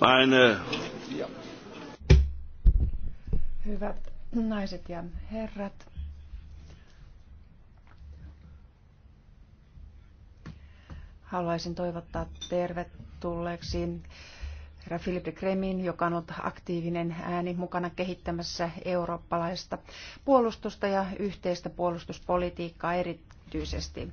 Meine Hyvät naiset ja herrat, haluaisin toivottaa tervetulleeksi herra Philippe de Kremin, joka on ollut aktiivinen ääni mukana kehittämässä eurooppalaista puolustusta ja yhteistä puolustuspolitiikkaa eri erityisesti.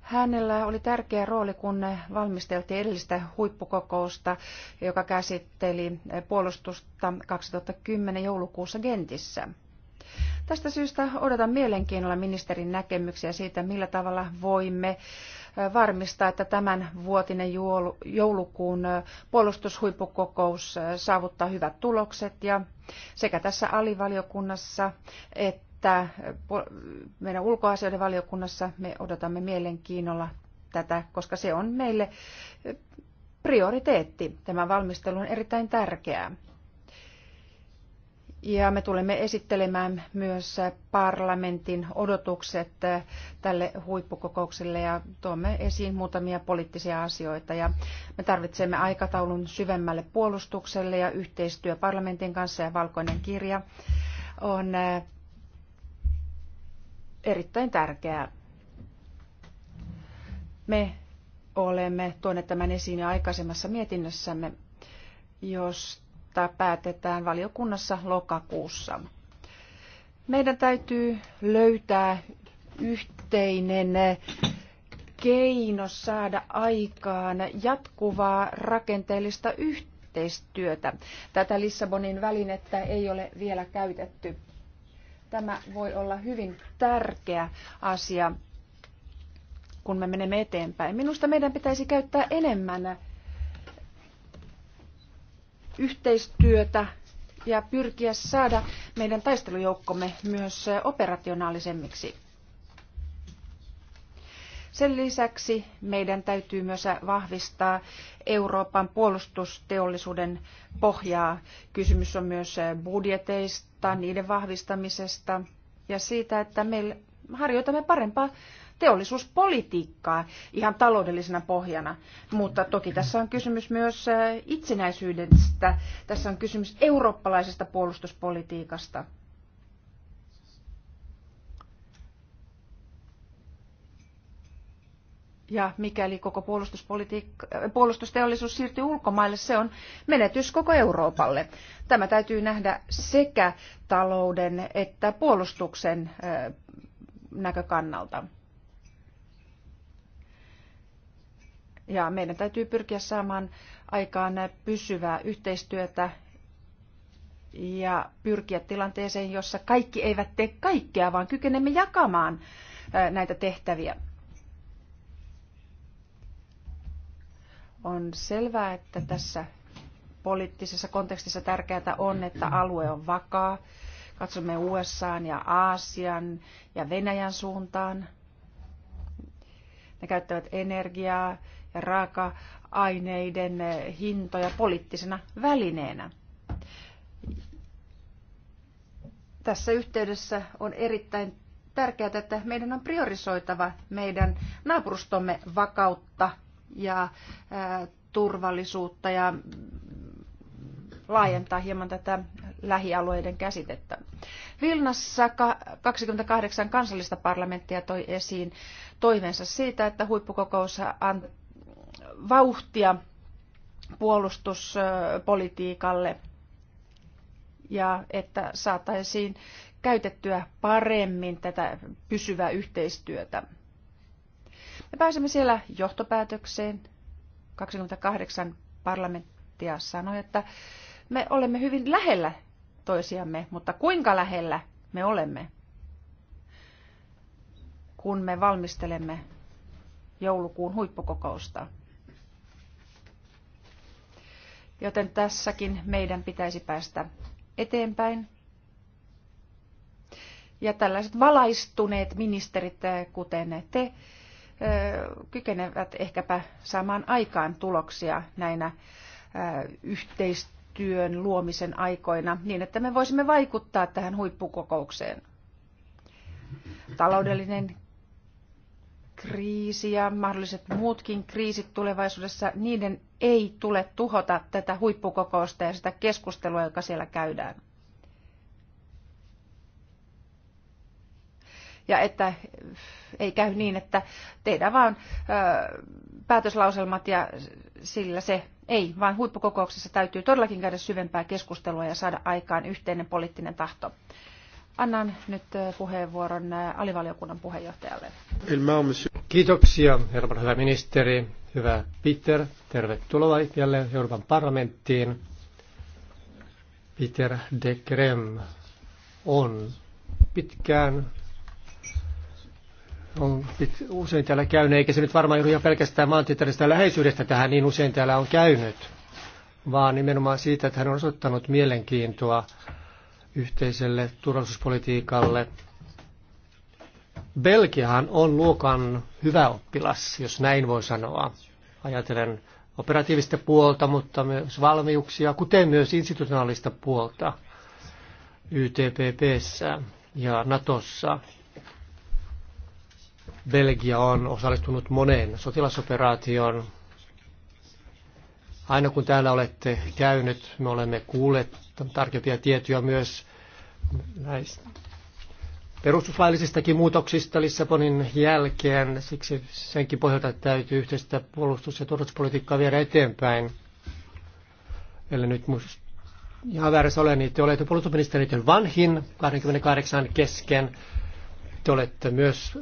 Hänellä oli tärkeä rooli, kun valmisteltiin edellistä huippukokousta, joka käsitteli puolustusta 2010 joulukuussa Gentissä. Tästä syystä odotan mielenkiinnolla ministerin näkemyksiä siitä, millä tavalla voimme varmistaa, että tämän vuotinen joulukuun puolustushuippukokous saavuttaa hyvät tulokset ja sekä tässä alivaliokunnassa että että eh, meidän ulkoasioiden valiokunnassa me odotamme mielenkiinnolla tätä, koska se on meille eh, prioriteetti. Tämä valmistelu on erittäin tärkeää. Ja me tulemme esittelemään myös eh, parlamentin odotukset tälle huippukokoukselle ja tuomme esiin muutamia poliittisia asioita. Ja me tarvitsemme aikataulun syvemmälle puolustukselle ja yhteistyö parlamentin kanssa ja valkoinen kirja on erittäin tärkeää. Me olemme tuoneet tämän esiin jo aikaisemmassa mietinnössämme, josta päätetään valiokunnassa lokakuussa. Meidän täytyy löytää yhteinen keino saada aikaan jatkuvaa rakenteellista yhteistyötä. Tätä Lissabonin välinettä ei ole vielä käytetty. Tämä voi olla hyvin tärkeä asia, kun me menemme eteenpäin. Minusta meidän pitäisi käyttää enemmän yhteistyötä ja pyrkiä saada meidän taistelujoukkomme myös operationaalisemmiksi. Sen lisäksi meidän täytyy myös vahvistaa Euroopan puolustusteollisuuden pohjaa. Kysymys on myös budjeteista, niiden vahvistamisesta ja siitä, että me harjoitamme parempaa teollisuuspolitiikkaa ihan taloudellisena pohjana. Mutta toki tässä on kysymys myös äh, itsenäisyydestä, tässä on kysymys eurooppalaisesta puolustuspolitiikasta. Ja mikäli koko äh, puolustusteollisuus siirtyy ulkomaille, se on menetys koko Euroopalle. Tämä täytyy nähdä sekä talouden että puolustuksen äh, näkökannalta. Ja meidän täytyy pyrkiä saamaan aikaan pysyvää yhteistyötä ja pyrkiä tilanteeseen, jossa kaikki eivät tee kaikkea, vaan kykenemme jakamaan äh, näitä tehtäviä. On selvää, että tässä poliittisessa kontekstissa tärkeää on, että alue on vakaa. Katsomme USAan ja Aasian ja Venäjän suuntaan. Ne käyttävät energiaa ja raaka-aineiden hintoja poliittisena välineenä. Tässä yhteydessä on erittäin tärkeää, että meidän on priorisoitava meidän naapurustomme vakautta ja turvallisuutta ja laajentaa hieman tätä lähialueiden käsitettä. Vilnassa 28 kansallista parlamenttia toi esiin toiveensa siitä, että huippukokous antoi vauhtia puolustuspolitiikalle ja että saataisiin käytettyä paremmin tätä pysyvää yhteistyötä. Me pääsemme siellä johtopäätökseen. 28 parlamenttia sanoi, että me olemme hyvin lähellä toisiamme, mutta kuinka lähellä me olemme, kun me valmistelemme joulukuun huippukokousta. Joten tässäkin meidän pitäisi päästä eteenpäin. Ja tällaiset valaistuneet ministerit, kuten te, kykenevät ehkäpä saamaan aikaan tuloksia näinä yhteistyön luomisen aikoina niin, että me voisimme vaikuttaa tähän huippukokoukseen. Taloudellinen kriisi ja mahdolliset muutkin kriisit tulevaisuudessa, niiden ei tule tuhota tätä huippukokousta ja sitä keskustelua, joka siellä käydään. Ja että ei käy niin, että tehdään vaan päätöslauselmat ja sillä se ei, vaan huippukokouksessa täytyy todellakin käydä syvempää keskustelua ja saada aikaan yhteinen poliittinen tahto. Annan nyt puheenvuoron alivaliokunnan puheenjohtajalle. Kiitoksia, Euroopan hyvä ministeri. Hyvä Peter, tervetuloa jälleen Euroopan parlamenttiin. Peter de Krem on pitkään on usein täällä käynyt, eikä se nyt varmaan johdu pelkästään maantieteellisestä läheisyydestä tähän niin usein täällä on käynyt, vaan nimenomaan siitä, että hän on osoittanut mielenkiintoa yhteiselle turvallisuuspolitiikalle. Belgiahan on luokan hyvä oppilas, jos näin voi sanoa. Ajatellen operatiivista puolta, mutta myös valmiuksia, kuten myös institutionaalista puolta YTPPssä ja Natossa. Belgia on osallistunut moneen sotilasoperaatioon. Aina kun täällä olette käynyt, me olemme kuulleet tarkempia tietoja myös näistä perustuslaillisistakin muutoksista Lissabonin jälkeen. Siksi senkin pohjalta täytyy yhteistä puolustus- ja turvallisuuspolitiikkaa viedä eteenpäin. Eli nyt ihan väärässä olen, niin te olette puolustusministeriön vanhin 28 kesken. Te olette myös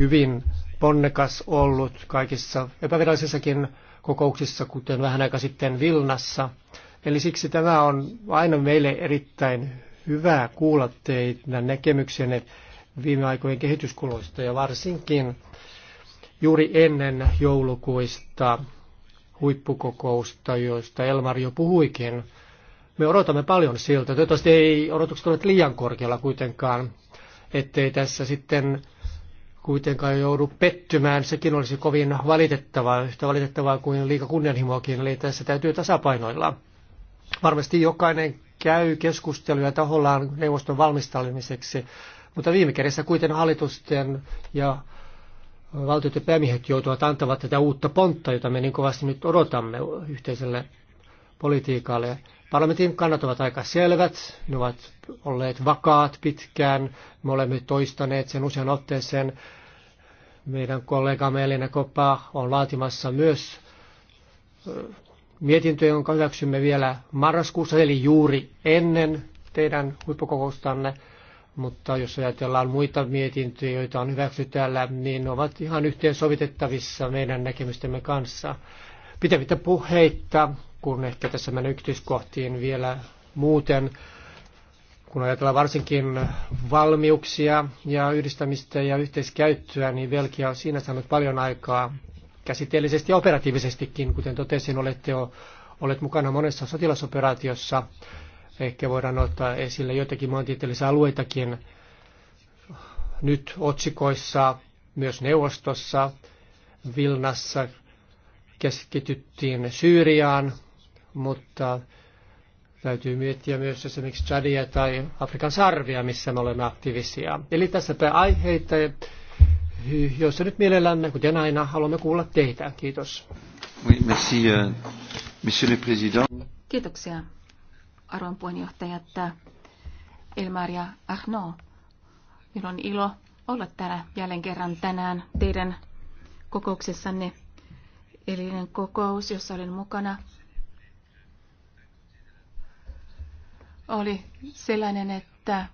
hyvin ponnekas ollut kaikissa epävirallisissakin kokouksissa, kuten vähän aika sitten Vilnassa. Eli siksi tämä on aina meille erittäin hyvä kuulla teidän näkemyksenne viime aikojen kehityskuluista ja varsinkin juuri ennen joulukuista huippukokousta, joista Elmar jo puhuikin. Me odotamme paljon siltä. Toivottavasti ei odotukset ole liian korkealla kuitenkaan, ettei tässä sitten kuitenkaan joudu pettymään. Sekin olisi kovin valitettavaa, yhtä valitettavaa kuin liika kunnianhimoakin, eli tässä täytyy tasapainoilla. Varmasti jokainen käy keskusteluja tahollaan neuvoston valmistelemiseksi, mutta viime kädessä kuitenkin hallitusten ja ja päämiehet joutuvat antamaan tätä uutta pontta, jota me niin kovasti nyt odotamme yhteiselle politiikalle. Parlamentin kannat ovat aika selvät, ne ovat olleet vakaat pitkään, me olemme toistaneet sen usean otteeseen. Meidän kollegamme Elina Koppa on laatimassa myös mietintö, jonka hyväksymme vielä marraskuussa, eli juuri ennen teidän huippukokoustanne. Mutta jos ajatellaan muita mietintöjä, joita on hyväksytty täällä, niin ne ovat ihan yhteensovitettavissa meidän näkemystemme kanssa. Pitävittä puheitta kun ehkä tässä mennään yksityiskohtiin vielä muuten, kun ajatellaan varsinkin valmiuksia ja yhdistämistä ja yhteiskäyttöä, niin Velkia on siinä saanut paljon aikaa käsitteellisesti ja operatiivisestikin. Kuten totesin, olette jo olet mukana monessa sotilasoperaatiossa. Ehkä voidaan ottaa esille joitakin maantieteellisiä alueitakin nyt otsikoissa, myös neuvostossa, Vilnassa keskityttiin Syyriaan, mutta täytyy miettiä myös esimerkiksi Chadia tai Afrikan sarvia, missä me olemme aktiivisia. Eli tässä tässäpä aiheita, joissa nyt mielellämme, kuten aina, haluamme kuulla teitä. Kiitos. Oui, merci, euh, monsieur le président. Kiitoksia, arvon puheenjohtajat Elmar ja Arno. Minun on ilo olla täällä jälleen kerran tänään teidän kokouksessanne. Elinen kokous, jossa olin mukana, oli sellainen, että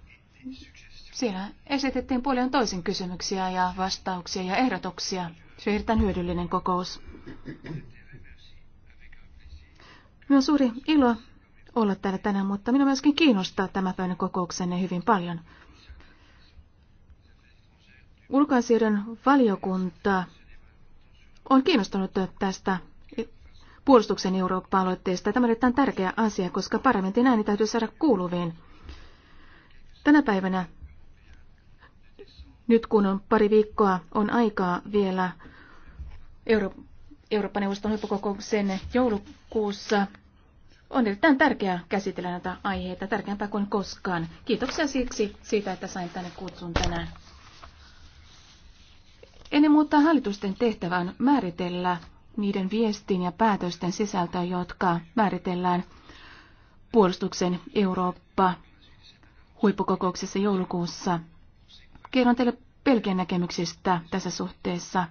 siellä esitettiin paljon toisen kysymyksiä ja vastauksia ja ehdotuksia. Se on erittäin hyödyllinen kokous. Minun on suuri ilo olla täällä tänään, mutta minua myöskin kiinnostaa tämä päivän kokouksenne hyvin paljon. Ulkoasioiden valiokunta on kiinnostunut tästä puolustuksen Eurooppa-aloitteesta. Tämä on erittäin tärkeä asia, koska parlamentin ääni täytyy saada kuuluviin. Tänä päivänä, nyt kun on pari viikkoa, on aikaa vielä Euro- Eurooppa-neuvoston huippukokouksen joulukuussa. On erittäin tärkeää käsitellä näitä aiheita, tärkeämpää kuin koskaan. Kiitoksia siksi siitä, että sain tänne kutsun tänään. Ennen muuta hallitusten tehtävän määritellä niiden viestin ja päätösten sisältö, jotka määritellään puolustuksen Eurooppa huippukokouksessa joulukuussa. Kerron teille pelkien näkemyksistä tässä suhteessa.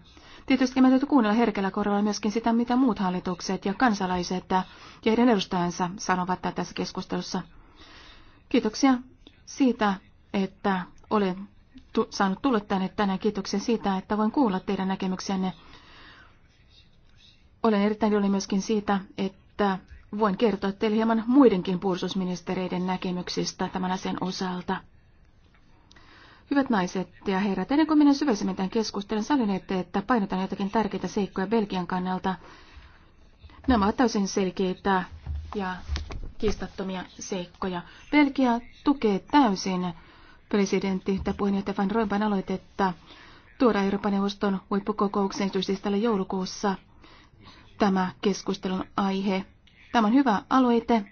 Tietysti me täytyy kuunnella herkällä korvalla myöskin sitä, mitä muut hallitukset ja kansalaiset ja heidän edustajansa sanovat tässä keskustelussa. Kiitoksia siitä, että olen saanut tulla tänne tänään. Kiitoksia siitä, että voin kuulla teidän näkemyksenne olen erittäin iloinen myöskin siitä, että voin kertoa teille hieman muidenkin puolustusministereiden näkemyksistä tämän asian osalta. Hyvät naiset ja herrat, ennen kuin menen syvällisemmin tämän keskustelun, sanon ette, että painotan jotakin tärkeitä seikkoja Belgian kannalta. Nämä ovat täysin selkeitä ja kiistattomia seikkoja. Belgia tukee täysin presidentti ja puheenjohtaja Van Rompuyn aloitetta tuoda Euroopan neuvoston huippukokoukseen tälle joulukuussa tämä keskustelun aihe. Tämä on hyvä aloite.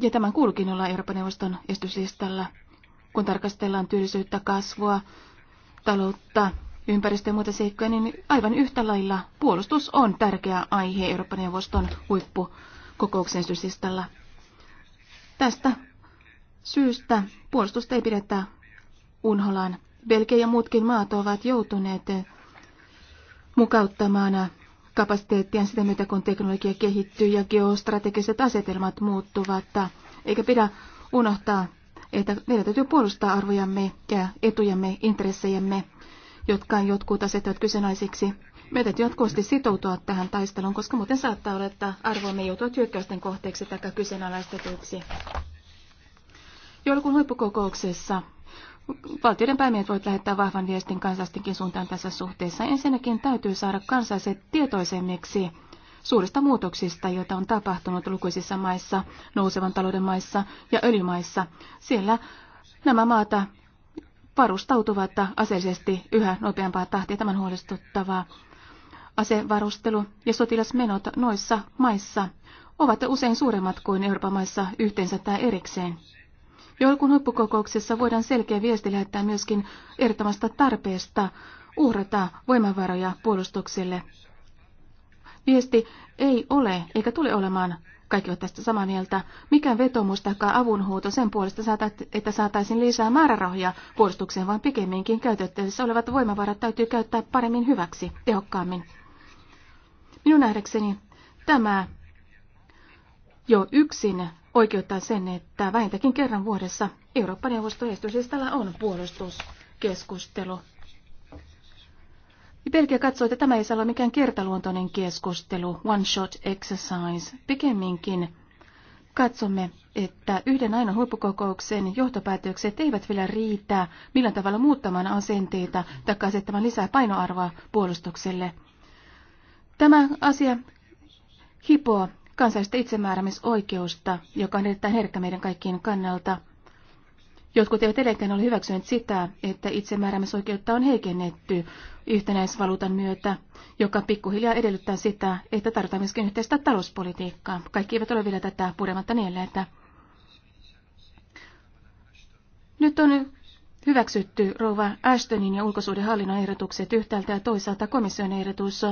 Ja tämän kuulukin olla Euroopan neuvoston estyslistalla, kun tarkastellaan työllisyyttä, kasvua, taloutta, ympäristöä ja muita seikkoja, niin aivan yhtä lailla puolustus on tärkeä aihe Euroopan neuvoston huippukokouksen estyslistalla. Tästä syystä puolustusta ei pidetä unholaan. Belgia ja muutkin maat ovat joutuneet mukauttamaan kapasiteettiaan sitä myötä, kun teknologia kehittyy ja geostrategiset asetelmat muuttuvat. Eikä pidä unohtaa, että meidän täytyy puolustaa arvojamme ja etujamme, intressejämme, jotka jotkut asettavat kyseenalaisiksi. Meidän täytyy jatkuvasti sitoutua tähän taisteluun, koska muuten saattaa olla, että arvoamme joutuvat hyökkäysten kohteeksi tai kyseenalaistetuiksi. Joulukuun huippukokouksessa Valtioiden päämiehet voivat lähettää vahvan viestin kansalaistenkin suuntaan tässä suhteessa. Ensinnäkin täytyy saada kansalaiset tietoisemmiksi suurista muutoksista, joita on tapahtunut lukuisissa maissa, nousevan talouden maissa ja öljymaissa. Siellä nämä maata varustautuvat aseellisesti yhä nopeampaa tahtia. Tämän huolestuttavaa asevarustelu ja sotilasmenot noissa maissa ovat usein suuremmat kuin Euroopan maissa yhteensä tai erikseen. Joulukuun huippukokouksessa voidaan selkeä viesti lähettää myöskin ehdottomasta tarpeesta uhrata voimavaroja puolustukselle. Viesti ei ole eikä tule olemaan kaikki ovat tästä samaa mieltä. Mikään vetomus tai avunhuuto sen puolesta, että saataisiin lisää määrärahoja puolustukseen, vaan pikemminkin käytettävissä olevat voimavarat täytyy käyttää paremmin hyväksi, tehokkaammin. Minun nähdäkseni tämä jo yksin oikeuttaa sen, että vähintäänkin kerran vuodessa Euroopan neuvoston esityslistalla on puolustuskeskustelu. Belgia katsoo, että tämä ei saa olla mikään kertaluontoinen keskustelu, one-shot exercise. Pikemminkin katsomme, että yhden aina huippukokouksen johtopäätökset eivät vielä riitä millään tavalla muuttamaan asenteita tai asettamaan lisää painoarvoa puolustukselle. Tämä asia hipoo kansallista itsemääräämisoikeusta, joka on erittäin herkkä meidän kaikkien kannalta. Jotkut eivät edelleenkään ole hyväksyneet sitä, että itsemääräämisoikeutta on heikennetty yhtenäisvaluutan myötä, joka pikkuhiljaa edellyttää sitä, että tarvitaan myöskin yhteistä talouspolitiikkaa. Kaikki eivät ole vielä tätä purematta nielleitä. Nyt on hyväksytty rouva Ashtonin ja ulkosuudenhallinnon ehdotukset yhtäältä ja toisaalta komission ehdotus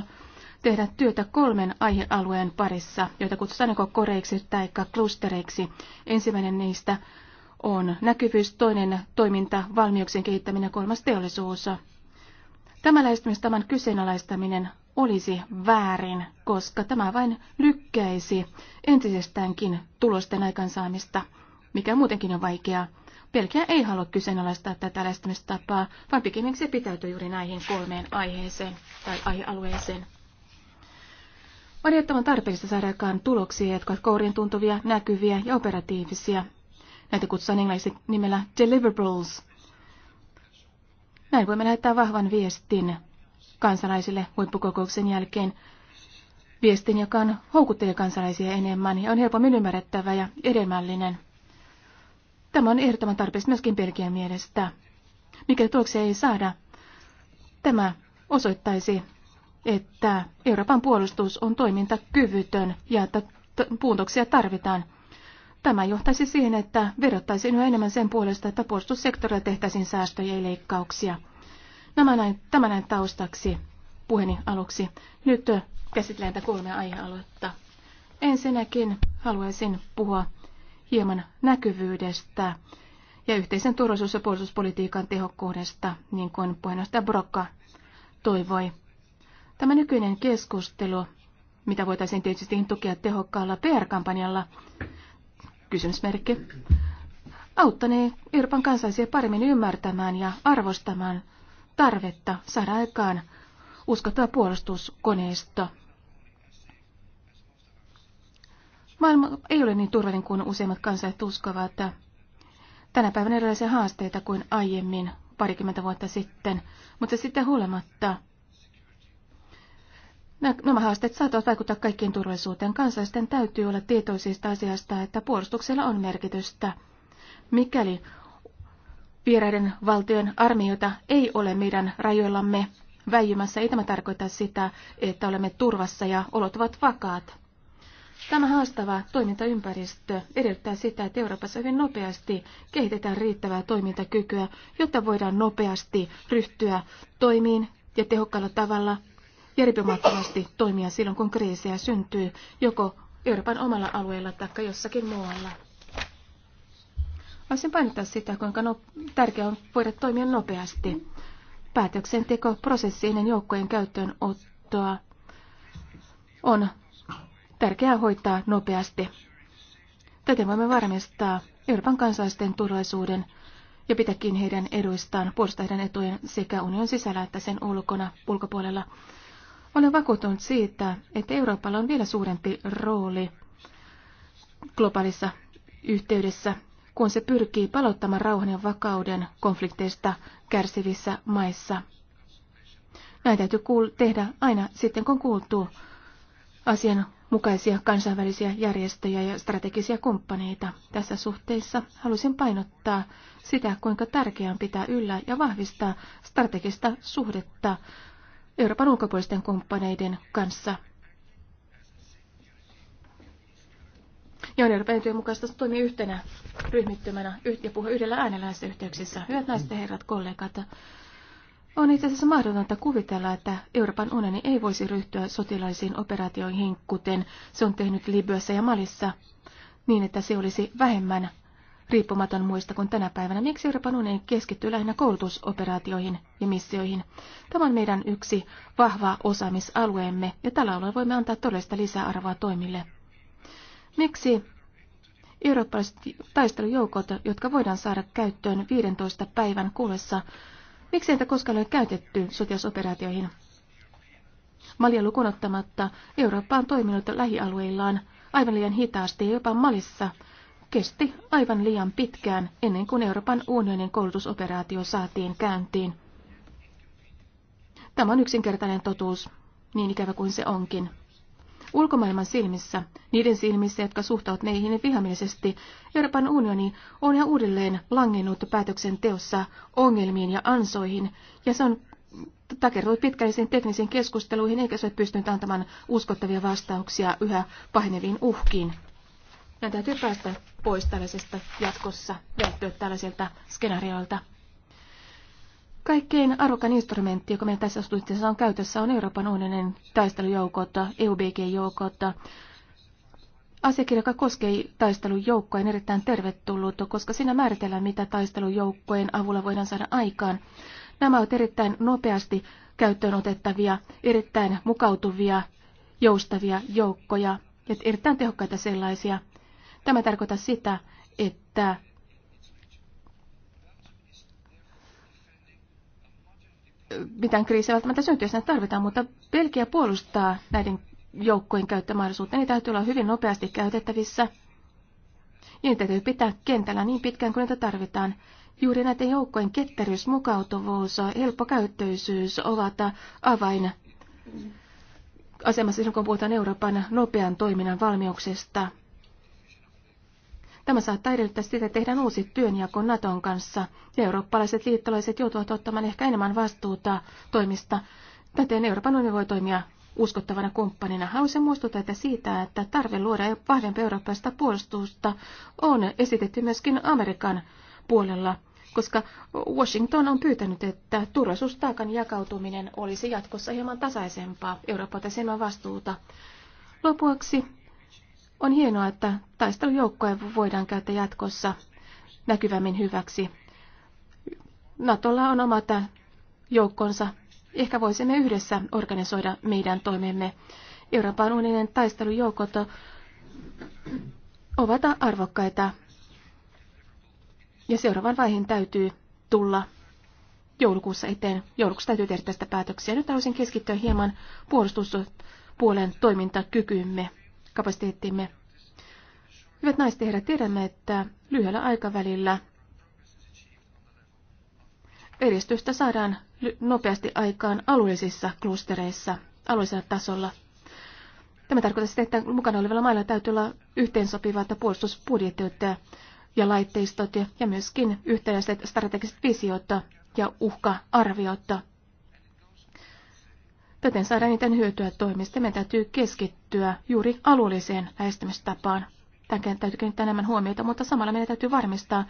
tehdä työtä kolmen aihealueen parissa, joita kutsutaan joko koreiksi tai klustereiksi. Ensimmäinen niistä on näkyvyys, toinen toiminta, valmiuksien kehittäminen ja kolmas teollisuus. Tämä lähestymistavan kyseenalaistaminen olisi väärin, koska tämä vain lykkäisi entisestäänkin tulosten aikansaamista, mikä muutenkin on vaikeaa. Belgia ei halua kyseenalaistaa tätä lähestymistapaa, vaan pikemminkin se pitäytyy juuri näihin kolmeen aiheeseen tai aihealueeseen jättävän tarpeellista saada aikaan tuloksia, jotka ovat kourin tuntuvia, näkyviä ja operatiivisia. Näitä kutsutaan englanniksi nimellä deliverables. Näin voimme lähettää vahvan viestin kansalaisille huippukokouksen jälkeen. Viestin, joka on houkuttelee kansalaisia enemmän ja on helpommin ymmärrettävä ja edelmällinen. Tämä on ehdottoman tarpeellista myöskin Belgian mielestä. Mikäli tuloksia ei saada, tämä osoittaisi että Euroopan puolustus on toimintakyvytön ja että puutoksia tarvitaan. Tämä johtaisi siihen, että vedottaisiin yhä enemmän sen puolesta, että puolustussektorilla tehtäisiin säästöjä ja leikkauksia. Nämä näin, tämä näin taustaksi puheeni aluksi. Nyt käsitellään tätä kolmea aihealuetta. Ensinnäkin haluaisin puhua hieman näkyvyydestä ja yhteisen turvallisuus- ja puolustuspolitiikan tehokkuudesta, niin kuin puheenjohtaja Brokka toivoi. Tämä nykyinen keskustelu, mitä voitaisiin tietysti tukea tehokkaalla PR-kampanjalla, kysymysmerkki, auttanee Euroopan kansaisia paremmin ymmärtämään ja arvostamaan tarvetta saada aikaan uskottava puolustuskoneisto. Maailma ei ole niin turvallinen kuin useimmat kansalaiset uskovat. Tänä päivänä erilaisia haasteita kuin aiemmin parikymmentä vuotta sitten, mutta sitten huolimatta – Nämä haasteet saattavat vaikuttaa kaikkien turvallisuuteen. Kansalaisten täytyy olla tietoisista asiasta, että puolustuksella on merkitystä. Mikäli vieraiden valtion armiota ei ole meidän rajoillamme väijymässä, ei tämä tarkoita sitä, että olemme turvassa ja olot ovat vakaat. Tämä haastava toimintaympäristö edellyttää sitä, että Euroopassa hyvin nopeasti kehitetään riittävää toimintakykyä, jotta voidaan nopeasti ryhtyä toimiin ja tehokkaalla tavalla ja riippumattomasti toimia silloin, kun kriisejä syntyy joko Euroopan omalla alueella tai jossakin muualla. Voisin painottaa sitä, kuinka no, tärkeää on voida toimia nopeasti. Päätöksenteko prosessiinen joukkojen käyttöönottoa on tärkeää hoitaa nopeasti. Täten voimme varmistaa Euroopan kansalaisten turvallisuuden ja pitäkin heidän eduistaan, puolustaa heidän etujen sekä union sisällä että sen ulkona, ulkopuolella. Olen vakuuttunut siitä, että Euroopalla on vielä suurempi rooli globaalissa yhteydessä, kun se pyrkii palauttamaan rauhan ja vakauden konflikteista kärsivissä maissa. Näin täytyy kuul- tehdä aina sitten, kun kuultuu asianmukaisia kansainvälisiä järjestöjä ja strategisia kumppaneita. Tässä suhteessa halusin painottaa sitä, kuinka tärkeää on pitää yllä ja vahvistaa strategista suhdetta Euroopan ulkopuolisten kumppaneiden kanssa. Ja on Euroopan etujen mukaista toimia yhtenä ryhmittymänä ja puhua yhdellä äänellä näissä yhteyksissä. Hyvät naiset ja herrat, kollegat, on itse asiassa mahdotonta kuvitella, että Euroopan unioni ei voisi ryhtyä sotilaisiin operaatioihin, kuten se on tehnyt Libyassa ja Malissa, niin että se olisi vähemmän riippumaton muista kuin tänä päivänä. Miksi Euroopan unioni keskittyy lähinnä koulutusoperaatioihin ja missioihin? Tämä on meidän yksi vahva osaamisalueemme ja tällä alueella voimme antaa todellista lisäarvoa toimille. Miksi eurooppalaiset taistelujoukot, jotka voidaan saada käyttöön 15 päivän kuluessa, miksi niitä koskaan ole käytetty sotilasoperaatioihin? Malia lukunottamatta Eurooppa on toiminut lähialueillaan aivan liian hitaasti ja jopa Malissa – kesti aivan liian pitkään ennen kuin Euroopan unionin koulutusoperaatio saatiin käyntiin. Tämä on yksinkertainen totuus, niin ikävä kuin se onkin. Ulkomaailman silmissä, niiden silmissä, jotka suhtautuvat meihin vihamielisesti, Euroopan unioni on jo uudelleen langennut päätöksenteossa ongelmiin ja ansoihin, ja se on takertunut pitkällisiin teknisiin keskusteluihin, eikä se ole pystynyt antamaan uskottavia vastauksia yhä paheneviin uhkiin. Meidän täytyy päästä pois tällaisesta jatkossa, välttyä tällaisilta skenaarioilta. Kaikkein arvokkain instrumentti, joka meillä tässä suhteessa on käytössä, on Euroopan unionin taistelujoukot, EUBG-joukot. Asiakirja, joka koskee taistelujoukkoja, on erittäin tervetullut, koska siinä määritellään, mitä taistelujoukkojen avulla voidaan saada aikaan. Nämä ovat erittäin nopeasti käyttöön otettavia, erittäin mukautuvia, joustavia joukkoja ja erittäin tehokkaita sellaisia – Tämä tarkoittaa sitä, että mitään kriisiä välttämättä syntyy, jos näitä tarvitaan, mutta Belgia puolustaa näiden joukkojen käyttömahdollisuutta. Niitä täytyy olla hyvin nopeasti käytettävissä. Ja niitä täytyy pitää kentällä niin pitkään kuin niitä tarvitaan. Juuri näiden joukkojen ketteryys, mukautuvuus, helppokäyttöisyys ovat avain asemassa kun puhutaan Euroopan nopean toiminnan valmiuksesta. Tämä saattaa edellyttää sitä, että tehdään uusi työnjako Naton kanssa ja eurooppalaiset liittolaiset joutuvat ottamaan ehkä enemmän vastuuta toimista. Täten Euroopan unioni voi toimia uskottavana kumppanina. Haluaisin muistuttaa että siitä, että tarve luoda vahvempi eurooppalaista puolustusta on esitetty myöskin Amerikan puolella, koska Washington on pyytänyt, että turvallisuustaakan jakautuminen olisi jatkossa hieman tasaisempaa. Eurooppa enemmän vastuuta. Lopuksi on hienoa, että taistelujoukkoja voidaan käyttää jatkossa näkyvämmin hyväksi. Natolla on omat joukkonsa. Ehkä voisimme yhdessä organisoida meidän toimemme. Euroopan unionin taistelujoukot ovat arvokkaita. Ja seuraavan vaiheen täytyy tulla joulukuussa eteen. Joulukuussa täytyy tehdä tästä päätöksiä. Nyt haluaisin keskittyä hieman puolustuspuolen toimintakykyymme kapasiteettimme. Hyvät naiset ja herrat, tiedämme, että lyhyellä aikavälillä edistystä saadaan nopeasti aikaan alueellisissa klustereissa, alueellisella tasolla. Tämä tarkoittaa sitä, että mukana olevilla mailla täytyy olla yhteensopivat puolustusbudjetit ja laitteistot ja myöskin yhtenäiset strategiset visiot ja uhka-arviot Täten saada niiden hyötyä toimista. Meidän täytyy keskittyä juuri alueelliseen lähestymistapaan. Tämän täytyy kiinnittää enemmän huomiota, mutta samalla meidän täytyy varmistaa,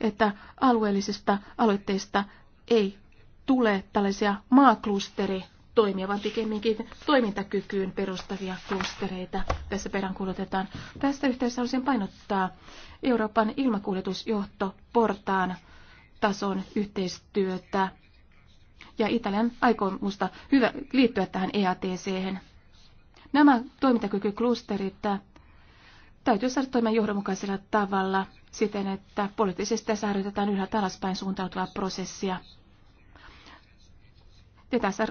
että alueellisista aloitteista ei tule tällaisia maaklusteri toimia, vaan pikemminkin toimintakykyyn perustavia klustereita tässä peräänkuulutetaan. Tästä yhteydessä haluaisin painottaa Euroopan ilmakuljetusjohtoportaan tason yhteistyötä ja Italian aikomusta hyvä liittyä tähän EATC. -hän. Nämä toimintakykyklusterit äh, täytyy saada toimia johdonmukaisella tavalla siten, että poliittisesti harjoitetaan ylhäältä alaspäin suuntautuvaa prosessia. Ja tässä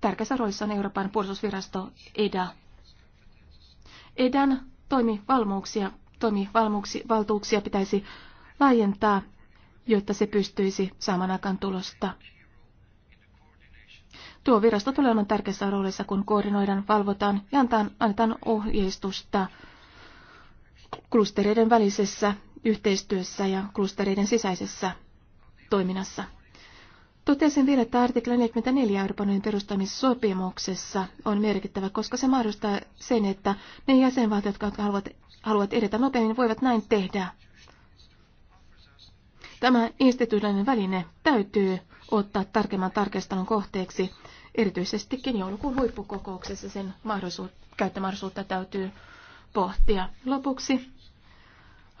tärkeässä roolissa on Euroopan puolustusvirasto EDA. EDAn toimivalmuuksia, toimivalmuuksia pitäisi laajentaa, jotta se pystyisi saamaan aikaan tulosta. Tuo virasto tulee olemaan tärkeässä roolissa, kun koordinoidaan, valvotaan ja antaan, annetaan ohjeistusta klustereiden välisessä yhteistyössä ja klustereiden sisäisessä toiminnassa. Totesin vielä, että artikla 44 Euroopan unionin perustamissopimuksessa on merkittävä, koska se mahdollistaa sen, että ne jäsenvaltiot, jotka haluavat, haluavat edetä nopeammin, voivat näin tehdä. Tämä instituutioiden väline täytyy ottaa tarkemman tarkastelun kohteeksi. Erityisestikin joulukuun huippukokouksessa sen mahdollisuut, käyttömahdollisuutta täytyy pohtia. Lopuksi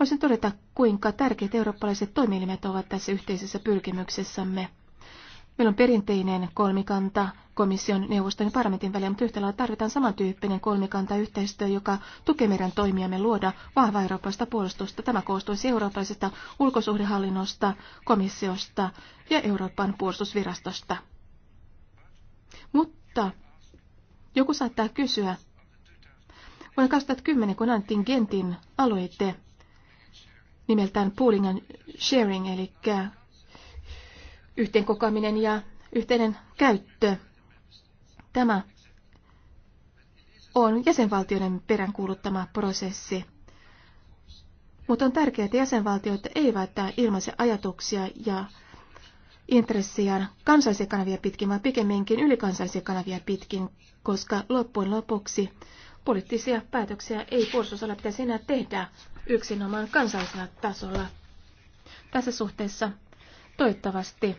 voisin todeta, kuinka tärkeät eurooppalaiset toimielimet ovat tässä yhteisessä pyrkimyksessämme Meillä on perinteinen kolmikanta komission, neuvoston ja parlamentin välillä, mutta yhtä lailla tarvitaan samantyyppinen kolmikanta yhteistyö, joka tukee meidän toimiamme luoda vahvaa eurooppalaista puolustusta. Tämä koostuisi eurooppalaisesta ulkosuhdehallinnosta, komissiosta ja Euroopan puolustusvirastosta. Mutta joku saattaa kysyä, vuonna 2010, kun annettiin Gentin aloite nimeltään pooling and sharing, eli yhteenkokoaminen ja yhteinen käyttö. Tämä on jäsenvaltioiden peräänkuuluttama prosessi. Mutta on tärkeää, että jäsenvaltiot eivät ilmaise ajatuksia ja intressiään kansallisia kanavia pitkin, vaan pikemminkin ylikansallisia kanavia pitkin, koska loppujen lopuksi poliittisia päätöksiä ei puolustusala pitäisi enää tehdä yksinomaan kansallisella tasolla. Tässä suhteessa Toivottavasti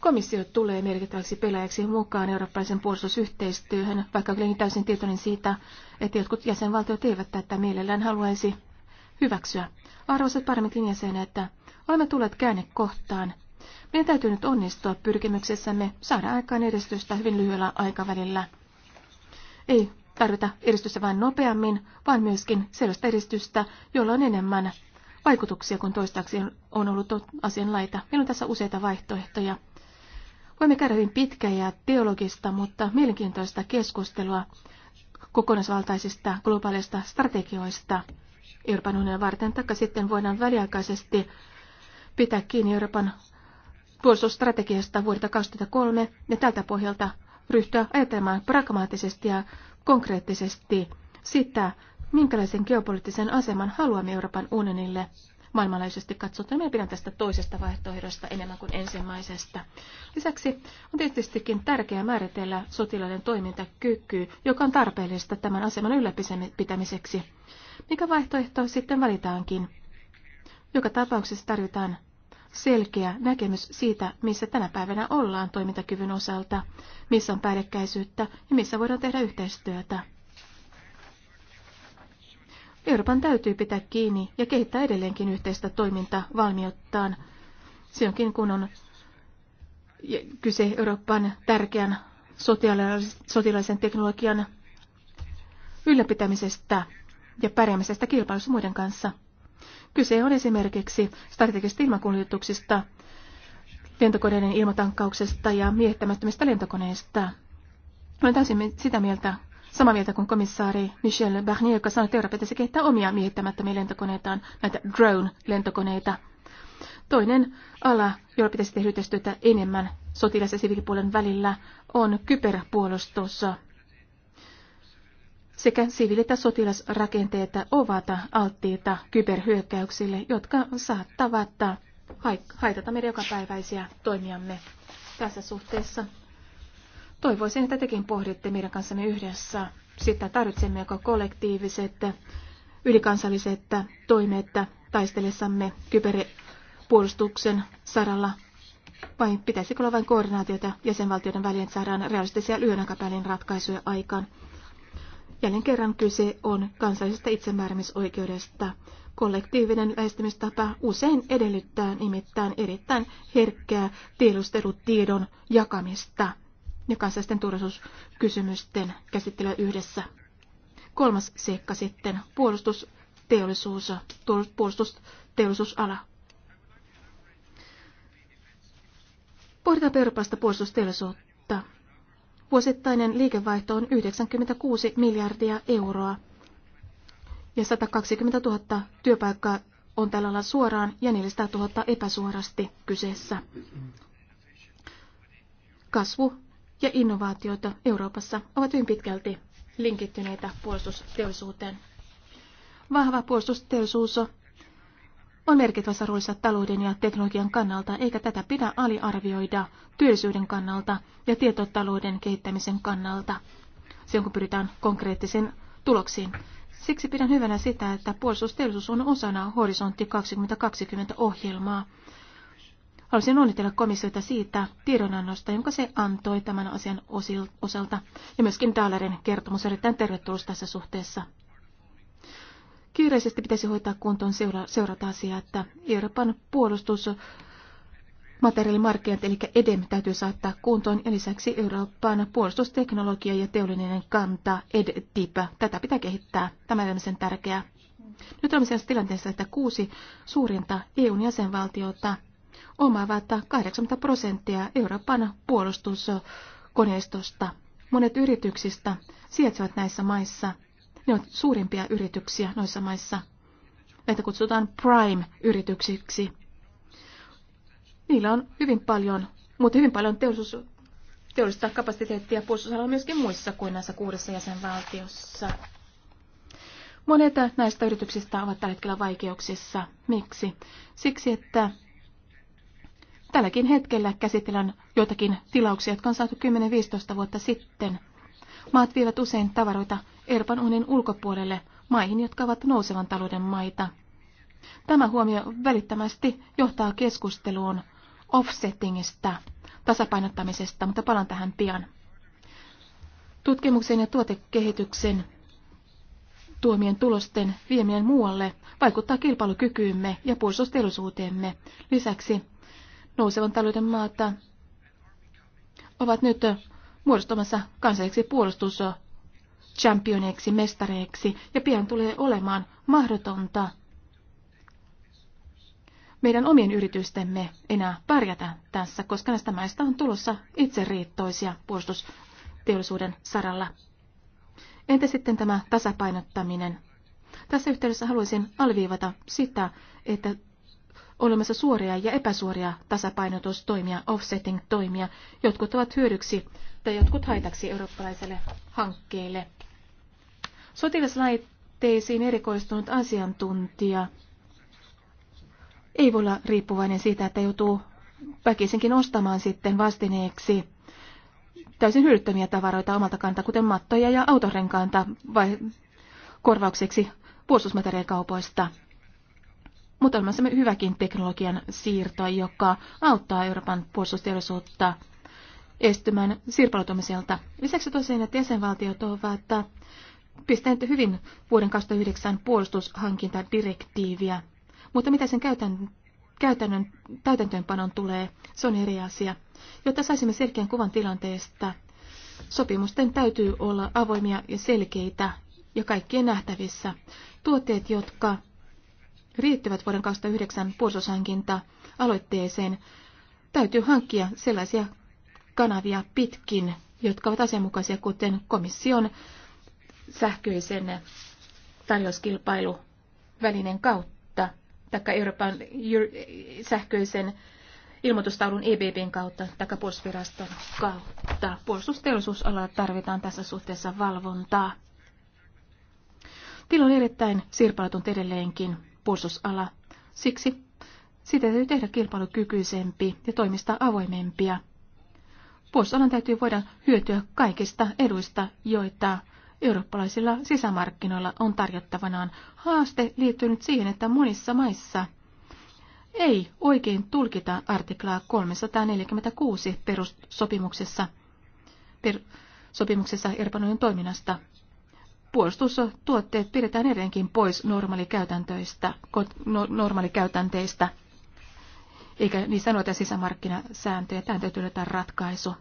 komissio tulee merkittäväksi pelaajaksi mukaan eurooppalaisen puolustusyhteistyöhön, vaikka olen täysin tietoinen siitä, että jotkut jäsenvaltiot eivät tätä mielellään haluaisi hyväksyä. Arvoisat parlamentin jäsenet, että olemme tulleet kohtaan. Meidän täytyy nyt onnistua pyrkimyksessämme saada aikaan edistystä hyvin lyhyellä aikavälillä. Ei tarvita edistystä vain nopeammin, vaan myöskin sellaista edistystä, jolla on enemmän vaikutuksia, kun toistaiseksi on ollut asian laita. Meillä on tässä useita vaihtoehtoja. Voimme käydä hyvin pitkä ja teologista, mutta mielenkiintoista keskustelua kokonaisvaltaisista globaaleista strategioista Euroopan unionin varten, taikka sitten voidaan väliaikaisesti pitää kiinni Euroopan puolustusstrategiasta vuodelta 2003 ja tältä pohjalta ryhtyä ajattelemaan pragmaattisesti ja konkreettisesti sitä, minkälaisen geopoliittisen aseman haluamme Euroopan unionille maailmanlaajuisesti katsottuna. Minä pidän tästä toisesta vaihtoehdosta enemmän kuin ensimmäisestä. Lisäksi on tietystikin tärkeää määritellä sotilaiden toimintakyky, joka on tarpeellista tämän aseman ylläpitämiseksi. Mikä vaihtoehto sitten valitaankin? Joka tapauksessa tarvitaan selkeä näkemys siitä, missä tänä päivänä ollaan toimintakyvyn osalta, missä on päällekkäisyyttä ja missä voidaan tehdä yhteistyötä. Euroopan täytyy pitää kiinni ja kehittää edelleenkin yhteistä toimintaa Se onkin kun on kyse Euroopan tärkeän sotilaisen teknologian ylläpitämisestä ja pärjäämisestä kilpailussa muiden kanssa. Kyse on esimerkiksi strategisista ilmakuljetuksista, lentokoneiden ilmatankkauksesta ja miehittämättömistä lentokoneista. Olen täysin sitä mieltä Samaa mieltä kuin komissaari Michel Barnier, joka sanoi, että Eurooppa pitäisi kehittää omia miehittämättömiä lentokoneitaan, näitä drone-lentokoneita. Toinen ala, jolla pitäisi tehdä yhteistyötä enemmän sotilas- ja siviilipuolen välillä, on kyberpuolustus. Sekä siviili- että sotilasrakenteet ovat alttiita kyberhyökkäyksille, jotka saattavat haitata meidän jokapäiväisiä toimiamme. Tässä suhteessa Toivoisin, että tekin pohditte meidän kanssamme yhdessä sitä, tarvitsemmeko kollektiiviset ylikansalliset toimet taistelessamme kyberpuolustuksen saralla vai pitäisikö olla vain koordinaatiota jäsenvaltioiden välien saadaan realistisia lyhyen ratkaisuja aikaan. Jälleen kerran kyse on kansallisesta itsemääräämisoikeudesta. Kollektiivinen lähestymistapa usein edellyttää nimittäin erittäin herkkää tiedustelutiedon jakamista – ja kansallisten turvallisuuskysymysten käsittely yhdessä. Kolmas seikka sitten, puolustusteollisuus, puolustusteollisuusala. Pohditaan Euroopasta puolustusteollisuutta. Vuosittainen liikevaihto on 96 miljardia euroa ja 120 000 työpaikkaa on tällä alalla suoraan ja 400 000 epäsuorasti kyseessä. Kasvu ja innovaatioita Euroopassa ovat hyvin pitkälti linkittyneitä puolustusteollisuuteen. Vahva puolustusteollisuus on merkittävässä roolissa talouden ja teknologian kannalta, eikä tätä pidä aliarvioida työllisyyden kannalta ja tietotalouden kehittämisen kannalta, silloin kun pyritään konkreettisiin tuloksiin. Siksi pidän hyvänä sitä, että puolustusteollisuus on osana Horisontti 2020-ohjelmaa. Haluaisin onnitella komissiota siitä tiedonannosta, jonka se antoi tämän asian osalta, ja myöskin Daalerin kertomus erittäin tervetullut tässä suhteessa. Kiireisesti pitäisi hoitaa kuntoon seura- seurata asiaa, että Euroopan puolustus Materiaalimarkkinat eli EDEM täytyy saattaa kuntoon ja lisäksi Euroopan puolustusteknologia ja teollinen kanta EDTIP. Tätä pitää kehittää. Tämä on sen tärkeää. Nyt olemme sellaisessa tilanteessa, että kuusi suurinta EUn jäsenvaltiota omaavat 80 prosenttia Euroopan puolustuskoneistosta. Monet yrityksistä sijaitsevat näissä maissa. Ne ovat suurimpia yrityksiä noissa maissa. Näitä kutsutaan prime-yrityksiksi. Niillä on hyvin paljon, mutta hyvin paljon teollisuus, teollista kapasiteettia puolustusalalla myöskin muissa kuin näissä kuudessa jäsenvaltiossa. Monet näistä yrityksistä ovat tällä hetkellä vaikeuksissa. Miksi? Siksi, että Tälläkin hetkellä käsitellään joitakin tilauksia, jotka on saatu 10-15 vuotta sitten. Maat vievät usein tavaroita Euroopan unionin ulkopuolelle maihin, jotka ovat nousevan talouden maita. Tämä huomio välittömästi johtaa keskusteluun offsettingistä, tasapainottamisesta, mutta palaan tähän pian. Tutkimuksen ja tuotekehityksen tuomien tulosten vieminen muualle vaikuttaa kilpailukykyymme ja puolustusteollisuuteemme. Lisäksi nousevan talouden maata ovat nyt muodostumassa kansalliseksi puolustus championeiksi, mestareiksi, ja pian tulee olemaan mahdotonta meidän omien yritystemme enää pärjätä tässä, koska näistä maista on tulossa itseriittoisia puolustusteollisuuden saralla. Entä sitten tämä tasapainottaminen? Tässä yhteydessä haluaisin alviivata sitä, että olemassa suoria ja epäsuoria tasapainotustoimia, offsetting-toimia. Jotkut ovat hyödyksi tai jotkut haitaksi eurooppalaiselle hankkeelle. Sotilaslaitteisiin erikoistunut asiantuntija ei voi olla riippuvainen siitä, että joutuu väkisinkin ostamaan sitten vastineeksi täysin hyödyttömiä tavaroita omalta kanta, kuten mattoja ja autorenkaanta vai korvaukseksi puolustusmateriaalikaupoista mutta semmoinen hyväkin teknologian siirto, joka auttaa Euroopan puolustusteollisuutta estymään sirpaloitumiselta. Lisäksi tosiaan, että jäsenvaltiot ovat pistäneet hyvin vuoden 2009 puolustushankintadirektiiviä, mutta mitä sen käytän, käytännön täytäntöönpanon tulee, se on eri asia. Jotta saisimme selkeän kuvan tilanteesta, sopimusten täytyy olla avoimia ja selkeitä ja kaikkien nähtävissä. Tuotteet, jotka riittävät vuoden 2009 puolustushankinta aloitteeseen, täytyy hankkia sellaisia kanavia pitkin, jotka ovat asianmukaisia, kuten komission sähköisen tarjouskilpailuvälinen kautta, taikka Euroopan sähköisen ilmoitustaulun EBBn kautta, taikka puolustusviraston kautta. Puolustusteollisuusalalla tarvitaan tässä suhteessa valvontaa. Tilo on erittäin sirpaloitunut edelleenkin puolustusala. Siksi siitä täytyy tehdä kilpailukykyisempi ja toimista avoimempia. Puolustusalan täytyy voida hyötyä kaikista eduista, joita eurooppalaisilla sisämarkkinoilla on tarjottavanaan. Haaste liittyy nyt siihen, että monissa maissa ei oikein tulkita artiklaa 346 perussopimuksessa, per, sopimuksessa Euroopan toiminnasta puolustustuotteet pidetään edelleenkin pois normaalikäytäntöistä, no, normaalikäytänteistä, eikä niin sanota sisämarkkinasääntöjä. Tähän täytyy löytää ratkaisu.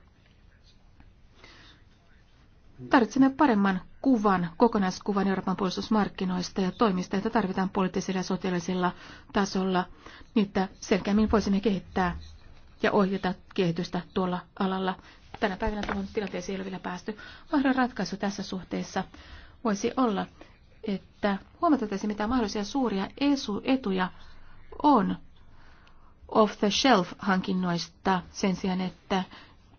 Tarvitsemme paremman kuvan, kokonaiskuvan Euroopan puolustusmarkkinoista ja toimista, joita tarvitaan poliittisella ja sotilaisella tasolla. Niitä selkeämmin voisimme kehittää ja ohjata kehitystä tuolla alalla. Tänä päivänä tuohon tilanteeseen ei ole vielä päästy. Mahdollinen ratkaisu tässä suhteessa voisi olla, että huomatettaisiin, mitä mahdollisia suuria etuja on off-the-shelf-hankinnoista sen sijaan, että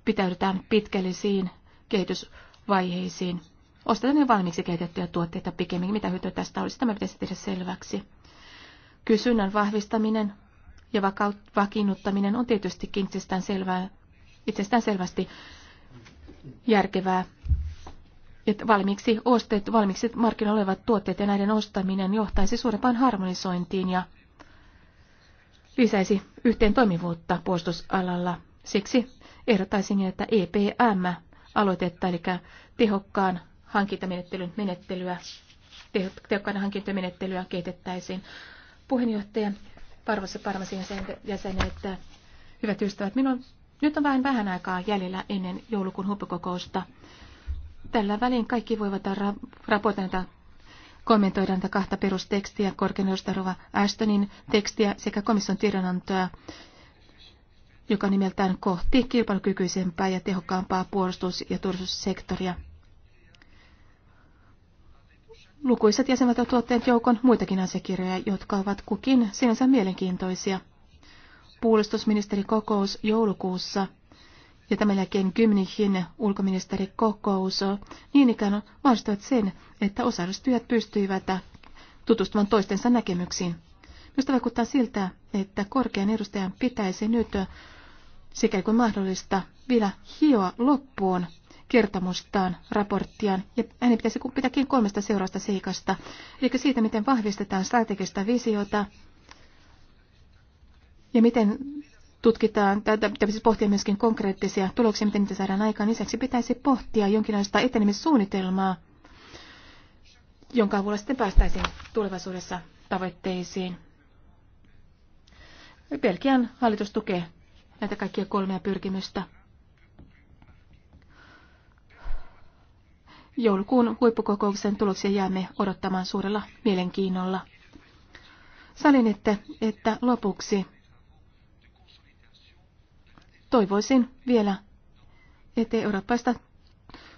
pitäydytään pitkällisiin kehitysvaiheisiin. Ostetaan ne valmiiksi kehitettyjä tuotteita pikemminkin. Mitä hyötyä tästä olisi? Tämä pitäisi tehdä selväksi. Kysynnän vahvistaminen ja vakaut- vakiinnuttaminen on tietystikin itsestään, selvää, itsestään selvästi järkevää että valmiiksi ostet, valmiiksi markkinoilla olevat tuotteet ja näiden ostaminen johtaisi suurempaan harmonisointiin ja lisäisi yhteen toimivuutta puolustusalalla. Siksi ehdottaisin, että EPM aloitetta, eli tehokkaan hankintamenettelyn menettelyä, tehokkaan hankintamenettelyä kehitettäisiin. Puheenjohtaja, Parvossa parmasin jäsenet, että hyvät ystävät, minun nyt on vain vähän aikaa jäljellä ennen joulukuun huippukokousta. Tällä välin kaikki voivat raportoida kommentoida näitä kahta perustekstiä, korkean edustajarova Ashtonin tekstiä sekä komission tiedonantoa, joka nimeltään kohti kilpailukykyisempää ja tehokkaampaa puolustus- ja turvallisuussektoria. Lukuisat ovat tuotteet joukon muitakin asiakirjoja, jotka ovat kukin sinänsä mielenkiintoisia. Puolustusministerikokous joulukuussa – ja tämän jälkeen Gymnichin ulkoministerikokous niin ikään vastaavat sen, että osallistujat pystyivät tutustumaan toistensa näkemyksiin. Minusta vaikuttaa siltä, että korkean edustajan pitäisi nyt sekä kuin mahdollista vielä hioa loppuun kertomustaan, raporttiaan, ja hänen pitäisi pitääkin kolmesta seuraavasta seikasta, eli siitä, miten vahvistetaan strategista visiota, ja miten tutkitaan, tätä siis pohtia myöskin konkreettisia tuloksia, miten niitä saadaan aikaan. Lisäksi pitäisi pohtia jonkinlaista etenemissuunnitelmaa, jonka avulla sitten päästäisiin tulevaisuudessa tavoitteisiin. Belgian hallitus tukee näitä kaikkia kolmea pyrkimystä. Joulukuun huippukokouksen tuloksia jäämme odottamaan suurella mielenkiinnolla. Salin, että, että lopuksi Toivoisin vielä, että eurooppaista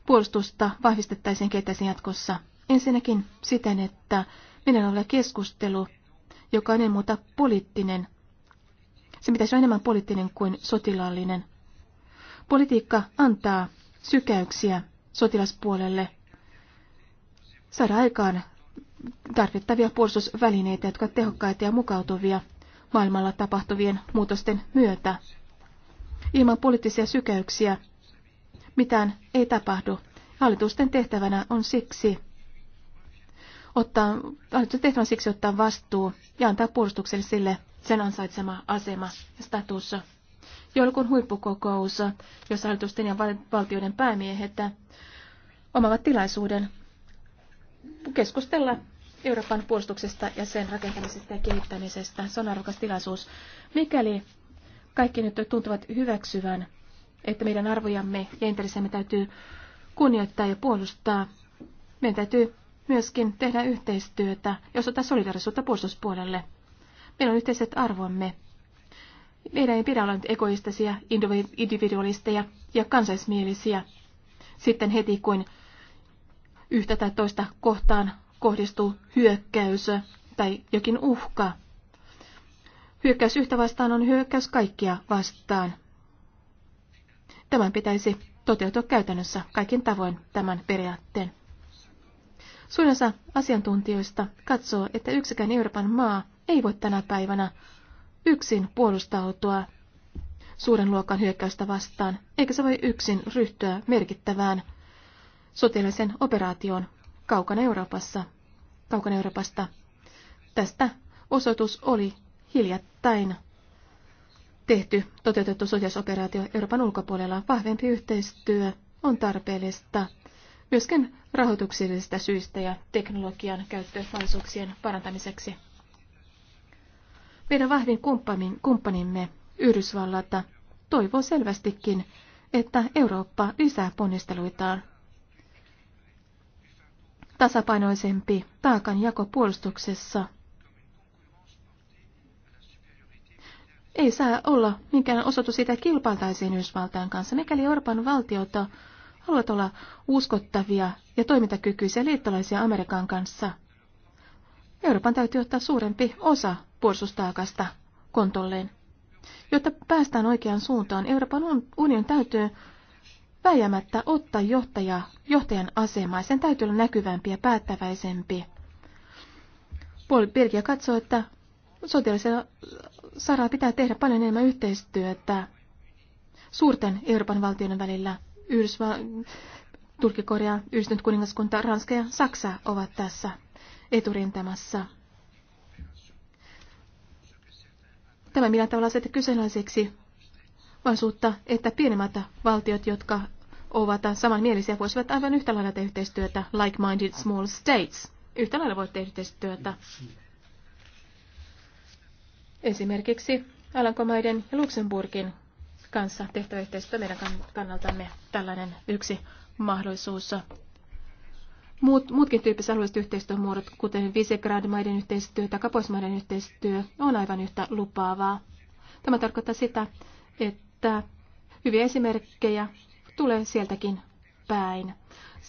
puolustusta vahvistettaisiin ketäisiin jatkossa. Ensinnäkin siten, että meidän on keskustelu, joka on muuta poliittinen. Se pitäisi olla enemmän poliittinen kuin sotilaallinen. Politiikka antaa sykäyksiä sotilaspuolelle, saada aikaan tarvittavia puolustusvälineitä, jotka ovat tehokkaita ja mukautuvia maailmalla tapahtuvien muutosten myötä. Ilman poliittisia sykäyksiä mitään ei tapahdu. Hallitusten tehtävänä on siksi ottaa, hallitusten tehtävänä siksi ottaa vastuu ja antaa puolustukselle sille sen ansaitsema asema ja status. Joulukuun huippukokous, jossa hallitusten ja valtioiden päämiehet omavat tilaisuuden keskustella Euroopan puolustuksesta ja sen rakentamisesta ja kehittämisestä. Se on arvokas tilaisuus. Mikäli kaikki nyt tuntuvat hyväksyvän, että meidän arvojamme ja intressejämme täytyy kunnioittaa ja puolustaa. Meidän täytyy myöskin tehdä yhteistyötä ja osoittaa solidarisuutta puolustuspuolelle. Meillä on yhteiset arvomme. Meidän ei pidä olla nyt egoistisia, individualisteja ja kansallismielisiä. Sitten heti, kun yhtä tai toista kohtaan kohdistuu hyökkäys tai jokin uhka – Hyökkäys yhtä vastaan on hyökkäys kaikkia vastaan. Tämän pitäisi toteutua käytännössä kaikin tavoin tämän periaatteen. Suurin osa asiantuntijoista katsoo, että yksikään Euroopan maa ei voi tänä päivänä yksin puolustautua suuren luokan hyökkäystä vastaan, eikä se voi yksin ryhtyä merkittävään sotilaisen operaatioon kaukana Euroopassa, kaukana Euroopasta. Tästä osoitus oli hiljattain tehty, toteutettu sotilasoperaatio Euroopan ulkopuolella. Vahvempi yhteistyö on tarpeellista myöskin rahoituksellisista syistä ja teknologian käyttömahdollisuuksien parantamiseksi. Meidän vahvin kumppanimme Yhdysvallat toivoo selvästikin, että Eurooppa lisää ponnisteluitaan. Tasapainoisempi taakanjako puolustuksessa ei saa olla minkään osoitus siitä, että kilpailtaisiin Yhdysvaltain kanssa. Mikäli Euroopan valtiota haluat olla uskottavia ja toimintakykyisiä liittolaisia Amerikan kanssa, Euroopan täytyy ottaa suurempi osa puolustustaakasta kontolleen. Jotta päästään oikeaan suuntaan, Euroopan union täytyy väijämättä ottaa johtaja, johtajan asemaa. Sen täytyy olla näkyvämpi ja päättäväisempi. Puoli Belgia katsoo, että sotilaisella saralla pitää tehdä paljon enemmän yhteistyötä suurten Euroopan valtioiden välillä. Yhdysva- Turkki-Korea, Yhdistynyt kuningaskunta, Ranska ja Saksa ovat tässä eturintamassa. Tämä millä tavalla sitten kyseenalaiseksi vaisuutta, että pienemmät valtiot, jotka ovat samanmielisiä, voisivat aivan yhtä lailla tehdä yhteistyötä, like-minded small states. Yhtä lailla voi tehdä yhteistyötä. Esimerkiksi Alankomaiden ja Luxemburgin kanssa tehtävä yhteistyö meidän kannaltamme tällainen yksi mahdollisuus. Muut, muutkin tyyppiset alueelliset yhteistyömuodot, kuten Visegrad-maiden yhteistyö tai Kapoismaiden yhteistyö, on aivan yhtä lupaavaa. Tämä tarkoittaa sitä, että hyviä esimerkkejä tulee sieltäkin päin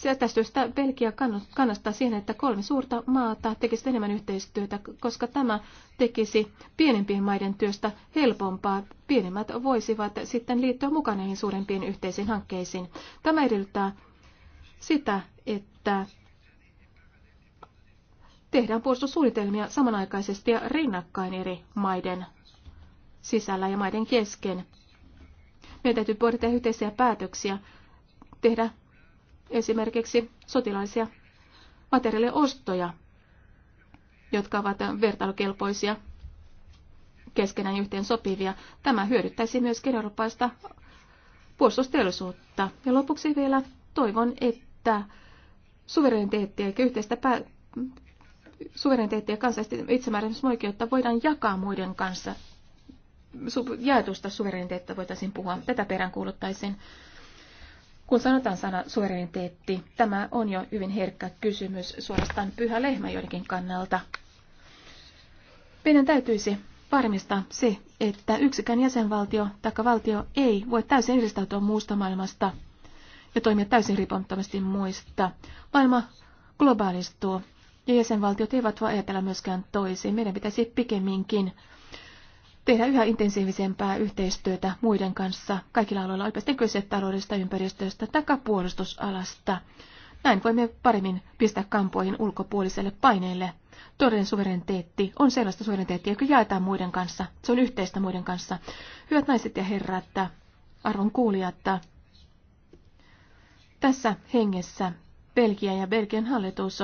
tästä syystä Belgia kannattaa siihen, että kolme suurta maata tekisi enemmän yhteistyötä, koska tämä tekisi pienempien maiden työstä helpompaa. Pienemmät voisivat sitten liittyä mukaan näihin suurempiin yhteisiin hankkeisiin. Tämä edellyttää sitä, että tehdään puolustussuunnitelmia samanaikaisesti ja rinnakkain eri maiden sisällä ja maiden kesken. Meidän täytyy pohtia yhteisiä päätöksiä, tehdä esimerkiksi sotilaisia materiaaliostoja, jotka ovat vertailukelpoisia keskenään yhteen sopivia. Tämä hyödyttäisi myös eurooppalaista puolustusteollisuutta. Ja lopuksi vielä toivon, että suvereniteettia ja yhteistä pää- suvereniteettia ja kansallista itsemääräämisoikeutta voidaan jakaa muiden kanssa. Su- jaetusta suvereniteettia voitaisiin puhua. Tätä peräänkuuluttaisin. Kun sanotaan sana suvereniteetti, tämä on jo hyvin herkkä kysymys, suorastaan pyhä lehmä joidenkin kannalta. Meidän täytyisi varmistaa se, että yksikään jäsenvaltio tai valtio ei voi täysin eristautua muusta maailmasta ja toimia täysin riippumattomasti muista. Maailma globaalistuu ja jäsenvaltiot eivät voi ajatella myöskään toisiin. Meidän pitäisi pikemminkin tehdä yhä intensiivisempää yhteistyötä muiden kanssa kaikilla aloilla, olipa sitten kyse taloudesta, ympäristöstä tai puolustusalasta. Näin voimme paremmin pistää kampoihin ulkopuoliselle paineelle. Todellinen suvereniteetti on sellaista suvereniteettia, joka jaetaan muiden kanssa. Se on yhteistä muiden kanssa. Hyvät naiset ja herrat, arvon kuulijat, tässä hengessä Belgia ja Belgian hallitus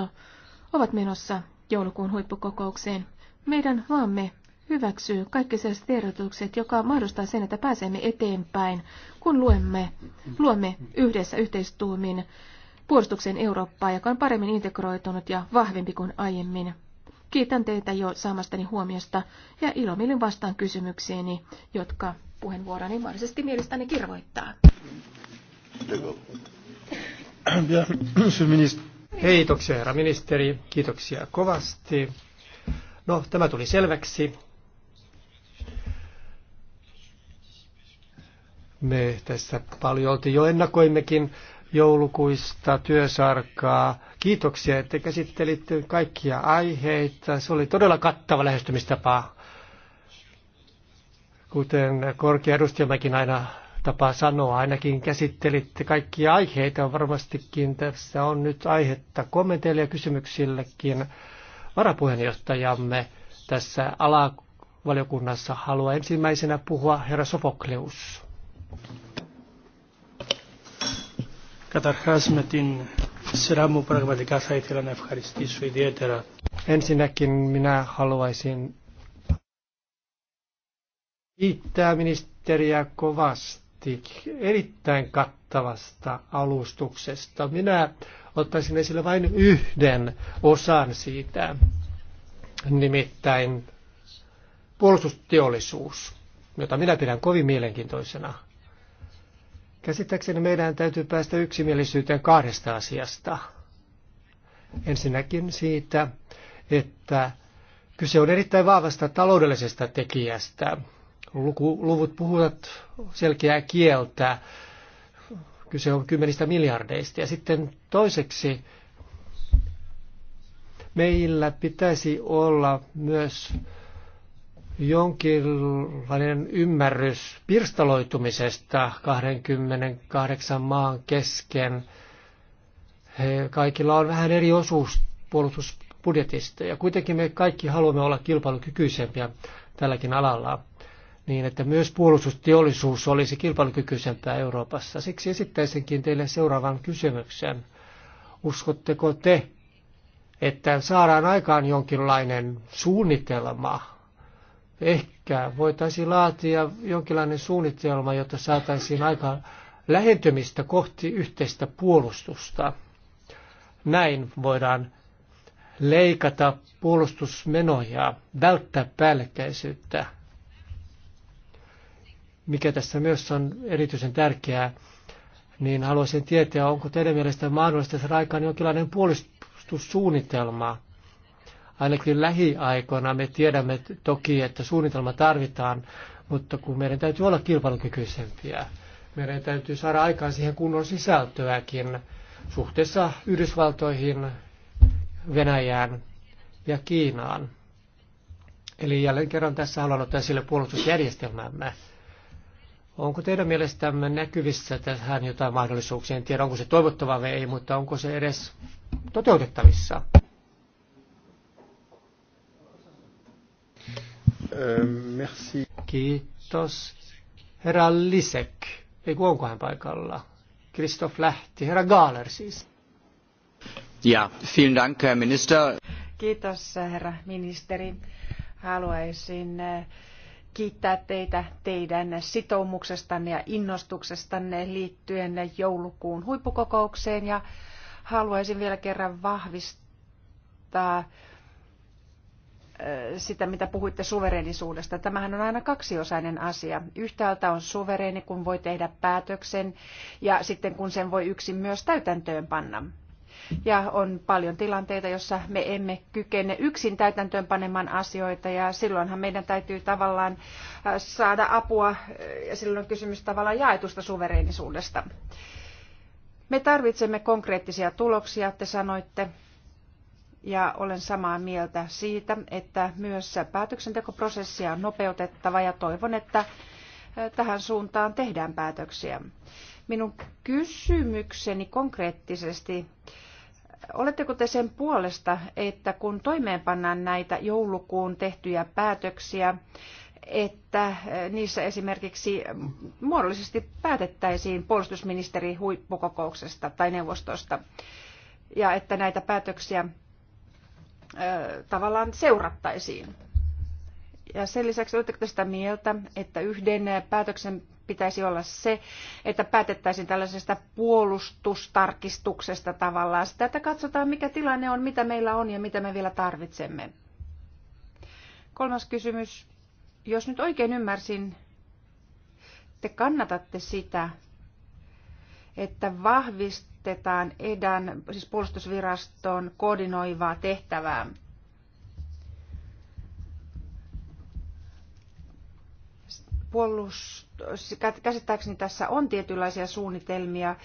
ovat menossa joulukuun huippukokoukseen. Meidän maamme hyväksyy kaikki sellaiset ehdotukset, joka mahdollistaa sen, että pääsemme eteenpäin, kun luemme, luomme yhdessä yhteistuumin puolustuksen Eurooppaa, joka on paremmin integroitunut ja vahvempi kuin aiemmin. Kiitän teitä jo saamastani huomiosta ja ilomielin vastaan kysymyksiini, jotka puheenvuoroni mahdollisesti mielestäni kirvoittaa. Kiitoksia herra ministeri, kiitoksia kovasti. No, tämä tuli selväksi. Me tässä paljon jo ennakoimmekin joulukuista työsarkaa. Kiitoksia, että käsittelitte kaikkia aiheita. Se oli todella kattava lähestymistapa. Kuten korkea edustajamäkin aina tapaa sanoa, ainakin käsittelitte kaikkia aiheita. Varmastikin tässä on nyt aihetta kommenteille ja kysymyksillekin. Varapuheenjohtajamme tässä alavaliokunnassa haluaa ensimmäisenä puhua herra Sofokleus. Καταρχάς με την σειρά μου πραγματικά θα ήθελα να ευχαριστήσω ιδιαίτερα. Ensinnäkin minä haluaisin kiittää ministeriä kovasti erittäin kattavasta alustuksesta. Minä ottaisin esille vain yhden osan siitä, nimittäin puolustusteollisuus, jota minä pidän kovin mielenkiintoisena Käsittääkseni meidän täytyy päästä yksimielisyyteen kahdesta asiasta. Ensinnäkin siitä, että kyse on erittäin vahvasta taloudellisesta tekijästä. luvut puhuvat selkeää kieltä. Kyse on kymmenistä miljardeista. Ja sitten toiseksi meillä pitäisi olla myös jonkinlainen ymmärrys pirstaloitumisesta 28 maan kesken. He, kaikilla on vähän eri osuus puolustusbudjetista ja kuitenkin me kaikki haluamme olla kilpailukykyisempiä tälläkin alalla niin, että myös puolustusteollisuus olisi kilpailukykyisempää Euroopassa. Siksi esittäisinkin teille seuraavan kysymyksen. Uskotteko te, että saadaan aikaan jonkinlainen suunnitelma Ehkä voitaisiin laatia jonkinlainen suunnitelma, jotta saataisiin aika lähentymistä kohti yhteistä puolustusta. Näin voidaan leikata puolustusmenoja, välttää päällekkäisyyttä, mikä tässä myös on erityisen tärkeää, niin haluaisin tietää, onko teidän mielestä mahdollista saada aikaan jonkinlainen puolustussuunnitelma, ainakin lähiaikoina. Me tiedämme toki, että suunnitelma tarvitaan, mutta kun meidän täytyy olla kilpailukykyisempiä, meidän täytyy saada aikaan siihen kunnon sisältöäkin suhteessa Yhdysvaltoihin, Venäjään ja Kiinaan. Eli jälleen kerran tässä haluan ottaa esille puolustusjärjestelmämme. Onko teidän mielestämme näkyvissä tähän jotain mahdollisuuksia? En tiedä, onko se toivottavaa vai ei, mutta onko se edes toteutettavissa? Euh, merci. Kiitos. Herra Lisek, ei kun onko hän paikalla? Kristoff lähti, herra Gaaler siis. Ja, vielen dank, herr minister. Kiitos, herra ministeri. Haluaisin eh, kiittää teitä teidän sitoumuksestanne ja innostuksestanne liittyen joulukuun huippukokoukseen ja haluaisin vielä kerran vahvistaa sitä, mitä puhuitte suvereenisuudesta. Tämähän on aina kaksiosainen asia. Yhtäältä on suvereeni, kun voi tehdä päätöksen ja sitten kun sen voi yksin myös täytäntöön panna. Ja on paljon tilanteita, jossa me emme kykene yksin täytäntöön panemaan asioita ja silloinhan meidän täytyy tavallaan saada apua ja silloin on kysymys tavallaan jaetusta suvereenisuudesta. Me tarvitsemme konkreettisia tuloksia, te sanoitte, ja olen samaa mieltä siitä, että myös päätöksentekoprosessia on nopeutettava ja toivon, että tähän suuntaan tehdään päätöksiä. Minun kysymykseni konkreettisesti, oletteko te sen puolesta, että kun toimeenpannaan näitä joulukuun tehtyjä päätöksiä, että niissä esimerkiksi muodollisesti päätettäisiin puolustusministeri huippukokouksesta tai neuvostosta ja että näitä päätöksiä tavallaan seurattaisiin. Ja sen lisäksi oletteko te sitä mieltä, että yhden päätöksen pitäisi olla se, että päätettäisiin tällaisesta puolustustarkistuksesta tavallaan sitä, että katsotaan mikä tilanne on, mitä meillä on ja mitä me vielä tarvitsemme. Kolmas kysymys. Jos nyt oikein ymmärsin, te kannatatte sitä, että vahvist korostetaan EDAN, siis puolustusviraston koordinoivaa tehtävää. Puolust, käsittääkseni tässä on tietynlaisia suunnitelmia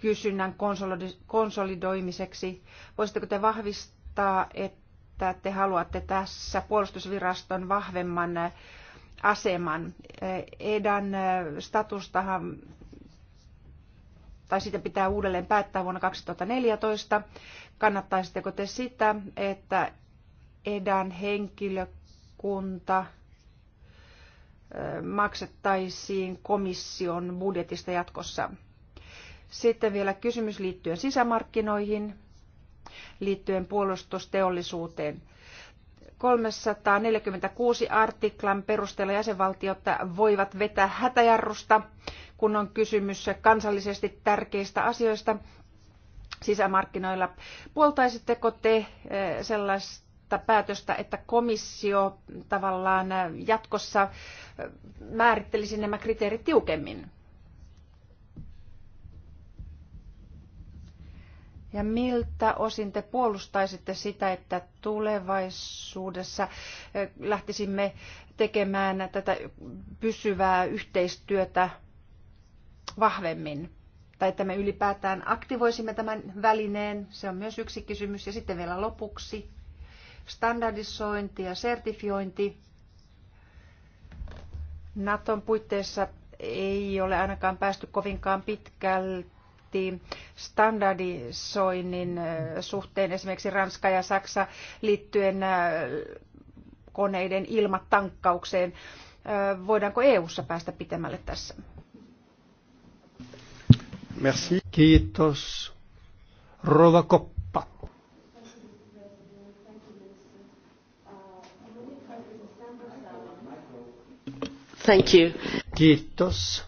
kysynnän konsolidoimiseksi. Voisitteko te vahvistaa, että te haluatte tässä puolustusviraston vahvemman aseman? E- EDAN statustahan tai siitä pitää uudelleen päättää vuonna 2014. Kannattaisitteko te sitä, että EDAN henkilökunta maksettaisiin komission budjetista jatkossa? Sitten vielä kysymys liittyen sisämarkkinoihin, liittyen puolustusteollisuuteen. 346 artiklan perusteella jäsenvaltiot voivat vetää hätäjarrusta kun on kysymys kansallisesti tärkeistä asioista sisämarkkinoilla. Puoltaisitteko te eh, sellaista päätöstä, että komissio tavallaan jatkossa eh, määrittelisi nämä kriteerit tiukemmin? Ja miltä osin te puolustaisitte sitä, että tulevaisuudessa eh, lähtisimme tekemään tätä pysyvää yhteistyötä vahvemmin tai että me ylipäätään aktivoisimme tämän välineen, se on myös yksi kysymys. Ja sitten vielä lopuksi standardisointi ja sertifiointi. Naton puitteissa ei ole ainakaan päästy kovinkaan pitkälti standardisoinnin suhteen. Esimerkiksi Ranska ja Saksa liittyen koneiden ilmatankkaukseen. Voidaanko EU:ssa päästä pitemmälle tässä? Merci. Kiitos. Rova Koppa. Thank you. Kiitos.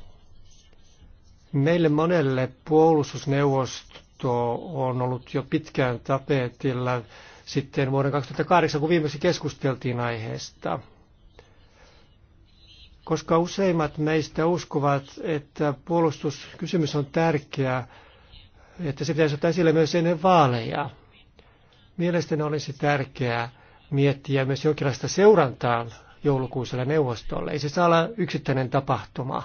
Meille monelle puolustusneuvosto on ollut jo pitkään tapetilla sitten vuoden 2008, kun viimeksi keskusteltiin aiheesta koska useimmat meistä uskovat, että puolustuskysymys on tärkeä, että se pitäisi ottaa esille myös ennen vaaleja. Mielestäni olisi tärkeää miettiä myös jonkinlaista seurantaa joulukuiselle neuvostolle. Ei se saa olla yksittäinen tapahtuma.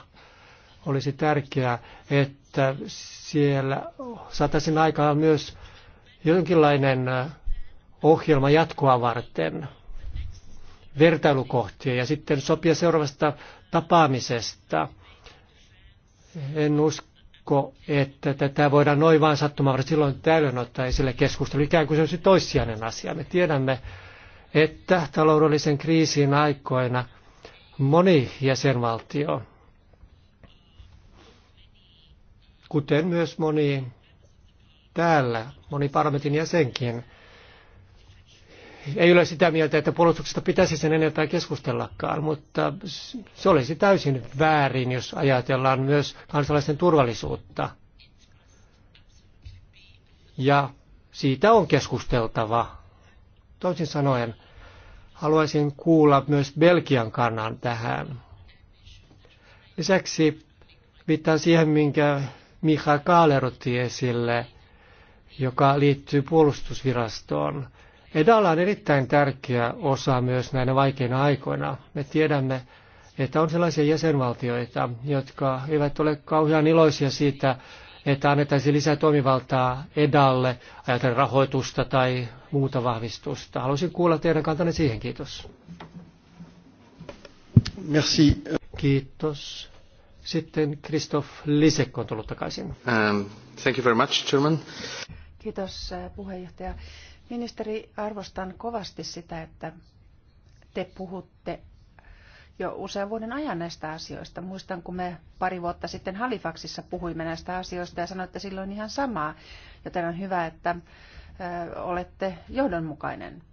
Olisi tärkeää, että siellä saataisiin aikaan myös jonkinlainen ohjelma jatkoa varten – vertailukohtia ja sitten sopia seuraavasta tapaamisesta. En usko, että tätä voidaan noin vaan sattumavarasti silloin tällöin ottaa esille keskustelu. Ikään kuin se olisi toissijainen asia. Me tiedämme, että taloudellisen kriisin aikoina moni jäsenvaltio, kuten myös moni täällä, moni parlamentin jäsenkin, ei ole sitä mieltä, että puolustuksesta pitäisi sen enempää keskustellakaan, mutta se olisi täysin väärin, jos ajatellaan myös kansalaisten turvallisuutta. Ja siitä on keskusteltava. Toisin sanoen, haluaisin kuulla myös Belgian kannan tähän. Lisäksi viittaan siihen, minkä Miha Kaaler otti esille, joka liittyy puolustusvirastoon. Edalla on erittäin tärkeä osa myös näinä vaikeina aikoina. Me tiedämme, että on sellaisia jäsenvaltioita, jotka eivät ole kauhean iloisia siitä, että annettaisiin lisää toimivaltaa EDAlle, ajatellen rahoitusta tai muuta vahvistusta. Haluaisin kuulla teidän kantanne siihen, kiitos. Merci. Kiitos. Sitten Kristoff Lisek on tullut takaisin. Um, thank you very much, Chairman. Kiitos äh, puheenjohtaja. Ministeri, arvostan kovasti sitä, että te puhutte jo usean vuoden ajan näistä asioista. Muistan, kun me pari vuotta sitten Halifaksissa puhuimme näistä asioista ja sanoitte silloin ihan samaa, joten on hyvä, että olette johdonmukainen.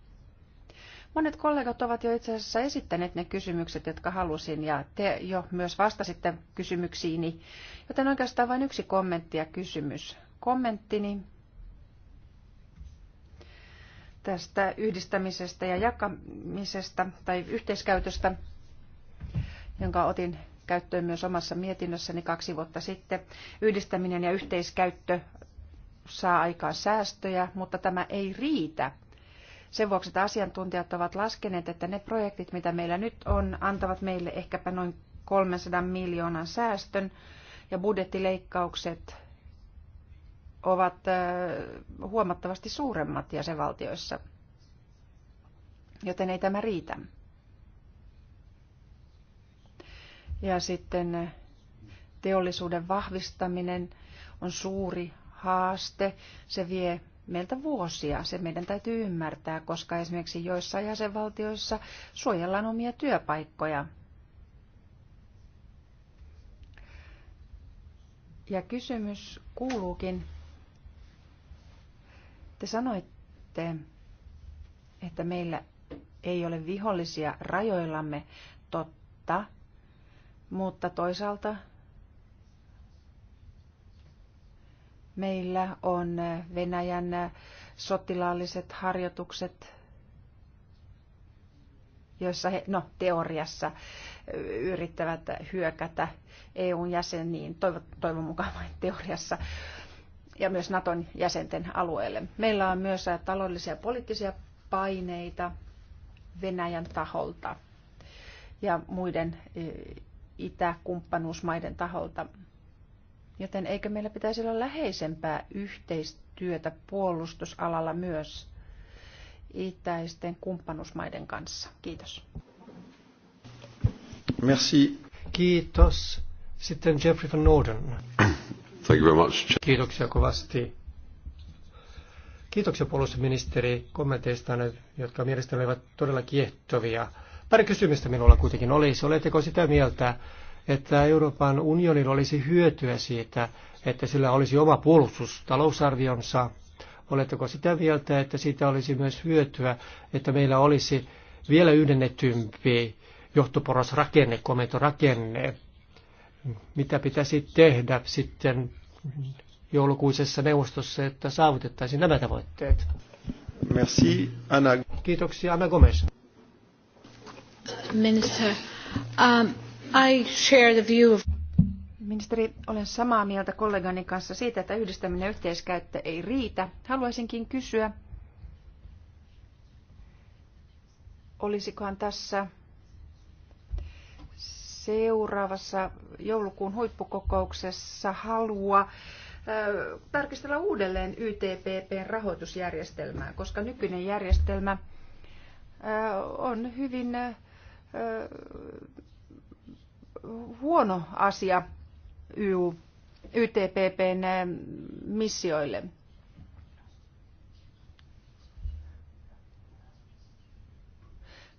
Monet kollegat ovat jo itse asiassa esittäneet ne kysymykset, jotka halusin, ja te jo myös vastasitte kysymyksiini, joten oikeastaan vain yksi kommentti ja kysymys. Kommenttini tästä yhdistämisestä ja jakamisesta tai yhteiskäytöstä, jonka otin käyttöön myös omassa mietinnössäni kaksi vuotta sitten. Yhdistäminen ja yhteiskäyttö saa aikaan säästöjä, mutta tämä ei riitä. Sen vuoksi, että asiantuntijat ovat laskeneet, että ne projektit, mitä meillä nyt on, antavat meille ehkäpä noin 300 miljoonan säästön ja budjettileikkaukset ovat huomattavasti suuremmat jäsenvaltioissa, joten ei tämä riitä. Ja sitten teollisuuden vahvistaminen on suuri haaste. Se vie meiltä vuosia. Se meidän täytyy ymmärtää, koska esimerkiksi joissain jäsenvaltioissa suojellaan omia työpaikkoja. Ja kysymys kuuluukin, te sanoitte, että meillä ei ole vihollisia rajoillamme, totta, mutta toisaalta meillä on Venäjän sotilaalliset harjoitukset, joissa he, no teoriassa, yrittävät hyökätä EUn jäseniin, toivon, toivon mukaan vain teoriassa, ja myös Naton jäsenten alueelle. Meillä on myös taloudellisia ja poliittisia paineita Venäjän taholta ja muiden e, itäkumppanuusmaiden taholta. Joten eikö meillä pitäisi olla läheisempää yhteistyötä puolustusalalla myös itäisten kumppanuusmaiden kanssa? Kiitos. Merci. Kiitos. Sitten Jeffrey van Norden. Thank you very much. Kiitoksia kovasti. Kiitoksia puolustusministeri kommenteista, jotka mielestäni olivat todella kiehtovia. Pari kysymystä minulla kuitenkin olisi. Oletteko sitä mieltä, että Euroopan unionilla olisi hyötyä siitä, että sillä olisi oma puolustus talousarvionsa? Oletteko sitä mieltä, että siitä olisi myös hyötyä, että meillä olisi vielä yhdennetympi johtoporosrakenne, komentorakenne, mitä pitäisi tehdä sitten joulukuisessa neuvostossa, että saavutettaisiin nämä tavoitteet. Merci, Anna. Kiitoksia, Anna Gomez. Minister, um, I share the view of... Ministeri, olen samaa mieltä kollegani kanssa siitä, että yhdistäminen yhteiskäyttö ei riitä. Haluaisinkin kysyä, olisikohan tässä seuraavassa joulukuun huippukokouksessa halua tarkistella uudelleen YTPPn rahoitusjärjestelmää, koska nykyinen järjestelmä on hyvin huono asia YTPPn missioille.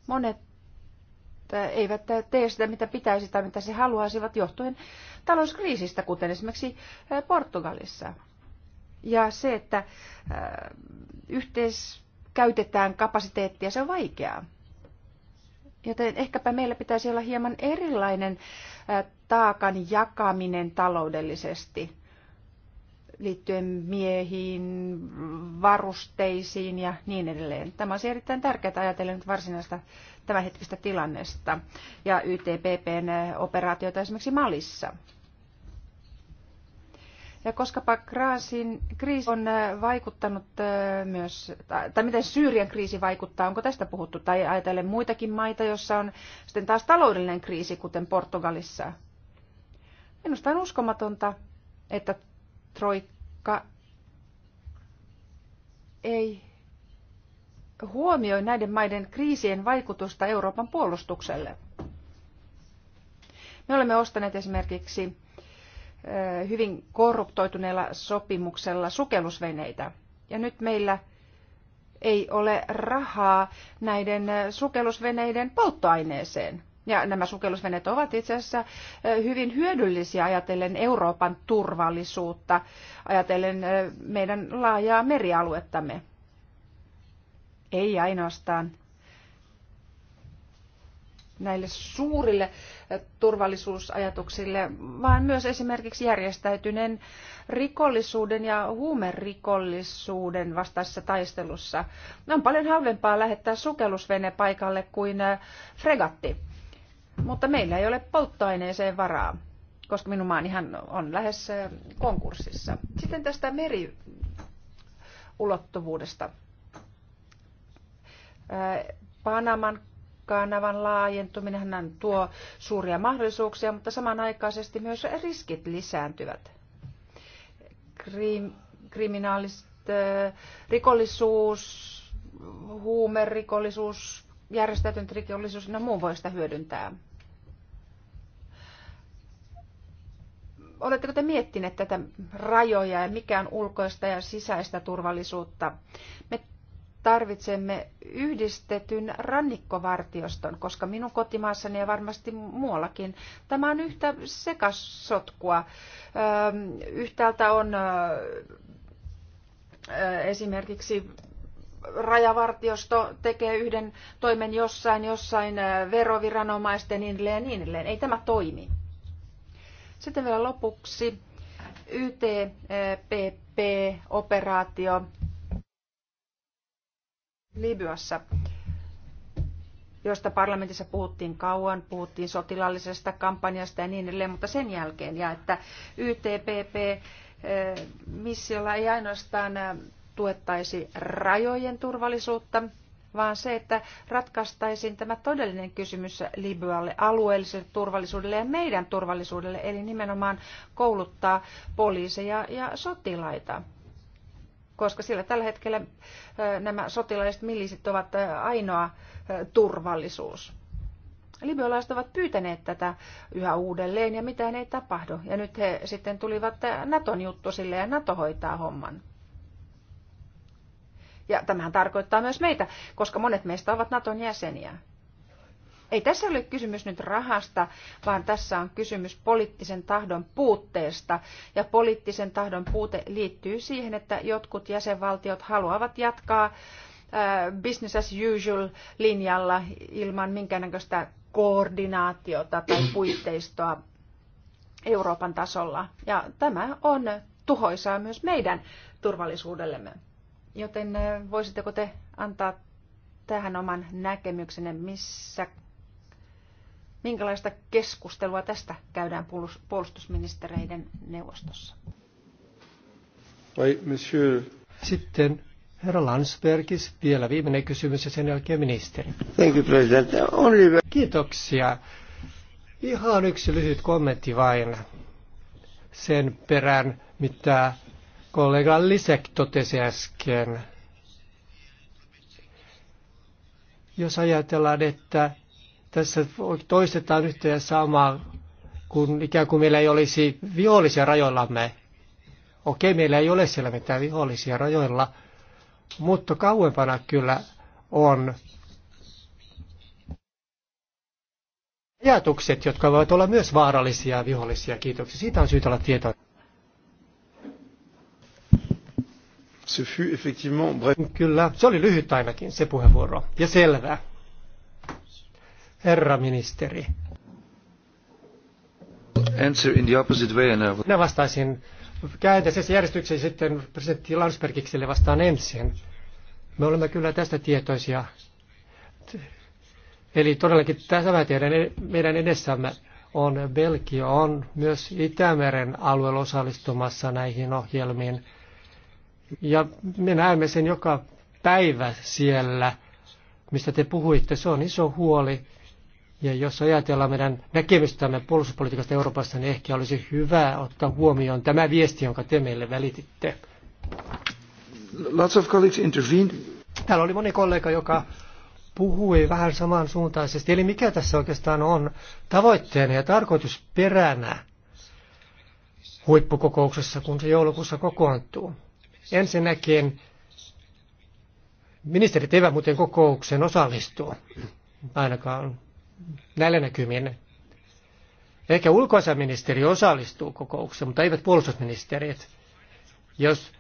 Monet eivät tee sitä, mitä pitäisi tai mitä se haluaisivat johtuen talouskriisistä, kuten esimerkiksi eh, Portugalissa. Ja se, että eh, yhteiskäytetään kapasiteettia, se on vaikeaa. Joten ehkäpä meillä pitäisi olla hieman erilainen eh, taakan jakaminen taloudellisesti – liittyen miehiin, varusteisiin ja niin edelleen. Tämä on erittäin tärkeää ajatellen nyt varsinaista tämänhetkistä tilannesta ja YTPPn operaatiota esimerkiksi Malissa. Ja koska kraasin, kriisi on äh, vaikuttanut äh, myös, tai miten Syyrian kriisi vaikuttaa, onko tästä puhuttu, tai ajatellen muitakin maita, joissa on sitten taas taloudellinen kriisi, kuten Portugalissa. Minusta on uskomatonta, että Troik jotka ei huomioi näiden maiden kriisien vaikutusta Euroopan puolustukselle. Me olemme ostaneet esimerkiksi hyvin korruptoituneella sopimuksella sukellusveneitä. Ja nyt meillä ei ole rahaa näiden sukellusveneiden polttoaineeseen. Ja nämä sukellusveneet ovat itse asiassa hyvin hyödyllisiä ajatellen Euroopan turvallisuutta, ajatellen meidän laajaa merialuettamme. Ei ainoastaan näille suurille turvallisuusajatuksille, vaan myös esimerkiksi järjestäytyneen rikollisuuden ja huumerikollisuuden vastaisessa taistelussa. On paljon halvempaa lähettää sukellusvene paikalle kuin fregatti mutta meillä ei ole polttoaineeseen varaa, koska minun maanihan on lähes konkurssissa. Sitten tästä meriulottuvuudesta. Panaman kanavan laajentuminen tuo suuria mahdollisuuksia, mutta samanaikaisesti myös riskit lisääntyvät. Krim, rikollisuus, huumerikollisuus, järjestäytynyt rikollisuus ja muun voi sitä hyödyntää. Oletteko te miettineet tätä rajoja ja mikä on ulkoista ja sisäistä turvallisuutta? Me tarvitsemme yhdistetyn rannikkovartioston, koska minun kotimaassani ja varmasti muuallakin tämä on yhtä sekasotkua. Yhtäältä on esimerkiksi rajavartiosto tekee yhden toimen jossain, jossain äh, veroviranomaisten niin edelleen ja niin edelleen. Ei tämä toimi. Sitten vielä lopuksi YTPP-operaatio Libyassa, josta parlamentissa puhuttiin kauan, puhuttiin sotilaallisesta kampanjasta ja niin edelleen, mutta sen jälkeen, ja että YTPP-missiolla äh, ei ainoastaan äh, tuettaisi rajojen turvallisuutta, vaan se, että ratkaistaisiin tämä todellinen kysymys Libyalle, alueelliselle turvallisuudelle ja meidän turvallisuudelle, eli nimenomaan kouluttaa poliiseja ja sotilaita. Koska sillä tällä hetkellä nämä sotilaiset milisit ovat ainoa turvallisuus. Libyalaiset ovat pyytäneet tätä yhä uudelleen ja mitään ei tapahdu. Ja nyt he sitten tulivat Naton juttu sille ja Nato hoitaa homman. Ja tämähän tarkoittaa myös meitä, koska monet meistä ovat Naton jäseniä. Ei tässä ole kysymys nyt rahasta, vaan tässä on kysymys poliittisen tahdon puutteesta. Ja poliittisen tahdon puute liittyy siihen, että jotkut jäsenvaltiot haluavat jatkaa business as usual linjalla ilman minkäännäköistä koordinaatiota tai puitteistoa Euroopan tasolla. Ja tämä on tuhoisaa myös meidän turvallisuudellemme. Joten voisitteko te antaa tähän oman näkemyksenne, missä, minkälaista keskustelua tästä käydään puolustusministereiden neuvostossa? Vai, monsieur. Sitten herra Landsbergis, vielä viimeinen kysymys ja sen jälkeen ministeri. Thank you, president. Only... Kiitoksia. Ihan yksi lyhyt kommentti vain sen perään, mitä kollega Lisek totesi äsken. Jos ajatellaan, että tässä toistetaan yhtä ja samaa, kun ikään kuin meillä ei olisi vihollisia rajoillamme. Okei, meillä ei ole siellä mitään vihollisia rajoilla, mutta kauempana kyllä on ajatukset, jotka voivat olla myös vaarallisia vihollisia. Kiitoksia. Siitä on syytä olla tietoinen. Se fut effectivement bref. Mm, kyllä, se oli lyhyt ainakin se puheenvuoro. Ja selvä. Herra ministeri. Answer in the opposite way. And I... Minä vastaisin käänteisessä järjestyksessä sitten presidentti Landsbergikselle vastaan ensin. Me olemme kyllä tästä tietoisia. Eli todellakin tämä tiedän, e- meidän edessämme on Belgia on myös Itämeren alueella osallistumassa näihin ohjelmiin. Ja me näemme sen joka päivä siellä, mistä te puhuitte. Se on iso huoli. Ja jos ajatellaan meidän näkemystämme puolustuspolitiikasta Euroopassa, niin ehkä olisi hyvä ottaa huomioon tämä viesti, jonka te meille välititte. Lots of colleagues intervened. Täällä oli moni kollega, joka puhui vähän samansuuntaisesti. Eli mikä tässä oikeastaan on tavoitteena ja tarkoitusperänä huippukokouksessa, kun se joulukuussa kokoontuu? Ensinnäkin ministerit eivät muuten kokoukseen osallistu, ainakaan näillä näkymin. Eikä ulkoasiaministeri osallistuu kokoukseen, mutta eivät puolustusministerit. Jos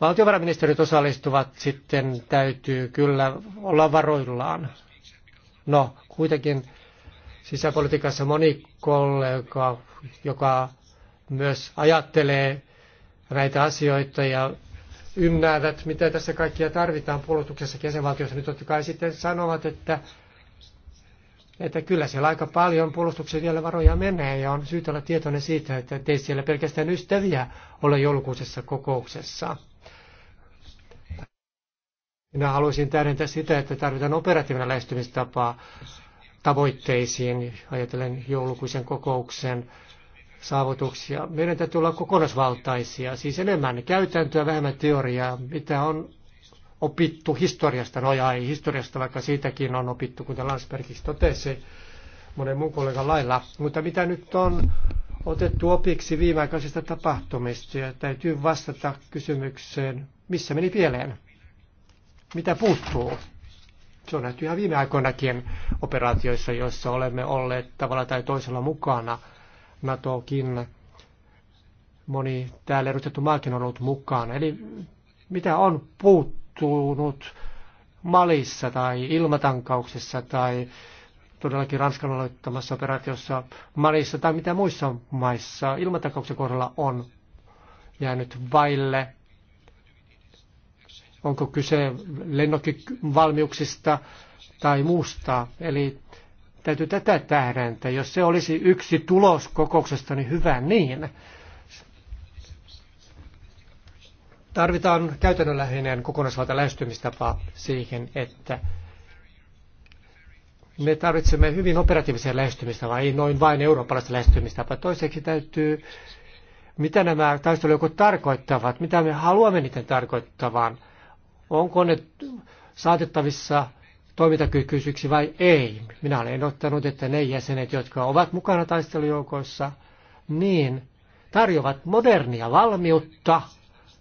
valtiovarainministerit osallistuvat, sitten täytyy kyllä olla varoillaan. No, kuitenkin sisäpolitiikassa moni kollega, joka myös ajattelee näitä asioita ja ymmärrät, mitä tässä kaikkia tarvitaan puolustuksessa jäsenvaltiossa, niin totta kai sitten sanovat, että, että kyllä siellä aika paljon puolustuksen vielä varoja menee ja on syytä olla tietoinen siitä, että ei siellä pelkästään ystäviä ole joulukuisessa kokouksessa. Minä haluaisin täydentää sitä, että tarvitaan operatiivinen lähestymistapa tavoitteisiin, ajatellen joulukuisen kokouksen saavutuksia. Meidän täytyy olla kokonaisvaltaisia, siis enemmän käytäntöä, vähemmän teoriaa, mitä on opittu historiasta. No ei historiasta, vaikka siitäkin on opittu, kuten Landsbergis totesi monen muun kollegan lailla. Mutta mitä nyt on otettu opiksi viimeaikaisista tapahtumista ja täytyy vastata kysymykseen, missä meni pieleen? Mitä puuttuu? Se on nähty ihan viime aikoinakin operaatioissa, joissa olemme olleet tavalla tai toisella mukana – NATOkin. Moni täällä edustettu maakin on ollut mukana. Eli mitä on puuttunut Malissa tai ilmatankauksessa tai todellakin Ranskan aloittamassa operaatiossa Malissa tai mitä muissa maissa ilmatankauksen kohdalla on jäänyt vaille. Onko kyse lennokkivalmiuksista tai muusta. Eli Täytyy tätä tähdentää. Jos se olisi yksi tulos kokouksesta, niin hyvä niin. Tarvitaan käytännönläheinen kokonaisvalta lähestymistapa siihen, että me tarvitsemme hyvin operatiivisia lähestymistapaa, ei noin vain eurooppalaista lähestymistapaa. Toiseksi täytyy, mitä nämä taistelujoukot tarkoittavat, mitä me haluamme niiden tarkoittavan. Onko ne saatettavissa toimintakykyisiksi vai ei. Minä olen ottanut, että ne jäsenet, jotka ovat mukana taistelujoukoissa, niin tarjoavat modernia valmiutta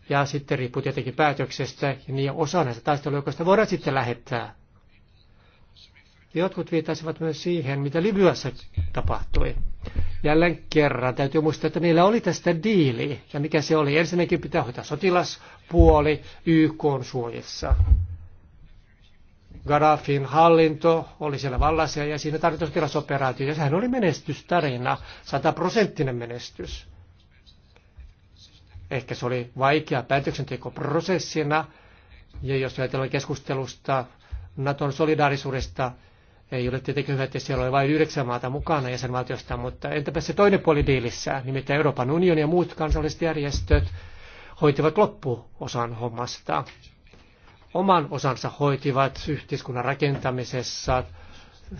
ja sitten riippuu tietenkin päätöksestä, niin osa näistä taistelujoukoista voidaan sitten lähettää. Jotkut viittasivat myös siihen, mitä Libyassa tapahtui. Jälleen kerran täytyy muistaa, että meillä oli tästä diili. Ja mikä se oli? Ensinnäkin pitää hoitaa sotilaspuoli YK suojassa. Gaddafin hallinto oli siellä vallassa ja siinä tarvittiin sotilasoperaatio. Ja sehän oli menestystarina, sataprosenttinen menestys. Ehkä se oli vaikea päätöksentekoprosessina. Ja jos ajatellaan keskustelusta Naton solidaarisuudesta, ei ole tietenkin hyvä, että siellä oli vain yhdeksän maata mukana jäsenvaltiosta, mutta entäpä se toinen puoli diilissä, nimittäin Euroopan unioni ja muut kansalliset järjestöt hoitivat loppuosan hommasta oman osansa hoitivat yhteiskunnan rakentamisessa,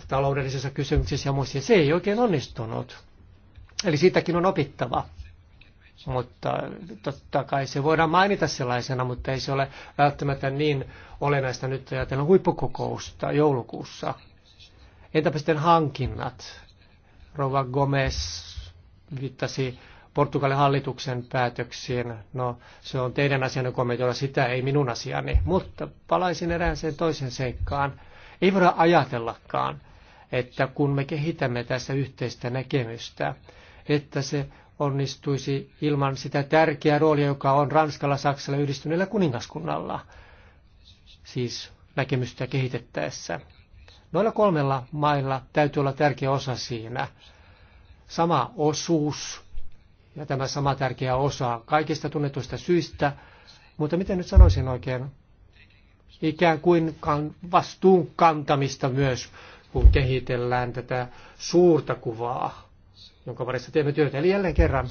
taloudellisissa kysymyksissä ja muissa. Se ei oikein onnistunut. Eli siitäkin on opittava. Mutta totta kai se voidaan mainita sellaisena, mutta ei se ole välttämättä niin olennaista nyt ajatella huippukokousta joulukuussa. Entäpä sitten hankinnat? Rova Gomez viittasi Portugalin hallituksen päätöksiin. No, se on teidän asianne kommentoida, sitä ei minun asiani. Mutta palaisin erään sen toisen seikkaan. Ei voida ajatellakaan, että kun me kehitämme tässä yhteistä näkemystä, että se onnistuisi ilman sitä tärkeää roolia, joka on Ranskalla, Saksalla ja yhdistyneellä kuningaskunnalla, siis näkemystä kehitettäessä. Noilla kolmella mailla täytyy olla tärkeä osa siinä. Sama osuus ja tämä sama tärkeä osa kaikista tunnetuista syistä. Mutta miten nyt sanoisin oikein? Ikään kuin vastuun kantamista myös, kun kehitellään tätä suurta kuvaa, jonka parissa teemme työtä. Eli jälleen kerran,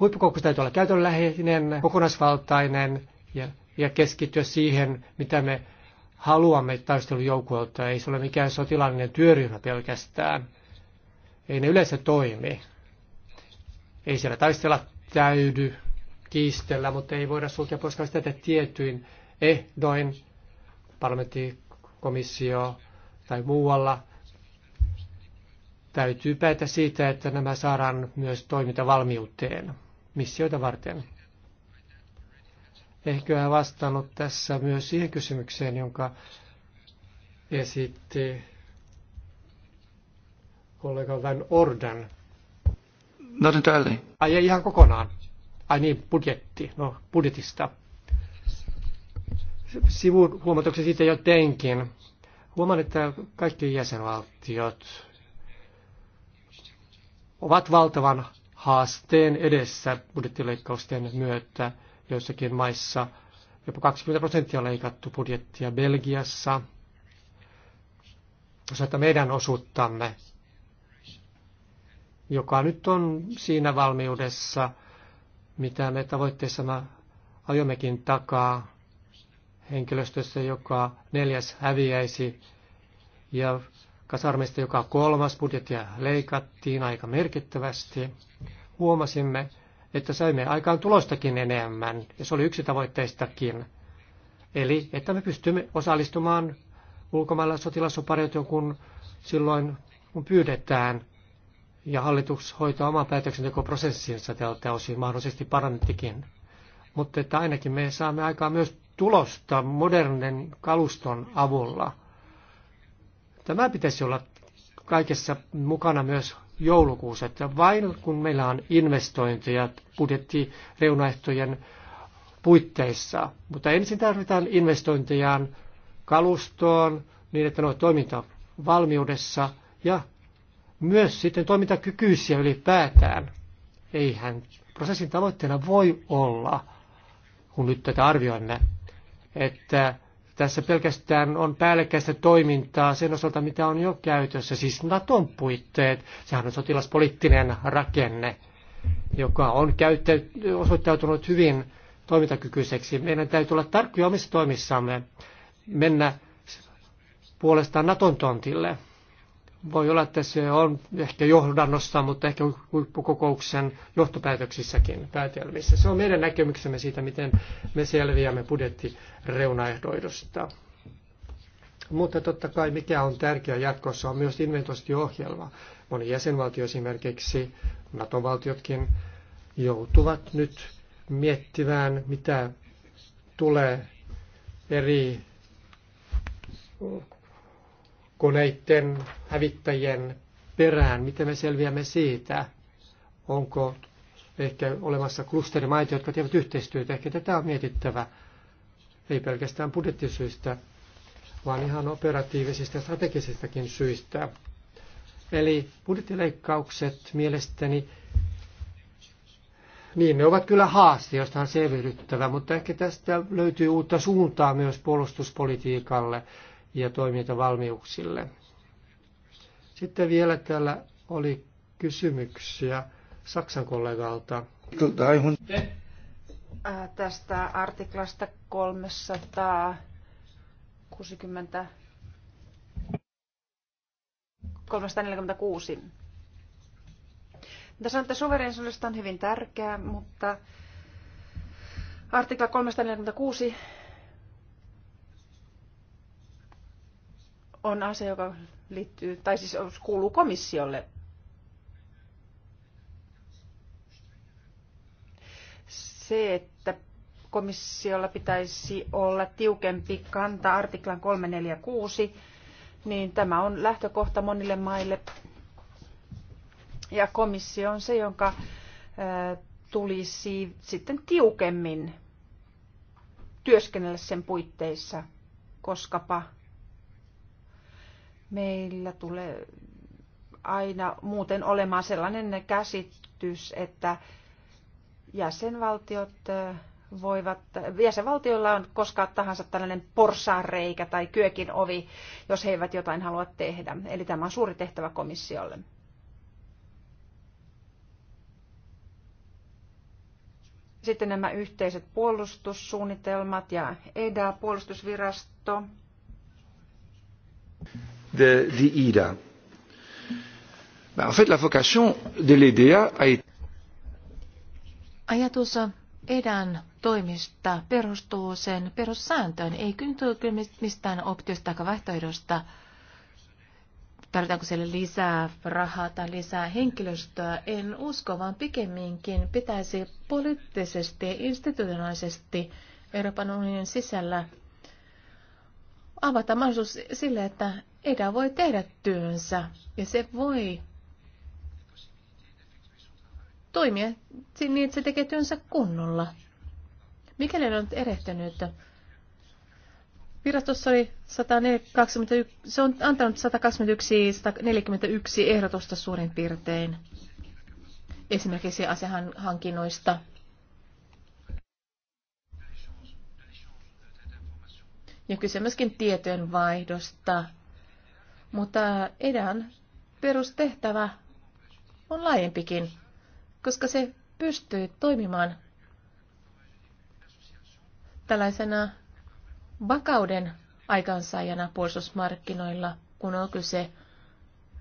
huippukokous täytyy olla käytönläheinen, kokonaisvaltainen ja, ja keskittyä siihen, mitä me haluamme taistelujoukoilta. Ei se ole mikään sotilaallinen työryhmä pelkästään. Ei ne yleensä toimi ei siellä taistella täydy kiistellä, mutta ei voida sulkea pois sitä, tietyin ehdoin parlamentti, komissio tai muualla täytyy päätä siitä, että nämä saadaan myös toimintavalmiuteen missioita varten. Ehkä hän vastannut tässä myös siihen kysymykseen, jonka esitti kollega Van Ordan Not niin, entirely. Ai ei ihan kokonaan. Ai niin, budjetti. No, budjetista. Sivun huomatuksen siitä jotenkin. Huomaan, että kaikki jäsenvaltiot ovat valtavan haasteen edessä budjettileikkausten myötä. Joissakin maissa jopa 20 prosenttia on leikattu budjettia Belgiassa. että meidän osuuttamme joka nyt on siinä valmiudessa, mitä me tavoitteessamme ajommekin takaa henkilöstössä, joka neljäs häviäisi ja kasarmista joka kolmas budjettia leikattiin aika merkittävästi. Huomasimme, että saimme aikaan tulostakin enemmän, ja se oli yksi tavoitteistakin. Eli että me pystymme osallistumaan ulkomailla sotilasoperaatioon, kun silloin kun pyydetään – ja hallitus hoitaa oman päätöksentekoprosessinsa tältä osin, mahdollisesti parannettikin. Mutta että ainakin me saamme aikaa myös tulosta modernin kaluston avulla. Tämä pitäisi olla kaikessa mukana myös joulukuussa, että vain kun meillä on investointeja budjettireunaehtojen puitteissa, mutta ensin tarvitaan investointejaan kalustoon niin, että ne ovat toimintavalmiudessa ja myös sitten toimintakykyisiä ylipäätään. Eihän prosessin tavoitteena voi olla, kun nyt tätä arvioimme, että tässä pelkästään on päällekkäistä toimintaa sen osalta, mitä on jo käytössä, siis Naton puitteet. Sehän on sotilaspoliittinen rakenne, joka on osoittautunut hyvin toimintakykyiseksi. Meidän täytyy olla tarkkoja omissa toimissamme, mennä puolestaan Naton tontille. Voi olla, että se on ehkä johdannossa, mutta ehkä huippukokouksen johtopäätöksissäkin päätelmissä. Se on meidän näkemyksemme siitä, miten me selviämme budjettireunaehdoidosta. Mutta totta kai mikä on tärkeää jatkossa on myös inventointiohjelma. Moni jäsenvaltio esimerkiksi, NATO-valtiotkin, joutuvat nyt miettimään, mitä tulee eri koneiden, hävittäjien perään. Miten me selviämme siitä? Onko ehkä olemassa klusterimaita, jotka tekevät yhteistyötä? Ehkä tätä on mietittävä, ei pelkästään budjettisyistä, vaan ihan operatiivisista ja strategisistakin syistä. Eli budjettileikkaukset mielestäni, niin ne ovat kyllä haaste, josta on selvityttävä, mutta ehkä tästä löytyy uutta suuntaa myös puolustuspolitiikalle ja toimintavalmiuksille. Sitten vielä täällä oli kysymyksiä Saksan kollegalta. Äh, tästä artiklasta 360 346. Tässä sanotte suverensuudesta on hyvin tärkeää, mutta artikla 346 on asia, joka liittyy, tai siis kuuluu komissiolle. Se, että komissiolla pitäisi olla tiukempi kanta artiklan 346, niin tämä on lähtökohta monille maille. Ja komissio on se, jonka tulisi sitten tiukemmin työskennellä sen puitteissa, koskapa meillä tulee aina muuten olemaan sellainen käsitys, että jäsenvaltiot voivat, jäsenvaltioilla on koskaan tahansa tällainen porsaanreikä tai kyökin ovi, jos he eivät jotain halua tehdä. Eli tämä on suuri tehtävä komissiolle. Sitten nämä yhteiset puolustussuunnitelmat ja EDA, puolustusvirasto de, de IDA. Ben, en fait, la vocation de l'EDA a été... Ajatus EDAn toimista perustuu sen perussääntöön, ei kyllä mistään optiosta tai vaihtoehdosta. Tarvitaanko siellä lisää rahaa tai lisää henkilöstöä? En usko, vaan pikemminkin pitäisi poliittisesti ja institutionaalisesti Euroopan unionin sisällä avata mahdollisuus sille, että EDA voi tehdä työnsä ja se voi toimia niin, että se tekee työnsä kunnolla. Mikäli on nyt erehtynyt, virastossa oli 121, se on antanut 121-141 ehdotusta suurin piirtein esimerkiksi asehankinnoista. Ja kyse myöskin tietojen vaihdosta mutta EDAN perustehtävä on laajempikin, koska se pystyy toimimaan tällaisena vakauden aikansaajana puolustusmarkkinoilla, kun on kyse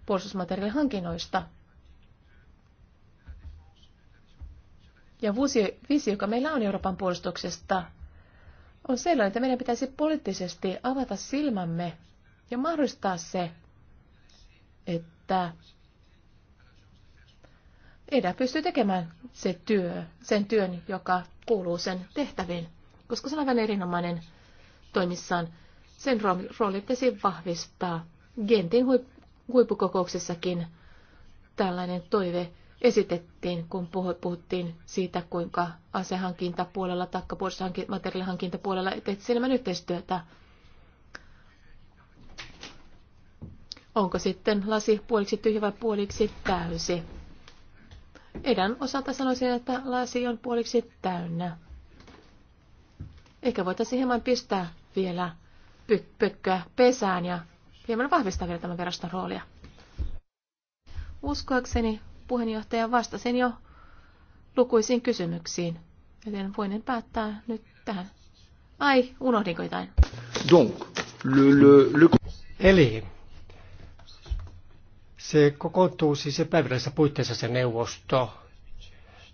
puolustusmateriaalihankinnoista. Ja visio, joka meillä on Euroopan puolustuksesta, on sellainen, että meidän pitäisi poliittisesti avata silmämme ja mahdollistaa se, että EDA pystyy tekemään se työ, sen työn, joka kuuluu sen tehtäviin, koska se on aivan erinomainen toimissaan. Sen rooli pitäisi vahvistaa. Gentin huippukokouksessakin tällainen toive esitettiin, kun puhuttiin siitä, kuinka asehankintapuolella tai materiaalihankintapuolella tehtiin enemmän yhteistyötä Onko sitten lasi puoliksi tyhjä vai puoliksi täysi? Edän osalta sanoisin, että lasi on puoliksi täynnä. Ehkä voitaisiin hieman pistää vielä pykköä pökköä pesään ja hieman vahvistaa vielä tämän veraston roolia. Uskoakseni puheenjohtaja vastasin jo lukuisiin kysymyksiin, joten voin päättää nyt tähän. Ai, unohdinko jotain? Donc, le, le, le... Eli se kokoontuu siis epävirallisessa puitteissa se neuvosto.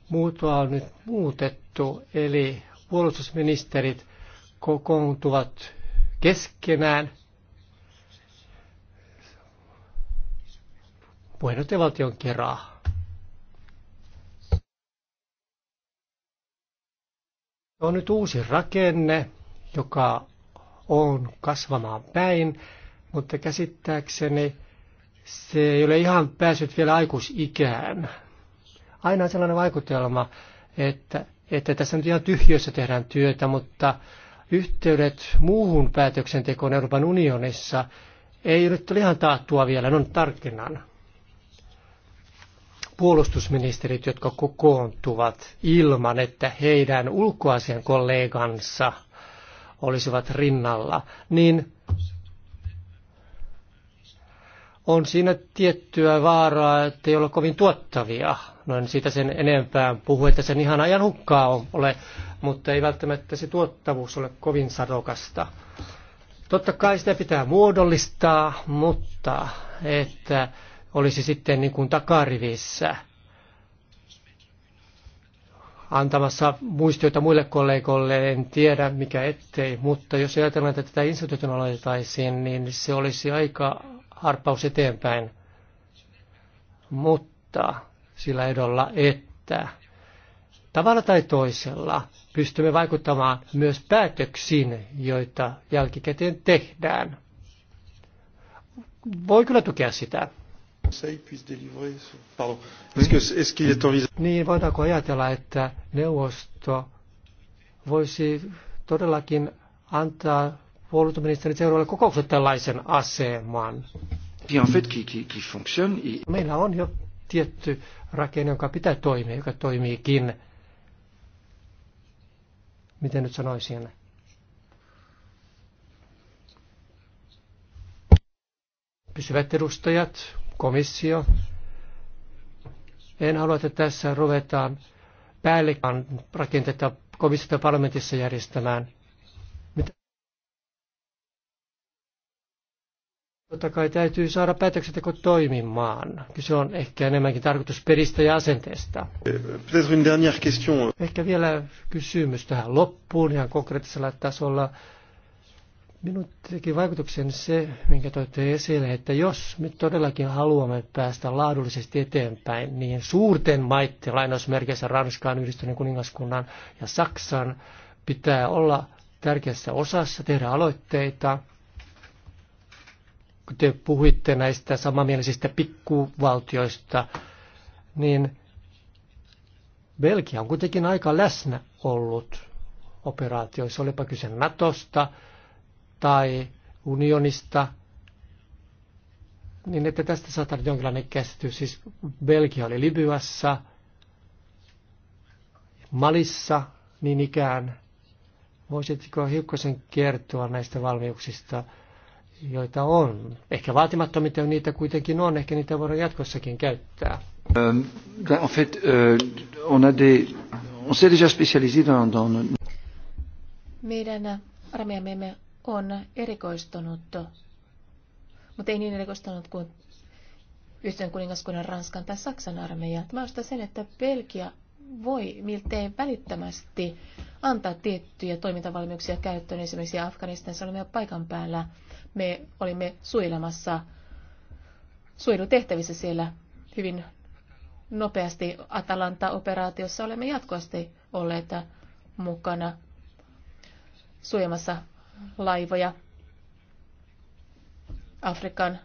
Muutoa on nyt muutettu, eli puolustusministerit kokoontuvat keskenään puheenjohtajavaltion kerää. On nyt uusi rakenne, joka on kasvamaan päin, mutta käsittääkseni se ei ole ihan päässyt vielä aikuisikään. Aina on sellainen vaikutelma, että, että tässä nyt ihan tyhjössä tehdään työtä, mutta yhteydet muuhun päätöksentekoon Euroopan unionissa ei nyt ole ihan taattua vielä, on tarkennan. Puolustusministerit, jotka kokoontuvat ilman, että heidän ulkoasian kollegansa olisivat rinnalla, niin on siinä tiettyä vaaraa, että ei ole kovin tuottavia. No en siitä sen enempää puhu, että sen ihan ajan hukkaa on, ole, mutta ei välttämättä se tuottavuus ole kovin sadokasta. Totta kai sitä pitää muodollistaa, mutta että olisi sitten niin kuin takarivissä antamassa muistioita muille kollegoille, en tiedä mikä ettei, mutta jos ajatellaan, että tätä instituution aloitaisiin, niin se olisi aika harppaus eteenpäin, mutta sillä edolla, että tavalla tai toisella pystymme vaikuttamaan myös päätöksiin, joita jälkikäteen tehdään. Voi kyllä tukea sitä. Niin, voidaanko ajatella, että neuvosto voisi todellakin antaa puolustusministerit seuraavalle kokoukselle tällaisen aseman. Meillä on jo tietty rakenne, joka pitää toimia, joka toimiikin. Miten nyt sanoisin? Pysyvät edustajat, komissio. En halua, että tässä ruvetaan rakentetta rakenteita komissiota parlamentissa järjestämään – Totta kai täytyy saada päätöksenteko toimimaan. Kyse on ehkä enemmänkin peristä ja asenteesta. Ehkä vielä kysymys tähän loppuun ihan konkreettisella tasolla. Minun teki vaikutuksen se, minkä toitte esille, että jos me todellakin haluamme päästä laadullisesti eteenpäin, niin suurten maiden, lainausmerkeissä Ranskan, Yhdistyneen kuningaskunnan ja Saksan, pitää olla tärkeässä osassa, tehdä aloitteita – kun te puhuitte näistä samanmielisistä pikkuvaltioista, niin Belgia on kuitenkin aika läsnä ollut operaatioissa, olipa kyse Natosta tai unionista, niin että tästä saattaa jonkinlainen käsitys. Siis Belgia oli Libyassa, Malissa niin ikään. Voisitko hiukkasen kertoa näistä valmiuksista? joita on. Ehkä vaatimattomia niitä kuitenkin on, ehkä niitä voidaan jatkossakin käyttää. Um, en fait, uh, on a des, on s'est déjà spécialisé dans, dans... Meidän armeijamme on erikoistunut, mutta ei niin erikoistunut kuin yhteen kuningaskunnan Ranskan tai Saksan armeija. Mä ostan sen, että Belgia voi miltei välittömästi antaa tiettyjä toimintavalmiuksia käyttöön. Esimerkiksi Afganistanissa olemme paikan päällä me olimme suojelemassa suojelutehtävissä siellä hyvin nopeasti Atalanta-operaatiossa olemme jatkuvasti olleet mukana suojamassa laivoja Afrikan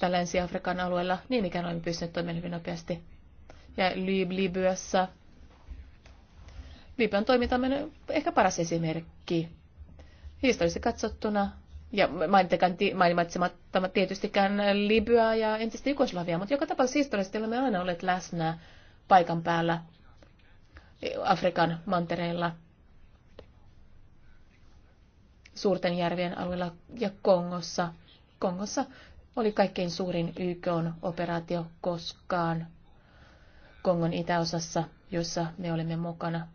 tai Länsi-Afrikan alueella. Niin ikään olemme pystyneet toimimaan hyvin nopeasti. Ja Libyassa. Libyan toiminta on ehkä paras esimerkki. Historiallisesti katsottuna ja mainitsematta tietystikään Libyaa ja entistä Jugoslavia, mutta joka tapauksessa historiallisesti olemme aina olleet läsnä paikan päällä Afrikan mantereilla, suurten järvien alueella ja Kongossa. Kongossa oli kaikkein suurin YK-operaatio koskaan Kongon itäosassa, jossa me olimme mukana.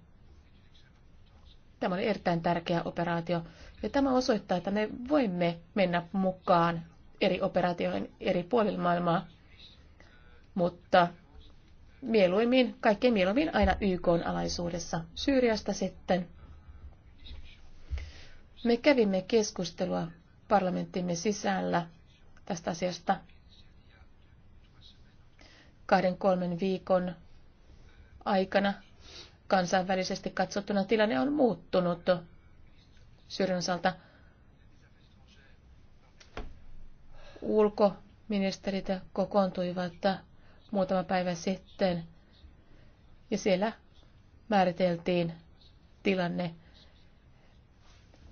Tämä oli erittäin tärkeä operaatio. Ja tämä osoittaa, että me voimme mennä mukaan eri operaatioihin eri puolilla maailmaa, mutta mieluimmin, kaikkein mieluimmin aina YK alaisuudessa. Syyriasta sitten. Me kävimme keskustelua parlamenttimme sisällä tästä asiasta kahden kolmen viikon aikana. Kansainvälisesti katsottuna tilanne on muuttunut Syyrian osalta ulkoministerit kokoontuivat muutama päivä sitten ja siellä määriteltiin tilanne,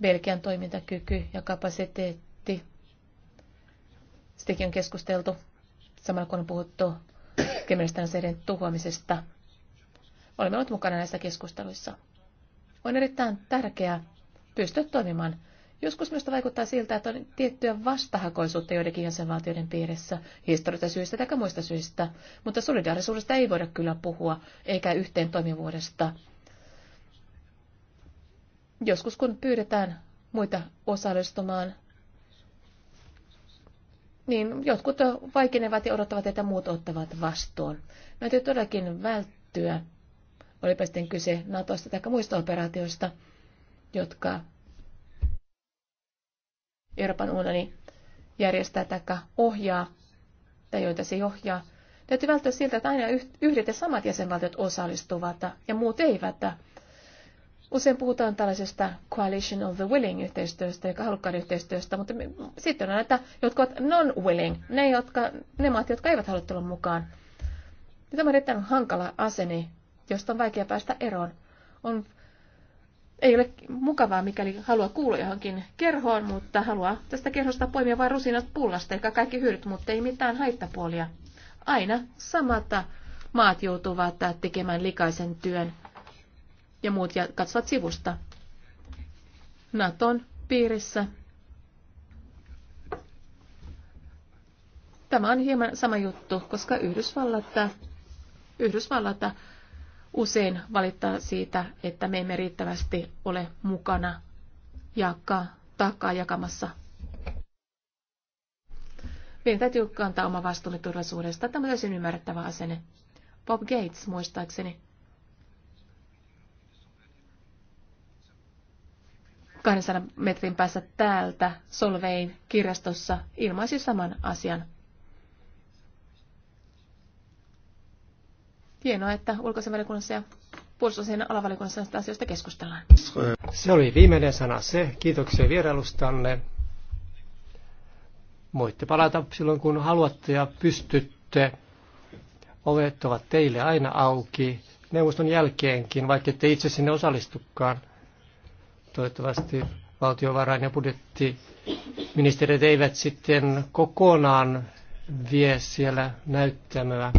Belgian toimintakyky ja kapasiteetti. Sitäkin on keskusteltu samalla kun on puhuttu kemeristanseiden tuhoamisesta. Olemme olleet mukana näissä keskusteluissa. On erittäin tärkeää, pystyä toimimaan. Joskus minusta vaikuttaa siltä, että on tiettyä vastahakoisuutta joidenkin jäsenvaltioiden piirissä, historiallisista syistä tai muista syistä, mutta solidaarisuudesta ei voida kyllä puhua, eikä yhteen toimivuudesta. Joskus kun pyydetään muita osallistumaan, niin jotkut vaikenevat ja odottavat, että muut ottavat vastuun. Näitä todellakin välttyä, olipa sitten kyse Natosta tai muista operaatioista, jotka Euroopan unioni järjestää tai ohjaa, tai joita se ohjaa. Täytyy välttää siltä, että aina yhdet ja samat jäsenvaltiot osallistuvat ja muut eivät. Usein puhutaan tällaisesta coalition of the willing yhteistyöstä ja halukkaan yhteistyöstä, mutta me, sitten on näitä, jotka ovat non-willing, ne, jotka, ne maat, jotka eivät halua tulla mukaan. Ja tämä on erittäin hankala asenne, josta on vaikea päästä eroon. On ei ole mukavaa, mikäli haluaa kuulua johonkin kerhoon, mutta haluaa tästä kerhosta poimia vain rusinat pullasta, eikä kaikki hyödyt, mutta ei mitään haittapuolia. Aina samata maat joutuvat tekemään likaisen työn ja muut ja katsovat sivusta. Naton piirissä. Tämä on hieman sama juttu, koska Yhdysvallat, Yhdysvallat usein valittaa siitä, että me emme riittävästi ole mukana jakaa, taakkaa jakamassa. Meidän täytyy kantaa oma vastuumme turvallisuudesta. Tämä on täysin ymmärrettävä asenne. Bob Gates, muistaakseni, kahden metrin päässä täältä Solvein kirjastossa ilmaisi saman asian. Hienoa, että ulkoisen ja puolustusasian alavalikunnassa näistä asioista keskustellaan. Se oli viimeinen sana se. Kiitoksia vierailustanne. Voitte palata silloin, kun haluatte ja pystytte. Ovet ovat teille aina auki, neuvoston jälkeenkin, vaikka ette itse sinne osallistukaan. Toivottavasti valtiovarain ja budjettiministeriöt eivät sitten kokonaan vie siellä näyttämöä.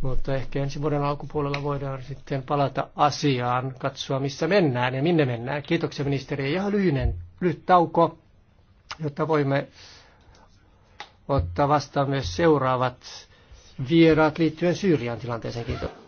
Mutta ehkä ensi vuoden alkupuolella voidaan sitten palata asiaan, katsoa missä mennään ja minne mennään. Kiitoksia ministeri. Ja lyhyinen, lyhyt tauko, jotta voimme ottaa vastaan myös seuraavat vieraat liittyen Syyrian tilanteeseen. Kiitos.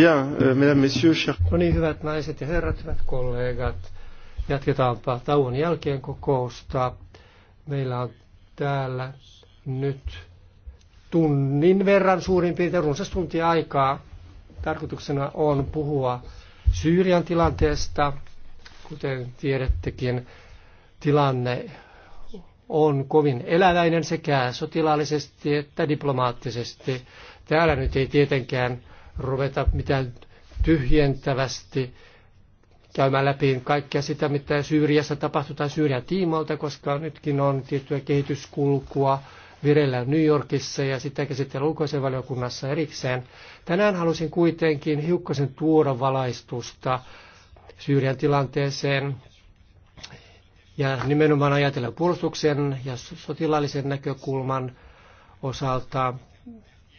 Bien, euh, mesdames, messieurs, chers... No niin, hyvät naiset ja herrat, hyvät kollegat. Jatketaanpa tauon jälkeen kokousta. Meillä on täällä nyt tunnin verran suurin piirtein runsas tuntia aikaa. Tarkoituksena on puhua Syyrian tilanteesta. Kuten tiedättekin, tilanne on kovin eläväinen sekä sotilaallisesti että diplomaattisesti. Täällä nyt ei tietenkään ruveta mitään tyhjentävästi käymään läpi kaikkea sitä, mitä Syyriassa tapahtui tai Syyrian tiimoilta, koska nytkin on tiettyä kehityskulkua vireillä New Yorkissa ja sitä käsitellä valiokunnassa erikseen. Tänään halusin kuitenkin hiukkasen tuoda valaistusta Syyrian tilanteeseen ja nimenomaan ajatella puolustuksen ja sotilaallisen näkökulman osalta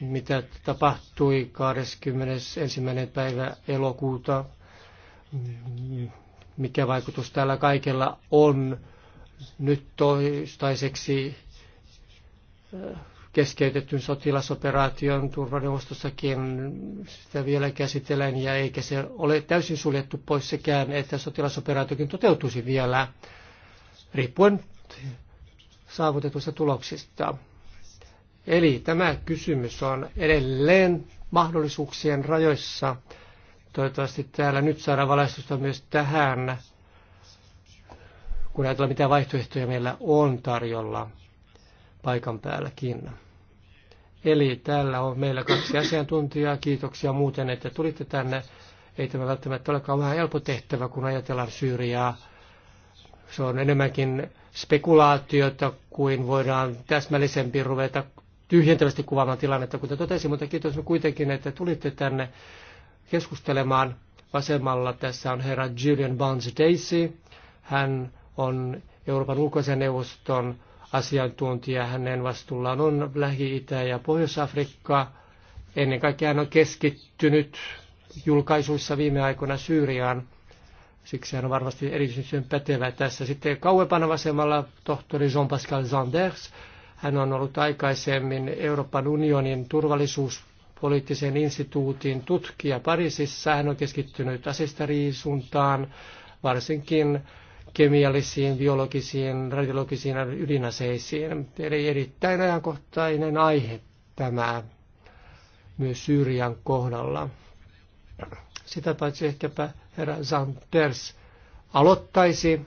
mitä tapahtui 21. päivä elokuuta, mikä vaikutus tällä kaikella on nyt toistaiseksi äh, keskeytetyn sotilasoperaation turvaneuvostossakin sitä vielä käsitellään ja eikä se ole täysin suljettu pois sekään, että sotilasoperaatiokin toteutuisi vielä riippuen saavutetuista tuloksista. Eli tämä kysymys on edelleen mahdollisuuksien rajoissa. Toivottavasti täällä nyt saadaan valaistusta myös tähän, kun ajatellaan mitä vaihtoehtoja meillä on tarjolla paikan päälläkin. Eli täällä on meillä kaksi asiantuntijaa. Kiitoksia muuten, että tulitte tänne. Ei tämä välttämättä olekaan vähän helppo tehtävä, kun ajatellaan Syyriaa. Se on enemmänkin spekulaatiota kuin voidaan täsmällisempi ruveta tyhjentävästi kuvaamaan tilannetta, kuten totesin, mutta kiitos kuitenkin, että tulitte tänne keskustelemaan. Vasemmalla tässä on herra Julian Barnes Daisy. Hän on Euroopan ulkoisen neuvoston asiantuntija. Hänen vastuullaan on Lähi-Itä ja Pohjois-Afrikka. Ennen kaikkea hän on keskittynyt julkaisuissa viime aikoina Syyriaan. Siksi hän on varmasti erityisen pätevä tässä. Sitten kauempana vasemmalla tohtori Jean-Pascal Zanders. Hän on ollut aikaisemmin Euroopan unionin turvallisuuspoliittisen instituutin tutkija Pariisissa. Hän on keskittynyt asestariisuntaan, varsinkin kemiallisiin, biologisiin, radiologisiin ydinaseisiin. Eli erittäin ajankohtainen aihe tämä myös Syyrian kohdalla. Sitä paitsi ehkäpä herra Zanters aloittaisi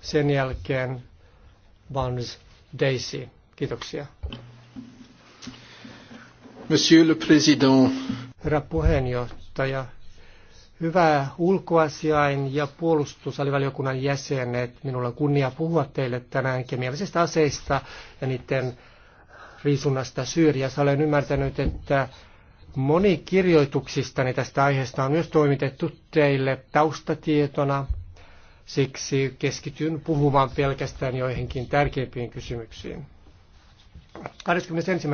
sen jälkeen Vans Daisy. Kiitoksia. Monsieur le Président. Herra puheenjohtaja, hyvää ulkoasiain ja puolustusalivaliokunnan jäsenet. Minulla on kunnia puhua teille tänään kemiallisista aseista ja niiden riisunnasta Syyriassa. Olen ymmärtänyt, että moni kirjoituksistani tästä aiheesta on myös toimitettu teille taustatietona Siksi keskityn puhumaan pelkästään joihinkin tärkeimpiin kysymyksiin. 21.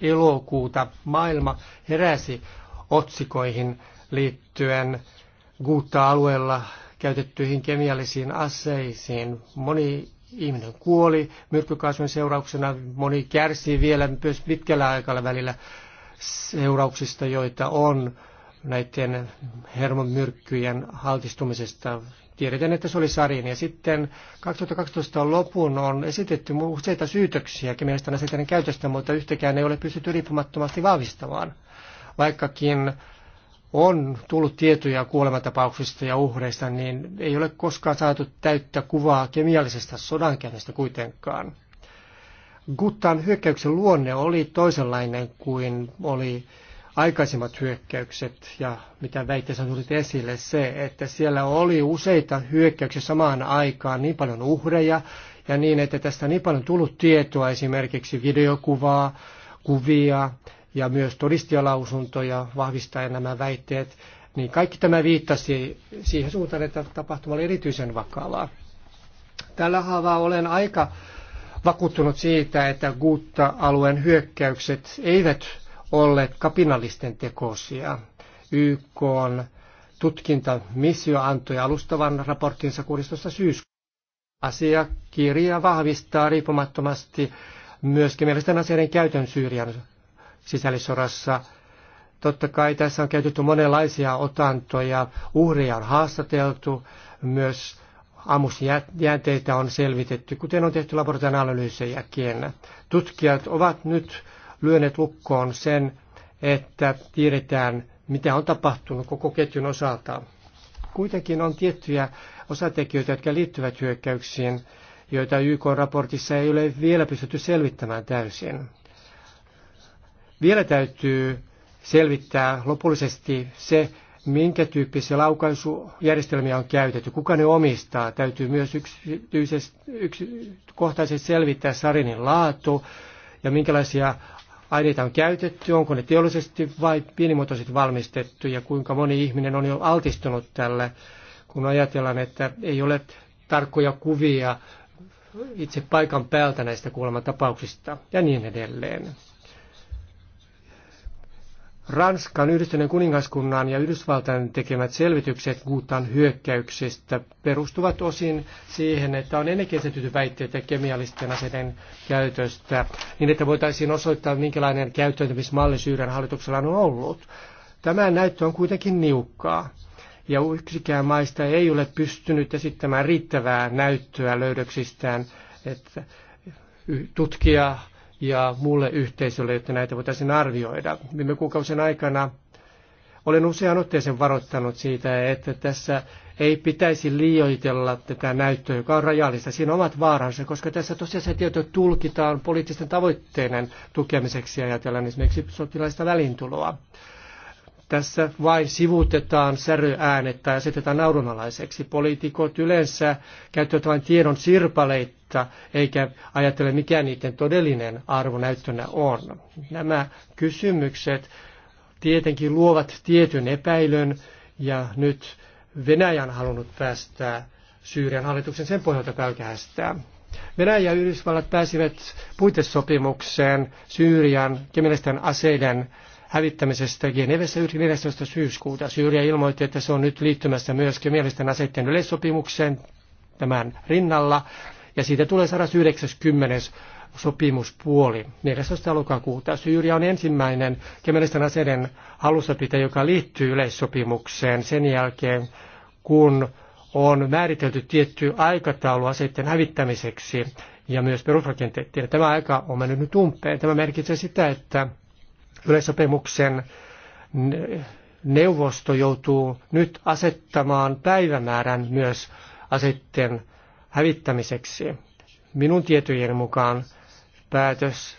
elokuuta maailma heräsi otsikoihin liittyen Guutta-alueella käytettyihin kemiallisiin aseisiin. Moni ihminen kuoli myrkkykasvun seurauksena, moni kärsii vielä myös pitkällä aikavälillä seurauksista, joita on näiden hermomyrkkyjen haltistumisesta Tiedetään, että se oli Sarin. Ja sitten 2012 lopun on esitetty useita syytöksiä mielestäni aseteiden käytöstä, mutta yhtäkään ei ole pystytty riippumattomasti vahvistamaan. Vaikkakin on tullut tietoja kuolematapauksista ja uhreista, niin ei ole koskaan saatu täyttä kuvaa kemiallisesta sodankäynnistä kuitenkaan. Guttan hyökkäyksen luonne oli toisenlainen kuin oli aikaisemmat hyökkäykset ja mitä väitteessä on esille, se, että siellä oli useita hyökkäyksiä samaan aikaan, niin paljon uhreja ja niin, että tästä niin paljon tullut tietoa, esimerkiksi videokuvaa, kuvia ja myös todistajalausuntoja vahvistaen nämä väitteet, niin kaikki tämä viittasi siihen suuntaan, että tapahtuma oli erityisen vakavaa. Tällä haavaa olen aika vakuuttunut siitä, että Guutta-alueen hyökkäykset eivät olleet kapinallisten tekosia. YK on tutkintamissio antoi alustavan raporttinsa 16. syyskuuta. Asiakirja vahvistaa riippumattomasti myöskin mielestäni aseiden käytön Syyrian sisällissodassa. Totta kai tässä on käytetty monenlaisia otantoja, uhreja on haastateltu, myös ammusjäänteitä on selvitetty, kuten on tehty laboratorian analyysejäkin. Tutkijat ovat nyt lyöneet lukkoon sen, että tiedetään, mitä on tapahtunut koko ketjun osalta. Kuitenkin on tiettyjä osatekijöitä, jotka liittyvät hyökkäyksiin, joita YK-raportissa ei ole vielä pystytty selvittämään täysin. Vielä täytyy selvittää lopullisesti se, minkä tyyppisiä laukaisujärjestelmiä on käytetty, kuka ne omistaa. Täytyy myös yksityiskohtaisesti selvittää sarinin laatu ja minkälaisia aineita on käytetty, onko ne teollisesti vai pienimuotoisesti valmistettu ja kuinka moni ihminen on jo altistunut tälle, kun ajatellaan, että ei ole tarkkoja kuvia itse paikan päältä näistä kuolematapauksista ja niin edelleen. Ranskan, Yhdistyneen kuningaskunnan ja Yhdysvaltain tekemät selvitykset Guutan hyökkäyksistä perustuvat osin siihen, että on ennenkin esitetty väitteitä kemiallisten aseiden käytöstä, niin että voitaisiin osoittaa, minkälainen käyttäytymismalli Syyrian hallituksella on ollut. Tämä näyttö on kuitenkin niukkaa, ja yksikään maista ei ole pystynyt esittämään riittävää näyttöä löydöksistään, että tutkia ja muulle yhteisölle, jotta näitä voitaisiin arvioida. Viime kuukausien aikana olen usean otteeseen varoittanut siitä, että tässä ei pitäisi liioitella tätä näyttöä, joka on rajallista. Siinä omat vaaransa, koska tässä tosiaan tieto tulkitaan poliittisten tavoitteiden tukemiseksi ajatellaan esimerkiksi sotilaista välintuloa. Tässä vain sivutetaan säröäänettä ja asetetaan naurunalaiseksi. Poliitikot yleensä käyttävät vain tiedon sirpaleita tarvetta, eikä ajattele mikä niiden todellinen arvo näyttönä on. Nämä kysymykset tietenkin luovat tietyn epäilyn, ja nyt Venäjä on halunnut päästää Syyrian hallituksen sen pohjalta pälkähästää. Venäjä ja Yhdysvallat pääsivät puitesopimukseen Syyrian kemiallisten aseiden hävittämisestä Genevessä 14. syyskuuta. Syyria ilmoitti, että se on nyt liittymässä myös kemiallisten aseiden yleissopimukseen tämän rinnalla ja siitä tulee 190 sopimuspuoli. 14. lokakuuta Syyria on ensimmäinen kemellisten aseiden hallussapito, joka liittyy yleissopimukseen sen jälkeen, kun on määritelty tietty aikataulu aseiden hävittämiseksi ja myös perusrakenteettiin. Tämä aika on mennyt nyt umpeen. Tämä merkitsee sitä, että yleissopimuksen neuvosto joutuu nyt asettamaan päivämäärän myös aseiden hävittämiseksi. Minun tietojen mukaan päätös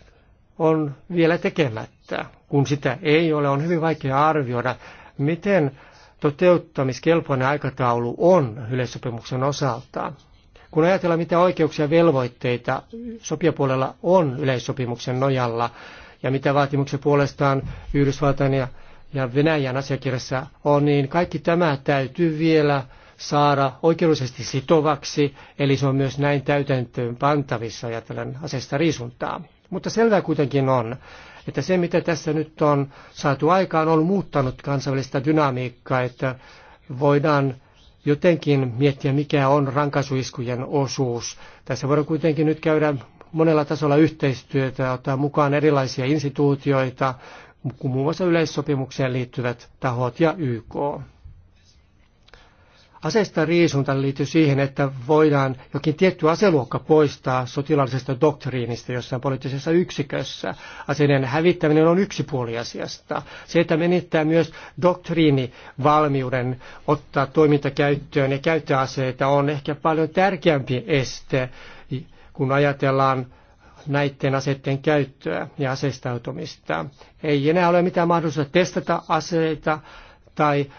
on vielä tekemättä. Kun sitä ei ole, on hyvin vaikea arvioida, miten toteuttamiskelpoinen aikataulu on yleissopimuksen osalta. Kun ajatellaan, mitä oikeuksia ja velvoitteita sopijapuolella on yleissopimuksen nojalla ja mitä vaatimuksia puolestaan Yhdysvaltain ja, ja Venäjän asiakirjassa on, niin kaikki tämä täytyy vielä saada oikeudellisesti sitovaksi, eli se on myös näin täytäntöön pantavissa ajatellen aseista riisuntaa. Mutta selvää kuitenkin on, että se mitä tässä nyt on saatu aikaan on muuttanut kansainvälistä dynamiikkaa, että voidaan jotenkin miettiä, mikä on rankaisuiskujen osuus. Tässä voidaan kuitenkin nyt käydä monella tasolla yhteistyötä, ottaa mukaan erilaisia instituutioita, muun muassa yleissopimukseen liittyvät tahot ja YK. Aseista riisunta liittyy siihen, että voidaan jokin tietty aseluokka poistaa sotilaallisesta doktriinista jossain poliittisessa yksikössä. Aseiden hävittäminen on yksi puoli asiasta. Se, että menettää myös doktriinivalmiuden ottaa toimintakäyttöön ja käyttää aseita, on ehkä paljon tärkeämpi este, kun ajatellaan näiden aseiden käyttöä ja aseistautumista. Ei enää ole mitään mahdollisuutta testata aseita, tai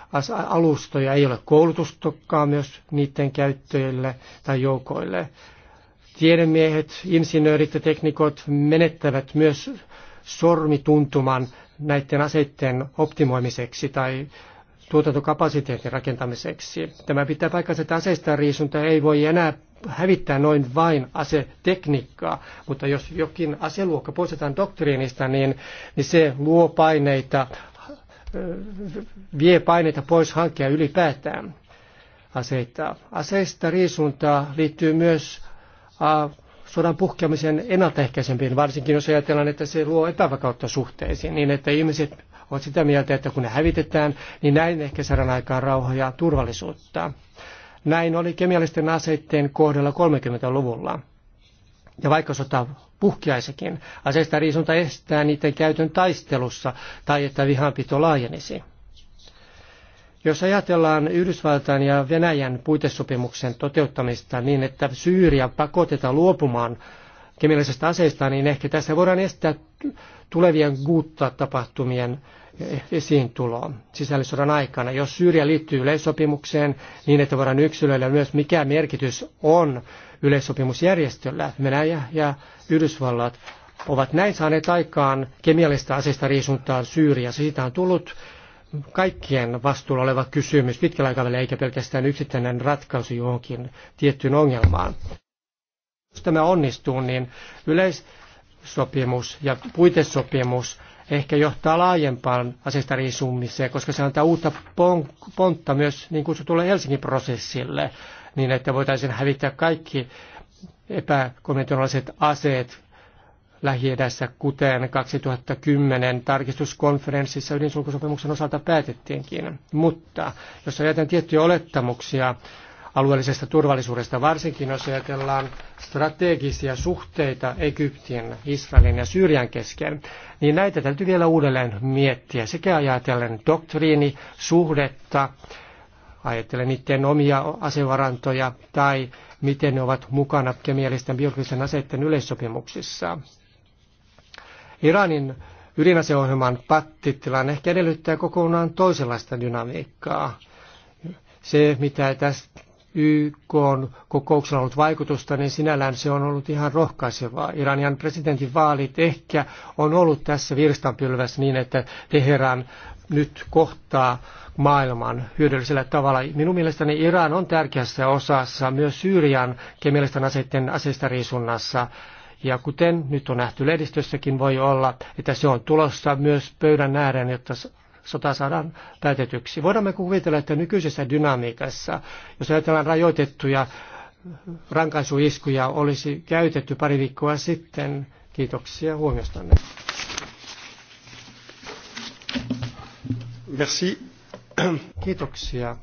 alustoja ei ole koulutustokkaa myös niiden käyttöille tai joukoille. Tiedemiehet, insinöörit ja teknikot menettävät myös sormituntuman näiden aseiden optimoimiseksi tai tuotantokapasiteetin rakentamiseksi. Tämä pitää paikkansa, että aseista riisunta ei voi enää hävittää noin vain asetekniikkaa, mutta jos jokin aseluokka poistetaan doktriinista, niin, niin se luo paineita vie paineita pois hankkia ylipäätään aseita. Aseista riisuntaa liittyy myös sodan puhkeamisen ennaltaehkäisempiin, varsinkin jos ajatellaan, että se luo epävakautta suhteisiin, niin että ihmiset ovat sitä mieltä, että kun ne hävitetään, niin näin ehkä saadaan aikaan rauhaa ja turvallisuutta. Näin oli kemiallisten aseiden kohdalla 30-luvulla. Ja vaikka sota puhkiaisekin. Aseista riisunta estää niiden käytön taistelussa tai että vihanpito laajenisi. Jos ajatellaan Yhdysvaltain ja Venäjän puitesopimuksen toteuttamista niin, että Syyria pakotetaan luopumaan kemiallisesta aseista, niin ehkä tässä voidaan estää tulevien guutta tapahtumien esiintuloa. sisällissodan aikana. Jos Syyria liittyy yleissopimukseen niin, että voidaan yksilöillä myös mikä merkitys on yleissopimusjärjestöllä. Venäjä ja Yhdysvallat ovat näin saaneet aikaan kemiallista aseista riisuntaa Syyriassa. Siitä on tullut kaikkien vastuulla oleva kysymys pitkällä aikavälillä, eikä pelkästään yksittäinen ratkaisu johonkin tiettyyn ongelmaan. Jos tämä onnistuu, niin yleissopimus ja puitesopimus ehkä johtaa laajempaan aseista riisumiseen, koska se antaa uutta pontta myös niin kutsutulle Helsingin prosessille – niin että voitaisiin hävittää kaikki epäkonventionaaliset aseet lähi kuten 2010 tarkistuskonferenssissa ydinsulkusopimuksen osalta päätettiinkin. Mutta jos ajatellaan tiettyjä olettamuksia alueellisesta turvallisuudesta, varsinkin jos ajatellaan strategisia suhteita Egyptin, Israelin ja Syyrian kesken, niin näitä täytyy vielä uudelleen miettiä sekä ajatellen doktriini, suhdetta Ajattelen niiden omia asevarantoja tai miten ne ovat mukana kemiallisten biologisten aseiden yleissopimuksissa. Iranin ydinaseohjelman pattitilanne ehkä edellyttää kokonaan toisenlaista dynamiikkaa. Se, mitä tästä YK on kokouksella ollut vaikutusta, niin sinällään se on ollut ihan rohkaisevaa. Iranian presidentin vaalit ehkä on ollut tässä virstanpylvässä niin, että Teheran nyt kohtaa maailman hyödyllisellä tavalla. Minun mielestäni Iran on tärkeässä osassa myös Syyrian kemiallisten aseiden aseistariisunnassa. Ja kuten nyt on nähty lehdistössäkin, voi olla, että se on tulossa myös pöydän ääreen, jotta sota saadaan päätetyksi. Voidaanko kuvitella, että nykyisessä dynamiikassa, jos ajatellaan rajoitettuja rankaisuiskuja, olisi käytetty pari viikkoa sitten. Kiitoksia huomiostanne. Merci. Kiitoksia.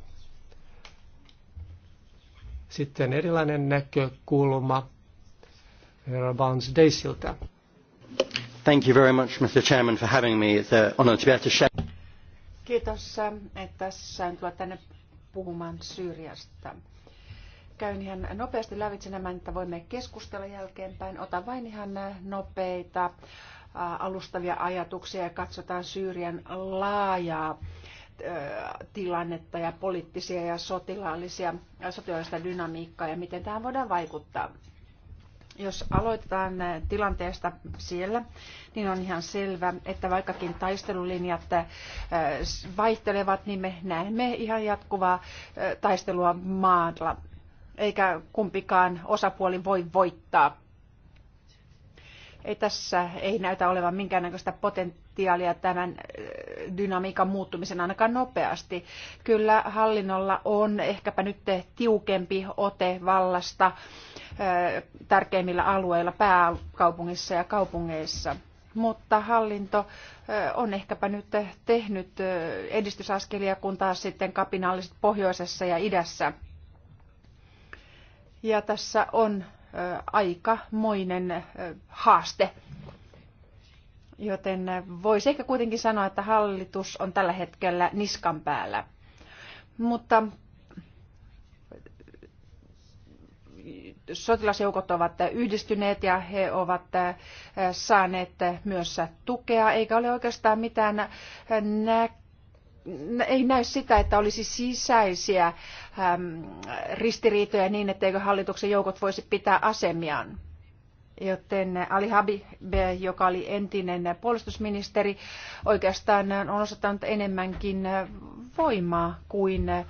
Sitten erilainen näkökulma herra Barnes Daisiltä. Thank you very much, Mr. Chairman, for having me. It's an honor to be able to share. Kiitos, että sain tulla tänne puhumaan Syyriasta. Käyn ihan nopeasti lävitse nämä, että voimme keskustella jälkeenpäin. Otan vain ihan nopeita alustavia ajatuksia ja katsotaan Syyrian laajaa tilannetta ja poliittisia ja sotilaallisia, sotilaallista dynamiikkaa ja miten tähän voidaan vaikuttaa. Jos aloitetaan tilanteesta siellä, niin on ihan selvä, että vaikkakin taistelulinjat vaihtelevat, niin me näemme ihan jatkuvaa taistelua maalla, eikä kumpikaan osapuoli voi voittaa ei tässä ei näytä olevan minkäännäköistä potentiaalia tämän äh, dynamiikan muuttumisen ainakaan nopeasti. Kyllä hallinnolla on ehkäpä nyt tiukempi ote vallasta äh, tärkeimmillä alueilla pääkaupungissa ja kaupungeissa. Mutta hallinto äh, on ehkäpä nyt tehnyt edistysaskelia, kun taas sitten kapinalliset pohjoisessa ja idässä. Ja tässä on aikamoinen haaste. Joten voisi ehkä kuitenkin sanoa, että hallitus on tällä hetkellä niskan päällä. Mutta sotilasjoukot ovat yhdistyneet ja he ovat saaneet myös tukea, eikä ole oikeastaan mitään näkyä ei näy sitä, että olisi sisäisiä ristiriitoja niin, etteikö hallituksen joukot voisi pitää asemiaan. Joten Ali Habib, joka oli entinen puolustusministeri, oikeastaan on osoittanut enemmänkin voimaa kuin äh,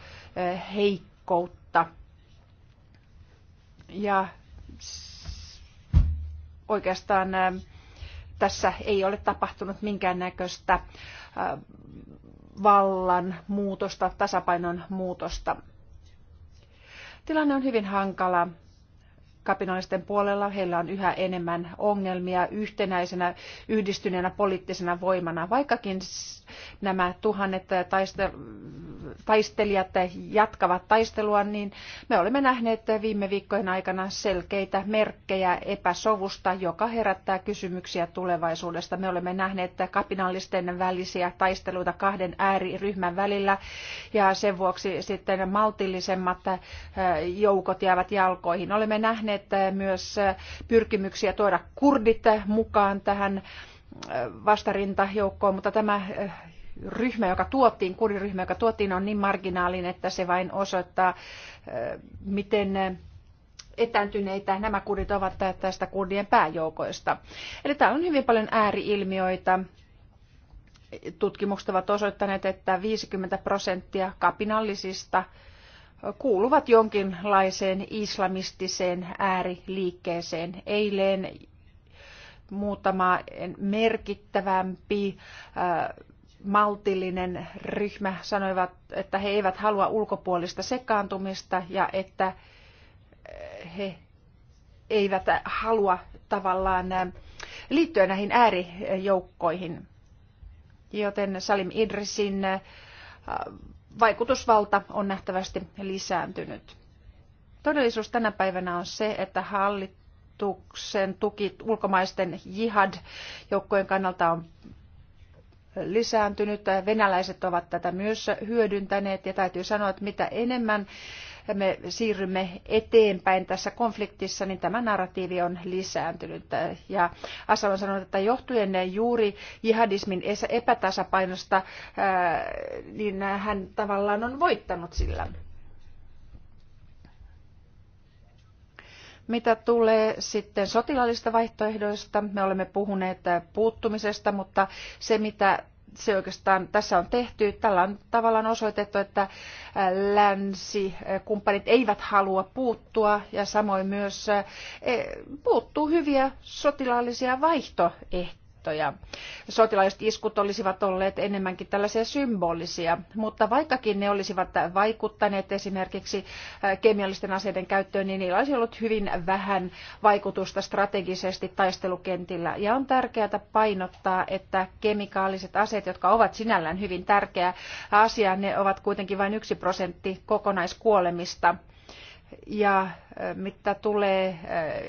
heikkoutta. Ja oikeastaan äh, tässä ei ole tapahtunut minkäännäköistä äh, vallan muutosta, tasapainon muutosta. Tilanne on hyvin hankala kapinallisten puolella. Heillä on yhä enemmän ongelmia yhtenäisenä yhdistyneenä poliittisena voimana, vaikkakin nämä tuhannet taistelijat jatkavat taistelua, niin me olemme nähneet viime viikkojen aikana selkeitä merkkejä epäsovusta, joka herättää kysymyksiä tulevaisuudesta. Me olemme nähneet kapinallisten välisiä taisteluita kahden ääriryhmän välillä ja sen vuoksi sitten maltillisemmat äh, joukot jäävät jalkoihin. Olemme nähneet äh, myös äh, pyrkimyksiä tuoda kurdit mukaan tähän vastarintajoukkoon, mutta tämä eh, ryhmä, joka tuotiin, kuriryhmä, joka tuotiin, on niin marginaalinen, että se vain osoittaa, eh, miten eh, etääntyneitä nämä kurdit ovat tästä kurdien pääjoukoista. Eli täällä on hyvin paljon ääriilmiöitä. Tutkimukset ovat osoittaneet, että 50 prosenttia kapinallisista kuuluvat jonkinlaiseen islamistiseen ääriliikkeeseen. Eilen muutama merkittävämpi äh, maltillinen ryhmä sanoivat, että he eivät halua ulkopuolista sekaantumista ja että äh, he eivät halua tavallaan äh, liittyä näihin äärijoukkoihin. Joten Salim Idrisin vaikutusvalta on nähtävästi lisääntynyt. Todellisuus tänä päivänä on se, että hallit hallituksen tuki ulkomaisten jihad-joukkojen kannalta on lisääntynyt. Venäläiset ovat tätä myös hyödyntäneet ja täytyy sanoa, että mitä enemmän me siirrymme eteenpäin tässä konfliktissa, niin tämä narratiivi on lisääntynyt. Ja Asa on sanonut, että johtuen juuri jihadismin epätasapainosta, niin hän tavallaan on voittanut sillä. Mitä tulee sitten sotilaallista vaihtoehdoista, me olemme puhuneet äh, puuttumisesta, mutta se mitä se oikeastaan tässä on tehty, tällä on tavallaan osoitettu, että äh, länsikumppanit äh, eivät halua puuttua ja samoin myös e, puuttuu hyviä sotilaallisia vaihtoehtoja voittoja. Sotilaalliset iskut olisivat olleet enemmänkin tällaisia symbolisia, mutta vaikkakin ne olisivat vaikuttaneet esimerkiksi äh, kemiallisten aseiden käyttöön, niin niillä olisi ollut hyvin vähän vaikutusta strategisesti taistelukentillä. Ja on tärkeää painottaa, että kemikaaliset aseet, jotka ovat sinällään hyvin tärkeä asia, ne ovat kuitenkin vain yksi prosentti kokonaiskuolemista ja äh, mitä tulee äh,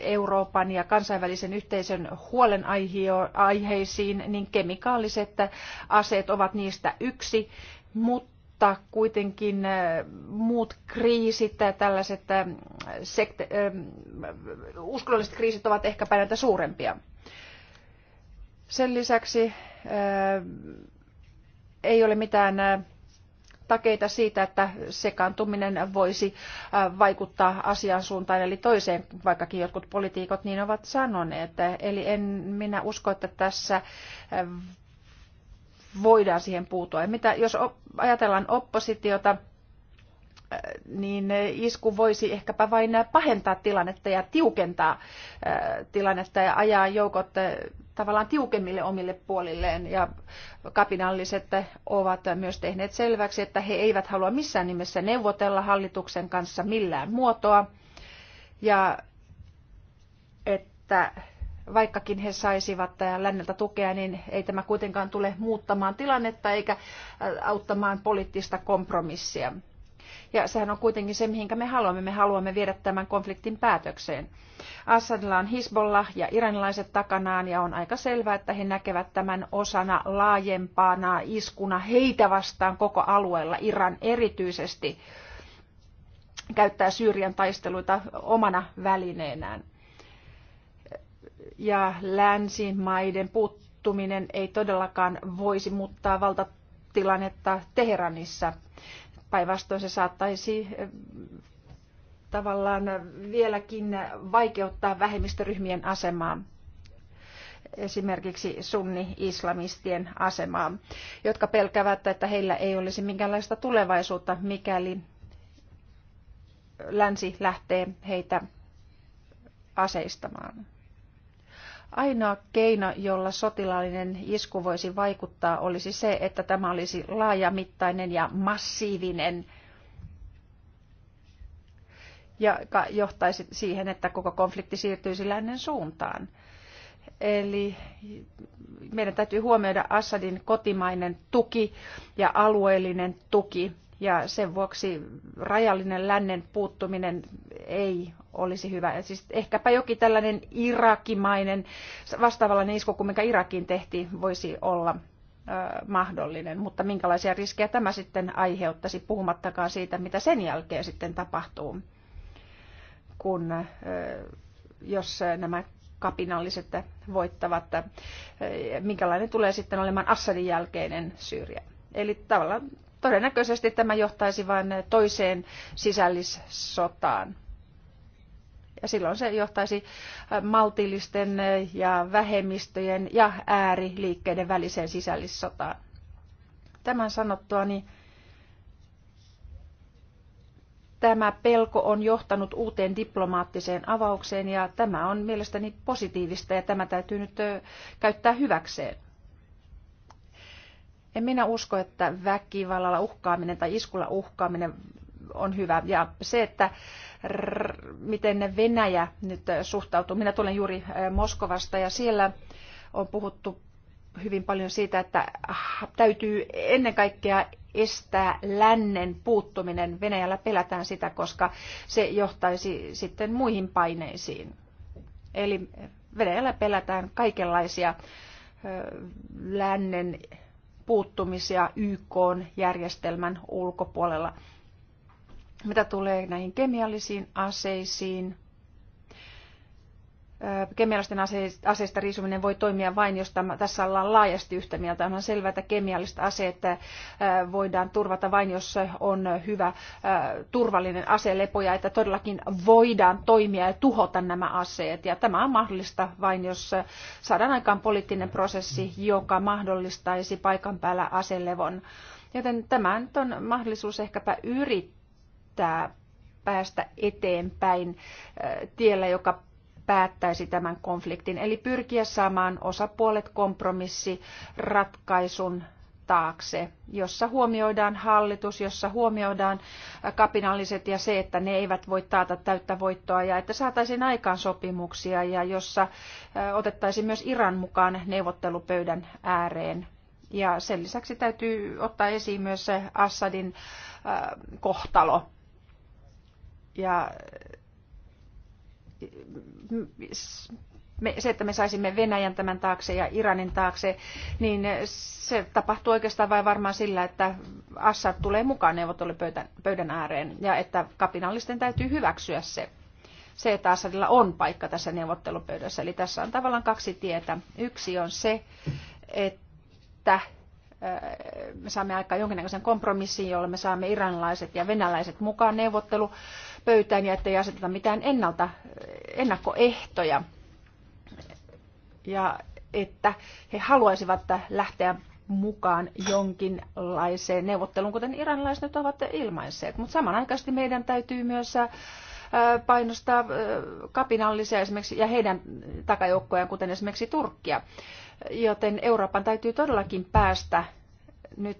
Euroopan ja kansainvälisen yhteisön huolenaiheisiin, niin kemikaaliset aseet ovat niistä yksi, mutta kuitenkin äh, muut kriisit, tällaiset sekte- uskonnolliset kriisit ovat ehkäpä näitä suurempia. Sen lisäksi ei ole mitään takeita siitä, että sekaantuminen voisi vaikuttaa asian suuntaan eli toiseen, vaikkakin jotkut politiikot niin ovat sanoneet. Eli en minä usko, että tässä voidaan siihen puutua. Mitä, jos ajatellaan oppositiota, Äh, niin äh, isku voisi ehkäpä vain äh, pahentaa tilannetta ja tiukentaa tilannetta ja ajaa joukot tavallaan tiukemmille omille puolilleen. Ja kapinalliset ovat myös tehneet selväksi, että he eivät halua missään nimessä neuvotella hallituksen kanssa millään muotoa. Ja että vaikkakin he saisivat länneltä tukea, niin ei tämä kuitenkaan tule muuttamaan tilannetta eikä auttamaan poliittista kompromissia. Ja sehän on kuitenkin se, mihinkä me haluamme. Me haluamme viedä tämän konfliktin päätökseen. Assadilla on Hisbollah ja iranilaiset takanaan ja on aika selvää, että he näkevät tämän osana laajempana iskuna heitä vastaan koko alueella, Iran erityisesti käyttää Syyrian taisteluita omana välineenään. Ja länsimaiden puuttuminen ei todellakaan voisi muuttaa valtatilannetta Teheranissa. Päinvastoin se saattaisi eh, tavallaan vieläkin vaikeuttaa vähemmistöryhmien asemaa esimerkiksi sunni-islamistien asemaa, jotka pelkäävät, että heillä ei olisi minkäänlaista tulevaisuutta, mikäli länsi lähtee heitä aseistamaan. Ainoa keino, jolla sotilaallinen isku voisi vaikuttaa, olisi se, että tämä olisi laajamittainen ja massiivinen joka johtaisi siihen, että koko konflikti siirtyisi lännen suuntaan. Eli meidän täytyy huomioida Assadin kotimainen tuki ja alueellinen tuki ja sen vuoksi rajallinen lännen puuttuminen ei olisi hyvä. Siis ehkäpä jokin tällainen irakimainen vastaavallinen isku kuin mikä Irakiin tehtiin voisi olla mahdollinen, mutta minkälaisia riskejä tämä sitten aiheuttaisi, puhumattakaan siitä, mitä sen jälkeen sitten tapahtuu, kun jos nämä kapinalliset voittavat, minkälainen tulee sitten olemaan Assadin jälkeinen Syyria. Eli tavallaan Todennäköisesti tämä johtaisi vain toiseen sisällissotaan. Ja silloin se johtaisi äh, maltillisten äh, ja vähemmistöjen ja ääriliikkeiden väliseen sisällissotaan. Tämän sanottua niin tämä pelko on johtanut uuteen diplomaattiseen avaukseen ja tämä on mielestäni positiivista ja tämä täytyy nyt äh, käyttää hyväkseen. En minä usko, että väkivallalla uhkaaminen tai iskulla uhkaaminen on hyvä. Ja se, että miten Venäjä nyt äh, suhtautuu. Minä tulen juuri äh, Moskovasta ja siellä on puhuttu hyvin paljon siitä, että ah, täytyy ennen kaikkea estää lännen puuttuminen. Venäjällä pelätään sitä, koska se johtaisi sitten muihin paineisiin. Eli Venäjällä pelätään kaikenlaisia lännen puuttumisia YK-järjestelmän ulkopuolella. Mitä tulee näihin kemiallisiin aseisiin, kemiallisten aseista riisuminen voi toimia vain, jos tässä ollaan laajasti yhtä mieltä. Onhan selvää, että kemialliset aseet äh, voidaan turvata vain, jos on hyvä äh, turvallinen aselepo ja että todellakin voidaan toimia ja tuhota nämä aseet. Ja tämä on mahdollista vain, jos äh, saadaan aikaan poliittinen prosessi, joka mahdollistaisi paikan päällä aselevon. Joten tämä nyt on mahdollisuus ehkäpä yrittää päästä eteenpäin tiellä, joka päättäisi tämän konfliktin, eli pyrkiä saamaan osapuolet kompromissi ratkaisun taakse, jossa huomioidaan hallitus, jossa huomioidaan kapinalliset ja se, että ne eivät voi taata täyttä voittoa ja että saataisiin aikaan sopimuksia ja jossa otettaisiin myös Iran mukaan neuvottelupöydän ääreen. Ja sen lisäksi täytyy ottaa esiin myös se Assadin kohtalo. Ja se, että me saisimme Venäjän tämän taakse ja Iranin taakse, niin se tapahtuu oikeastaan vain varmaan sillä, että Assad tulee mukaan neuvottelupöydän ääreen ja että kapinallisten täytyy hyväksyä se, se, että Assadilla on paikka tässä neuvottelupöydässä. Eli tässä on tavallaan kaksi tietä. Yksi on se, että äh, me saamme aika jonkinnäköisen kompromissin, jolla me saamme iranilaiset ja venäläiset mukaan neuvottelu pöytään ja ettei aseteta mitään ennalta, ennakkoehtoja. Ja että he haluaisivat lähteä mukaan jonkinlaiseen neuvotteluun, kuten iranilaiset nyt ovat ilmaisseet. Mutta samanaikaisesti meidän täytyy myös painostaa kapinallisia esimerkiksi ja heidän takajoukkojaan, kuten esimerkiksi Turkkia. Joten Euroopan täytyy todellakin päästä nyt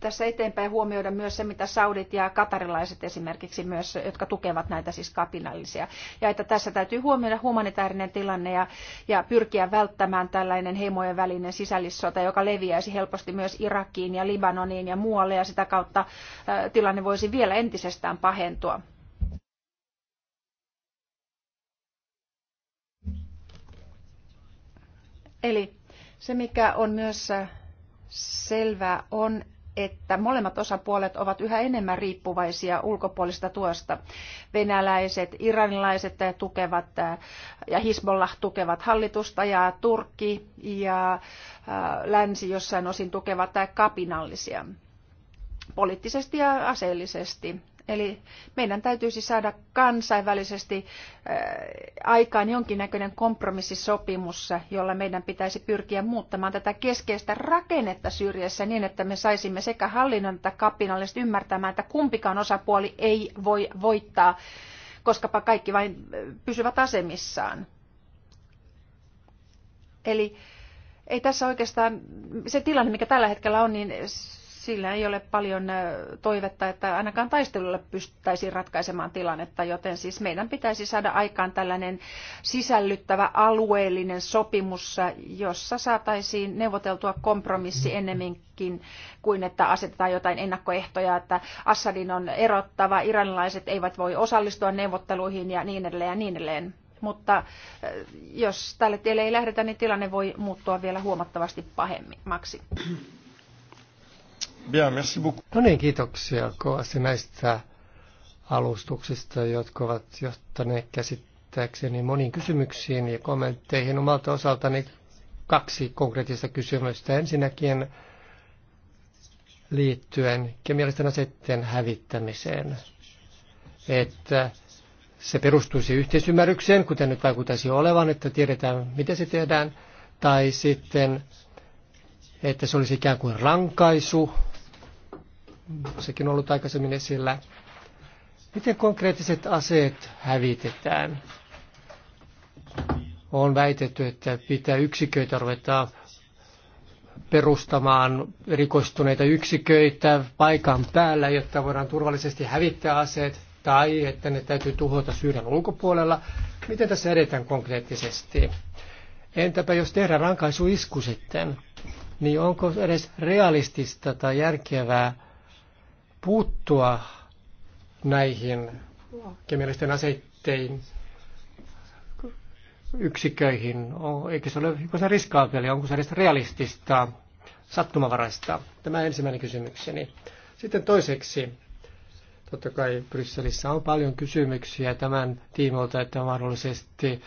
tässä eteenpäin huomioida myös se, mitä saudit ja katarilaiset esimerkiksi myös, jotka tukevat näitä siis kapinallisia. Ja että tässä täytyy huomioida humanitaarinen tilanne ja, ja pyrkiä välttämään tällainen heimojen välinen sisällissota, joka leviäisi helposti myös Irakiin ja Libanoniin ja muualle ja sitä kautta ä, tilanne voisi vielä entisestään pahentua. Eli se, mikä on myös selvää, on, että molemmat osapuolet ovat yhä enemmän riippuvaisia ulkopuolista tuosta. Venäläiset, iranilaiset tukevat ja Hisbollah tukevat hallitusta ja Turkki ja länsi jossain osin tukevat kapinallisia poliittisesti ja aseellisesti. Eli meidän täytyisi saada kansainvälisesti äh, aikaan jonkinnäköinen kompromissisopimus, jolla meidän pitäisi pyrkiä muuttamaan tätä keskeistä rakennetta syrjässä niin, että me saisimme sekä hallinnon että kapinalliset ymmärtämään, että kumpikaan osapuoli ei voi voittaa, koskapa kaikki vain äh, pysyvät asemissaan. Eli ei tässä oikeastaan, se tilanne mikä tällä hetkellä on, niin sillä ei ole paljon toivetta, että ainakaan taistelulla pystyttäisiin ratkaisemaan tilannetta, joten siis meidän pitäisi saada aikaan tällainen sisällyttävä alueellinen sopimus, jossa saataisiin neuvoteltua kompromissi ennemminkin kuin että asetetaan jotain ennakkoehtoja, että Assadin on erottava, iranilaiset eivät voi osallistua neuvotteluihin ja niin edelleen ja niin edelleen. Mutta jos tälle tielle ei lähdetä, niin tilanne voi muuttua vielä huomattavasti pahemmaksi. Bien, merci beaucoup. No niin, kiitoksia kovasti näistä alustuksista, jotka ovat johtaneet käsittääkseni moniin kysymyksiin ja kommentteihin omalta osaltani kaksi konkreettista kysymystä. Ensinnäkin liittyen kemiallisten sitten hävittämiseen, että se perustuisi yhteisymmärrykseen, kuten nyt vaikuttaisi olevan, että tiedetään, miten se tehdään, tai sitten, että se olisi ikään kuin rankaisu sekin on ollut aikaisemmin esillä. Miten konkreettiset aseet hävitetään? On väitetty, että pitää yksiköitä ruveta perustamaan rikostuneita yksiköitä paikan päällä, jotta voidaan turvallisesti hävittää aseet, tai että ne täytyy tuhota Syyrian ulkopuolella. Miten tässä edetään konkreettisesti? Entäpä jos tehdään rankaisuisku sitten, niin onko edes realistista tai järkevää puuttua näihin kemiallisten aseittein yksiköihin? Eikö se ole onko se riskaapeli? onko se edes realistista, sattumavaraista? Tämä ensimmäinen kysymykseni. Sitten toiseksi, totta kai Brysselissä on paljon kysymyksiä tämän tiimoilta, että mahdollisesti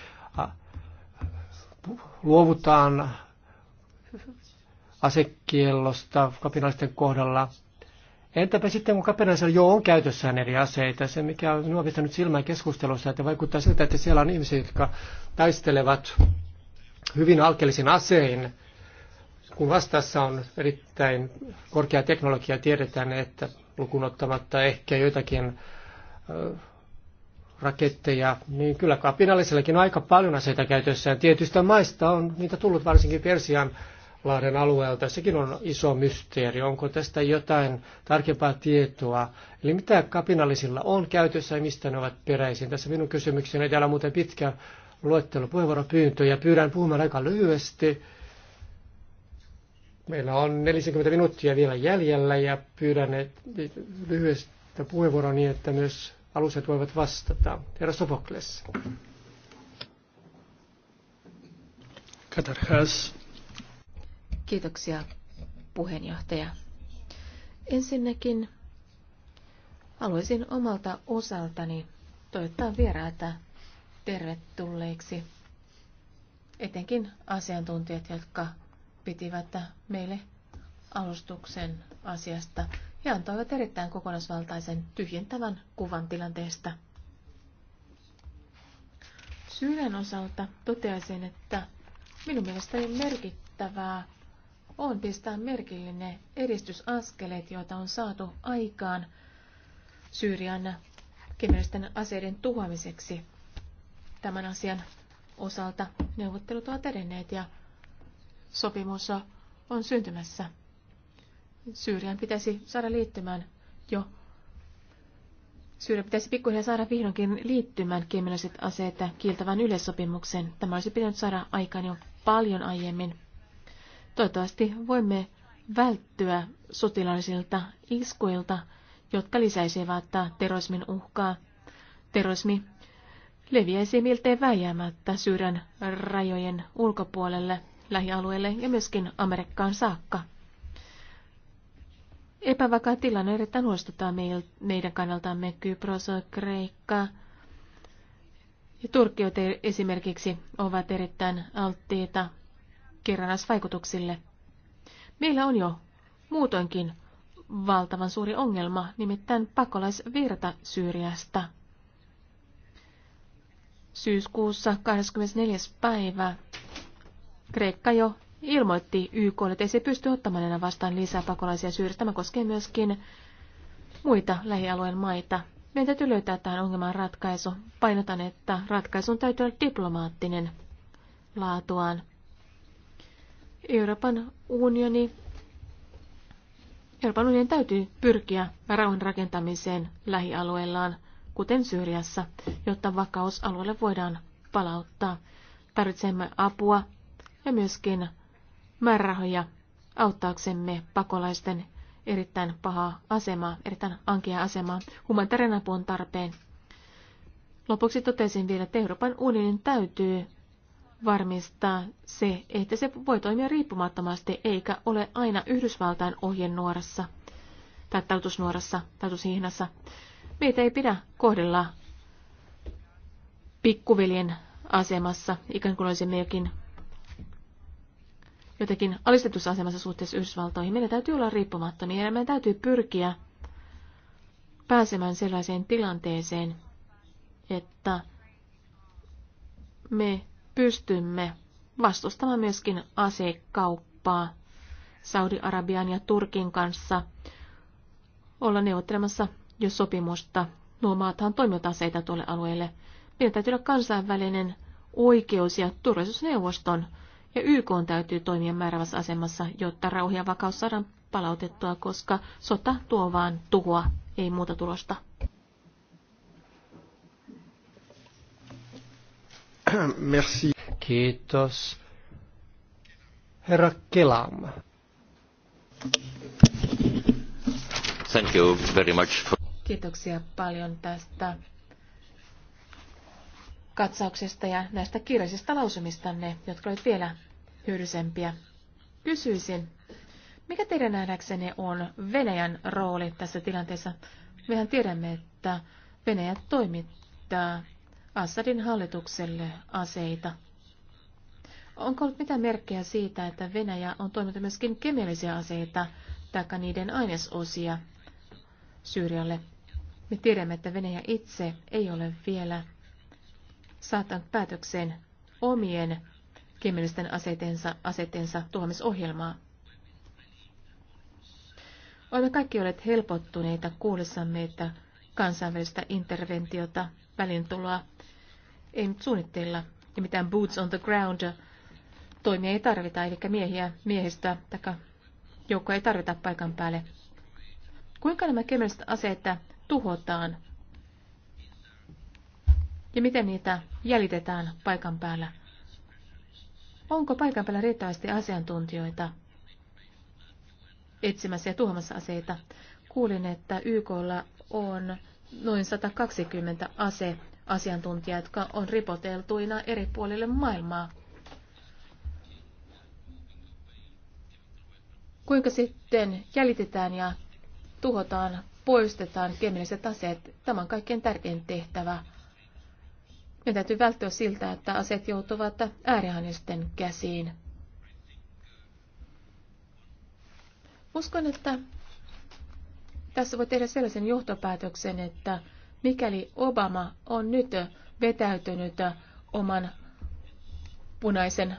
luovutaan asekiellosta kapinallisten kohdalla. Entäpä sitten, kun kapinallisella jo on käytössään eri aseita, se mikä on minua pistänyt silmään keskustelussa, että vaikuttaa siltä, että siellä on ihmisiä, jotka taistelevat hyvin alkeellisin asein, kun vastassa on erittäin korkea teknologia, tiedetään, että lukuun ottamatta ehkä joitakin raketteja, niin kyllä kapinallisellakin on aika paljon aseita käytössään. Tietystä maista on niitä tullut varsinkin Persian Lahden alueelta. Sekin on iso mysteeri. Onko tästä jotain tarkempaa tietoa? Eli mitä kapinallisilla on käytössä ja mistä ne ovat peräisin? Tässä minun kysymykseni. Täällä on muuten pitkä luettelo ja Pyydän puhumaan aika lyhyesti. Meillä on 40 minuuttia vielä jäljellä ja pyydän lyhyestä puheenvuoroa niin, että myös aluset voivat vastata. Herra Sofokles. Katarhas. Kiitoksia puheenjohtaja. Ensinnäkin haluaisin omalta osaltani toivottaa vieraita tervetulleiksi, etenkin asiantuntijat, jotka pitivät meille alustuksen asiasta ja antoivat erittäin kokonaisvaltaisen tyhjentävän kuvan tilanteesta. Syyden osalta toteaisin, että minun mielestäni merkittävää on pistää merkille ne edistysaskeleet, joita on saatu aikaan Syyrian kemiallisten aseiden tuhoamiseksi. Tämän asian osalta neuvottelut ovat edenneet ja sopimus on syntymässä. Syyrian pitäisi saada liittymään jo. Syyrian pitäisi pikkuhiljaa saada vihdoinkin liittymään kemialliset aseet kieltävän yleissopimuksen. Tämä olisi pitänyt saada aikaan jo paljon aiemmin. Toivottavasti voimme välttyä sotilaallisilta iskuilta, jotka lisäisivät terrorismin uhkaa. Terrorismi leviäisi miltei väijäämättä Syyrian rajojen ulkopuolelle, lähialueelle ja myöskin Amerikkaan saakka. Epävakaa tilanne erittäin huolestuttaa meidän kannaltamme Kypros, Kreikka ja Turkki, esimerkiksi ovat erittäin alttiita kerrannaisvaikutuksille. Meillä on jo muutoinkin valtavan suuri ongelma, nimittäin pakolaisvirta Syyriasta. Syyskuussa 24. päivä Kreikka jo ilmoitti YK, että ei se pysty ottamaan enää vastaan lisää pakolaisia Syyriasta. Tämä koskee myöskin muita lähialueen maita. Meidän täytyy löytää tähän ongelmaan ratkaisu. Painotan, että ratkaisun täytyy olla diplomaattinen laatuaan. Euroopan unioni Euroopan unionin täytyy pyrkiä rauhan rakentamiseen lähialueillaan, kuten Syyriassa, jotta vakaus alueelle voidaan palauttaa. Tarvitsemme apua ja myöskin määrärahoja auttaaksemme pakolaisten erittäin pahaa asemaa, erittäin ankea asemaa. Humanitaarinen apu on tarpeen. Lopuksi totesin vielä, että Euroopan unionin täytyy varmistaa se, että se voi toimia riippumattomasti eikä ole aina Yhdysvaltain ohjenuorassa tai tautusnuorassa, tautushihnassa. Meitä ei pidä kohdella pikkuveljen asemassa, ikään kuin olisimme jokin jotenkin alistetussa asemassa suhteessa Yhdysvaltoihin. Meidän täytyy olla riippumattomia ja meidän täytyy pyrkiä pääsemään sellaiseen tilanteeseen, että me pystymme vastustamaan myöskin asekauppaa Saudi-Arabian ja Turkin kanssa olla neuvottelemassa jo sopimusta. Nuo maathan toimivat aseita tuolle alueelle. Meillä täytyy olla kansainvälinen oikeus- ja turvallisuusneuvoston ja YK on täytyy toimia määrävässä asemassa, jotta rauha ja vakaus saadaan palautettua, koska sota tuo vaan tuhoa, ei muuta tulosta. Merci. Kiitos. Herra Kelam. Thank you very much for... Kiitoksia paljon tästä katsauksesta ja näistä kirjallisista lausumistanne, jotka olivat vielä hyödyllisempiä. Kysyisin, mikä teidän nähdäksenne on Venäjän rooli tässä tilanteessa? Mehän tiedämme, että Venäjä toimittaa Assadin hallitukselle aseita. Onko ollut mitään merkkejä siitä, että Venäjä on toiminut myöskin kemiallisia aseita tai niiden ainesosia Syyrialle? Me tiedämme, että Venäjä itse ei ole vielä saattanut päätökseen omien kemiallisten aseitensa aseitensa tuomisohjelmaa. Olemme kaikki olleet helpottuneita kuulissamme, että kansainvälistä interventiota, välintuloa ei nyt suunnitteilla ja mitään boots on the ground toimia ei tarvita, eli miehiä, miehistöä tai joukkoa ei tarvita paikan päälle. Kuinka nämä kemialliset aseet tuhotaan ja miten niitä jäljitetään paikan päällä? Onko paikan päällä riittävästi asiantuntijoita etsimässä ja tuhoamassa aseita? Kuulin, että YKlla on noin 120 ase asiantuntija, jotka on ripoteltuina eri puolille maailmaa. Kuinka sitten jäljitetään ja tuhotaan, poistetaan kemialliset aseet? Tämä on kaikkein tärkein tehtävä. Meidän täytyy välttyä siltä, että aseet joutuvat ääriaineisten käsiin. Uskon, että tässä voi tehdä sellaisen johtopäätöksen, että mikäli Obama on nyt vetäytynyt oman punaisen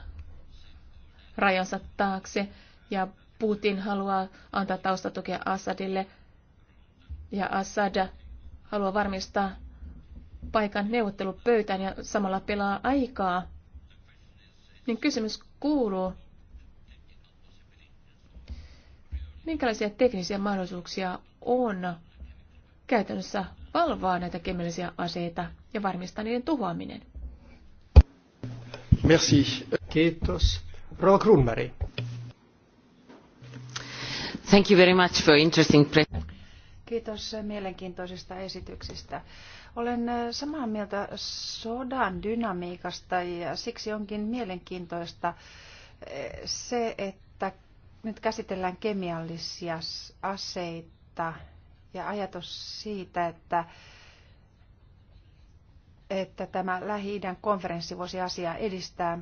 rajansa taakse ja Putin haluaa antaa taustatukea Assadille ja Assad haluaa varmistaa paikan neuvottelupöytään ja samalla pelaa aikaa, niin kysymys kuuluu, minkälaisia teknisiä mahdollisuuksia on käytännössä valvoa näitä kemiallisia aseita ja varmistaa niiden tuhoaminen. Merci. Kiitos. Rova Grunberg. Thank you very much for interesting Kiitos mielenkiintoisista esityksistä. Olen äh, samaa mieltä sodan dynamiikasta ja siksi onkin mielenkiintoista äh, se, että nyt käsitellään kemiallisia aseita ja ajatus siitä, että, että tämä Lähi-idän konferenssi voisi asiaa edistää.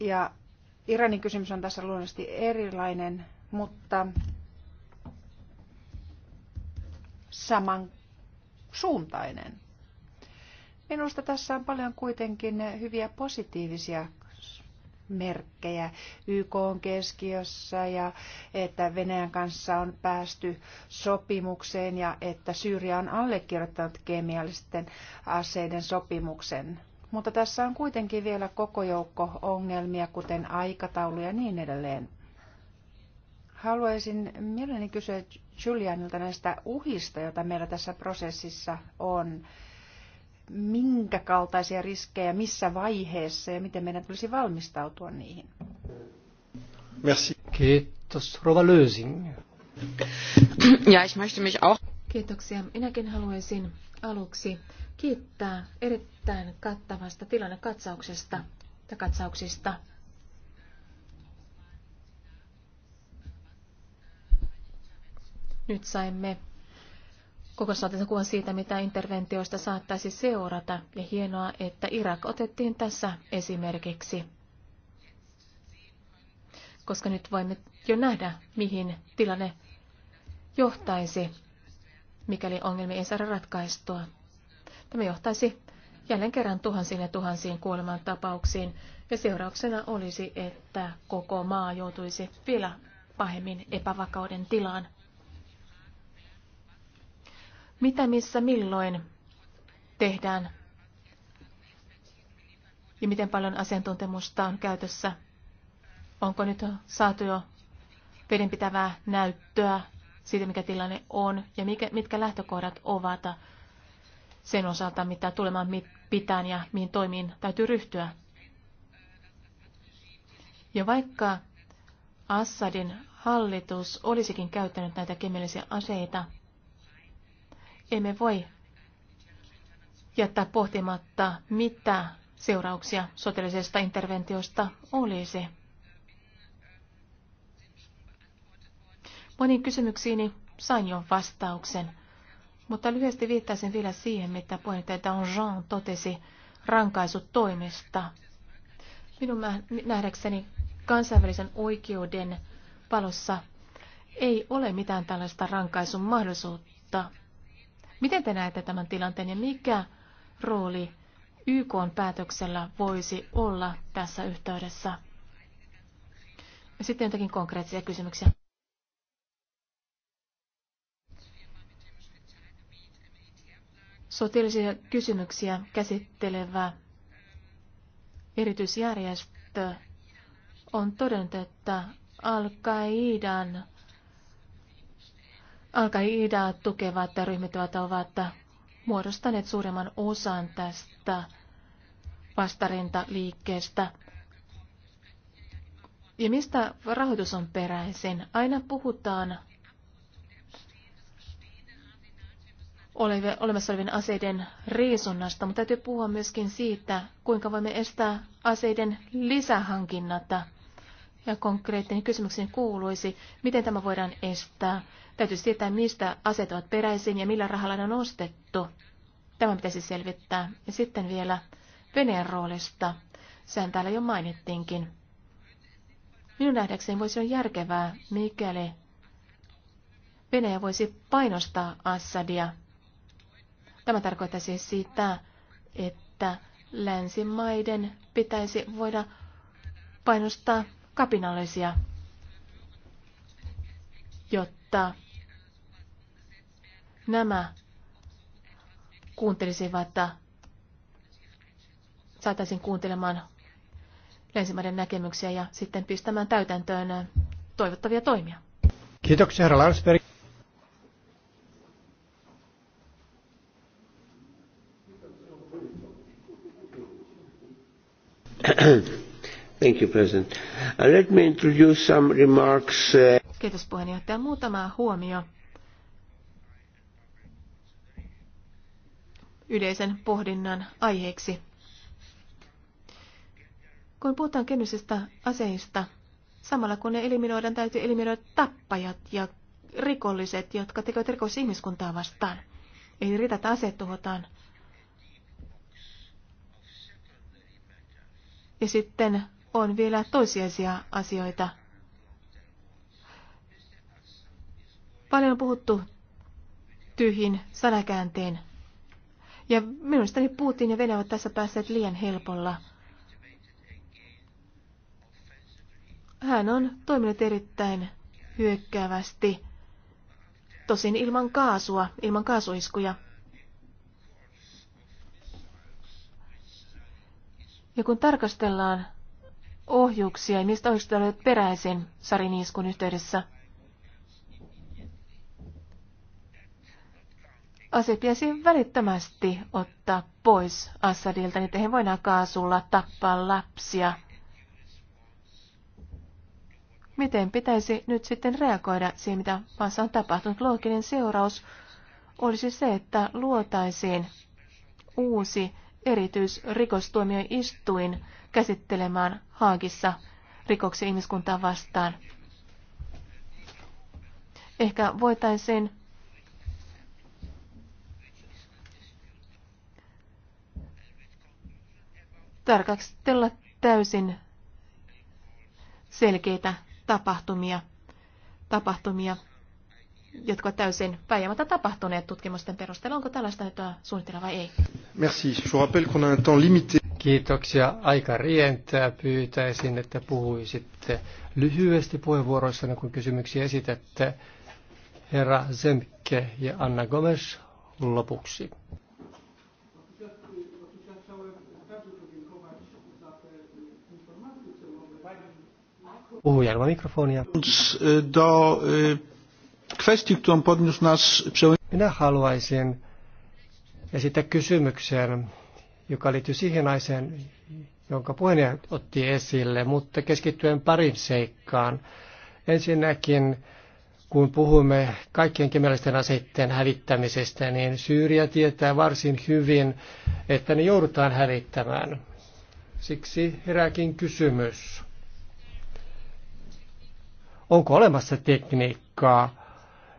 Ja Iranin kysymys on tässä luonnollisesti erilainen, mutta samansuuntainen. Minusta tässä on paljon kuitenkin hyviä positiivisia merkkejä YK on keskiössä ja että Venäjän kanssa on päästy sopimukseen ja että Syyria on allekirjoittanut kemiallisten aseiden sopimuksen. Mutta tässä on kuitenkin vielä koko joukko ongelmia, kuten aikataulu ja niin edelleen. Haluaisin mielelläni kysyä Julianilta näistä uhista, joita meillä tässä prosessissa on minkä kaltaisia riskejä, missä vaiheessa ja miten meidän tulisi valmistautua niihin? Merci. Kiitos. Rova Lösing. Ja, ich möchte mich auch. Kiitoksia. Minäkin haluaisin aluksi kiittää erittäin kattavasta tilannekatsauksesta ja katsauksista. Nyt saimme Koko saatiin kuva siitä, mitä interventioista saattaisi seurata, ja hienoa, että Irak otettiin tässä esimerkiksi, koska nyt voimme jo nähdä, mihin tilanne johtaisi, mikäli ongelmia ei saada ratkaistua. Tämä johtaisi jälleen kerran tuhansiin ja tuhansiin tapauksiin, ja seurauksena olisi, että koko maa joutuisi vielä pahemmin epävakauden tilaan mitä missä milloin tehdään ja miten paljon asiantuntemusta on käytössä. Onko nyt saatu jo vedenpitävää näyttöä siitä, mikä tilanne on ja mikä, mitkä lähtökohdat ovat sen osalta, mitä tulemaan pitään ja mihin toimiin täytyy ryhtyä. Ja vaikka Assadin hallitus olisikin käyttänyt näitä kemiallisia aseita, emme voi jättää pohtimatta, mitä seurauksia sotilaisesta interventiosta olisi. Moniin kysymyksiini sain jo vastauksen, mutta lyhyesti viittaisin vielä siihen, mitä puheenjohtaja Jean totesi rankaisutoimista. Minun nähdäkseni kansainvälisen oikeuden palossa ei ole mitään tällaista rankaisun mahdollisuutta. Miten te näette tämän tilanteen ja mikä rooli YK päätöksellä voisi olla tässä yhteydessä? Sitten jotakin konkreettisia kysymyksiä. Sotilaisia kysymyksiä käsittelevä erityisjärjestö on todennut, että Al-Qaidan Al-Qaidaa tukevat ryhmittymät ovat muodostaneet suuremman osan tästä vastarintaliikkeestä. Ja mistä rahoitus on peräisin? Aina puhutaan olemassa olevien aseiden riisunnasta, mutta täytyy puhua myöskin siitä, kuinka voimme estää aseiden lisähankinnata. Ja konkreettinen kysymykseni kuuluisi, miten tämä voidaan estää? Täytyisi tietää, mistä aseet ovat peräisin ja millä rahalla ne on ostettu. Tämä pitäisi selvittää. Ja sitten vielä veneen roolista. Sehän täällä jo mainittiinkin. Minun nähdäkseni voisi olla järkevää, mikäli Venäjä voisi painostaa Assadia. Tämä tarkoittaa siis sitä, että länsimaiden pitäisi voida painostaa kapinallisia, jotta nämä kuuntelisivat, saataisiin kuuntelemaan länsimaiden näkemyksiä ja sitten pistämään täytäntöön toivottavia toimia. Kiitoksia, herra Lansberg. Thank you, President. Uh, let me introduce some remarks. Uh, Kiitos puheenjohtaja. Muutama huomio yleisen pohdinnan aiheeksi. Kun puhutaan kemiallisista aseista, samalla kun ne eliminoidaan, täytyy eliminoida tappajat ja rikolliset, jotka tekevät rikos ihmiskuntaa vastaan. Ei riitä, että aseet tuhotaan. Ja sitten on vielä toisiaisia asioita. Paljon on puhuttu tyhjin sanakäänteen. Ja niin Putin ja Venäjä ovat tässä päässeet liian helpolla. Hän on toiminut erittäin hyökkäävästi, tosin ilman kaasua, ilman kaasuiskuja. Ja kun tarkastellaan ohjuksia ja mistä ohjukset olivat peräisin Sari Niiskun yhteydessä. Aseet pitäisi välittömästi ottaa pois Assadilta, niin he voidaan kaasulla tappaa lapsia. Miten pitäisi nyt sitten reagoida siihen, mitä maassa on tapahtunut? Looginen seuraus olisi se, että luotaisiin uusi erityisrikostuomioistuin, käsittelemään Haagissa rikoksia ihmiskuntaa vastaan. Ehkä voitaisiin tarkastella täysin selkeitä tapahtumia, tapahtumia jotka ovat täysin väijämättä tapahtuneet tutkimusten perusteella. Onko tällaista nyt suunnitella vai ei? Merci. Je vous rappelle qu'on a un temps limité. Kiitoksia. Aika rientää. Pyytäisin, että puhuisitte lyhyesti puheenvuoroissa, kun kysymyksiä esitätte. Herra Zemke ja Anna Gomes lopuksi. Puhujan mikrofonia. Minä haluaisin esittää kysymyksen joka liittyy siihen aiseen, jonka puheenjohtaja otti esille, mutta keskittyen parin seikkaan. Ensinnäkin, kun puhumme kaikkien kemiallisten aseiden hävittämisestä, niin Syyriä tietää varsin hyvin, että ne joudutaan hävittämään. Siksi herääkin kysymys. Onko olemassa tekniikkaa,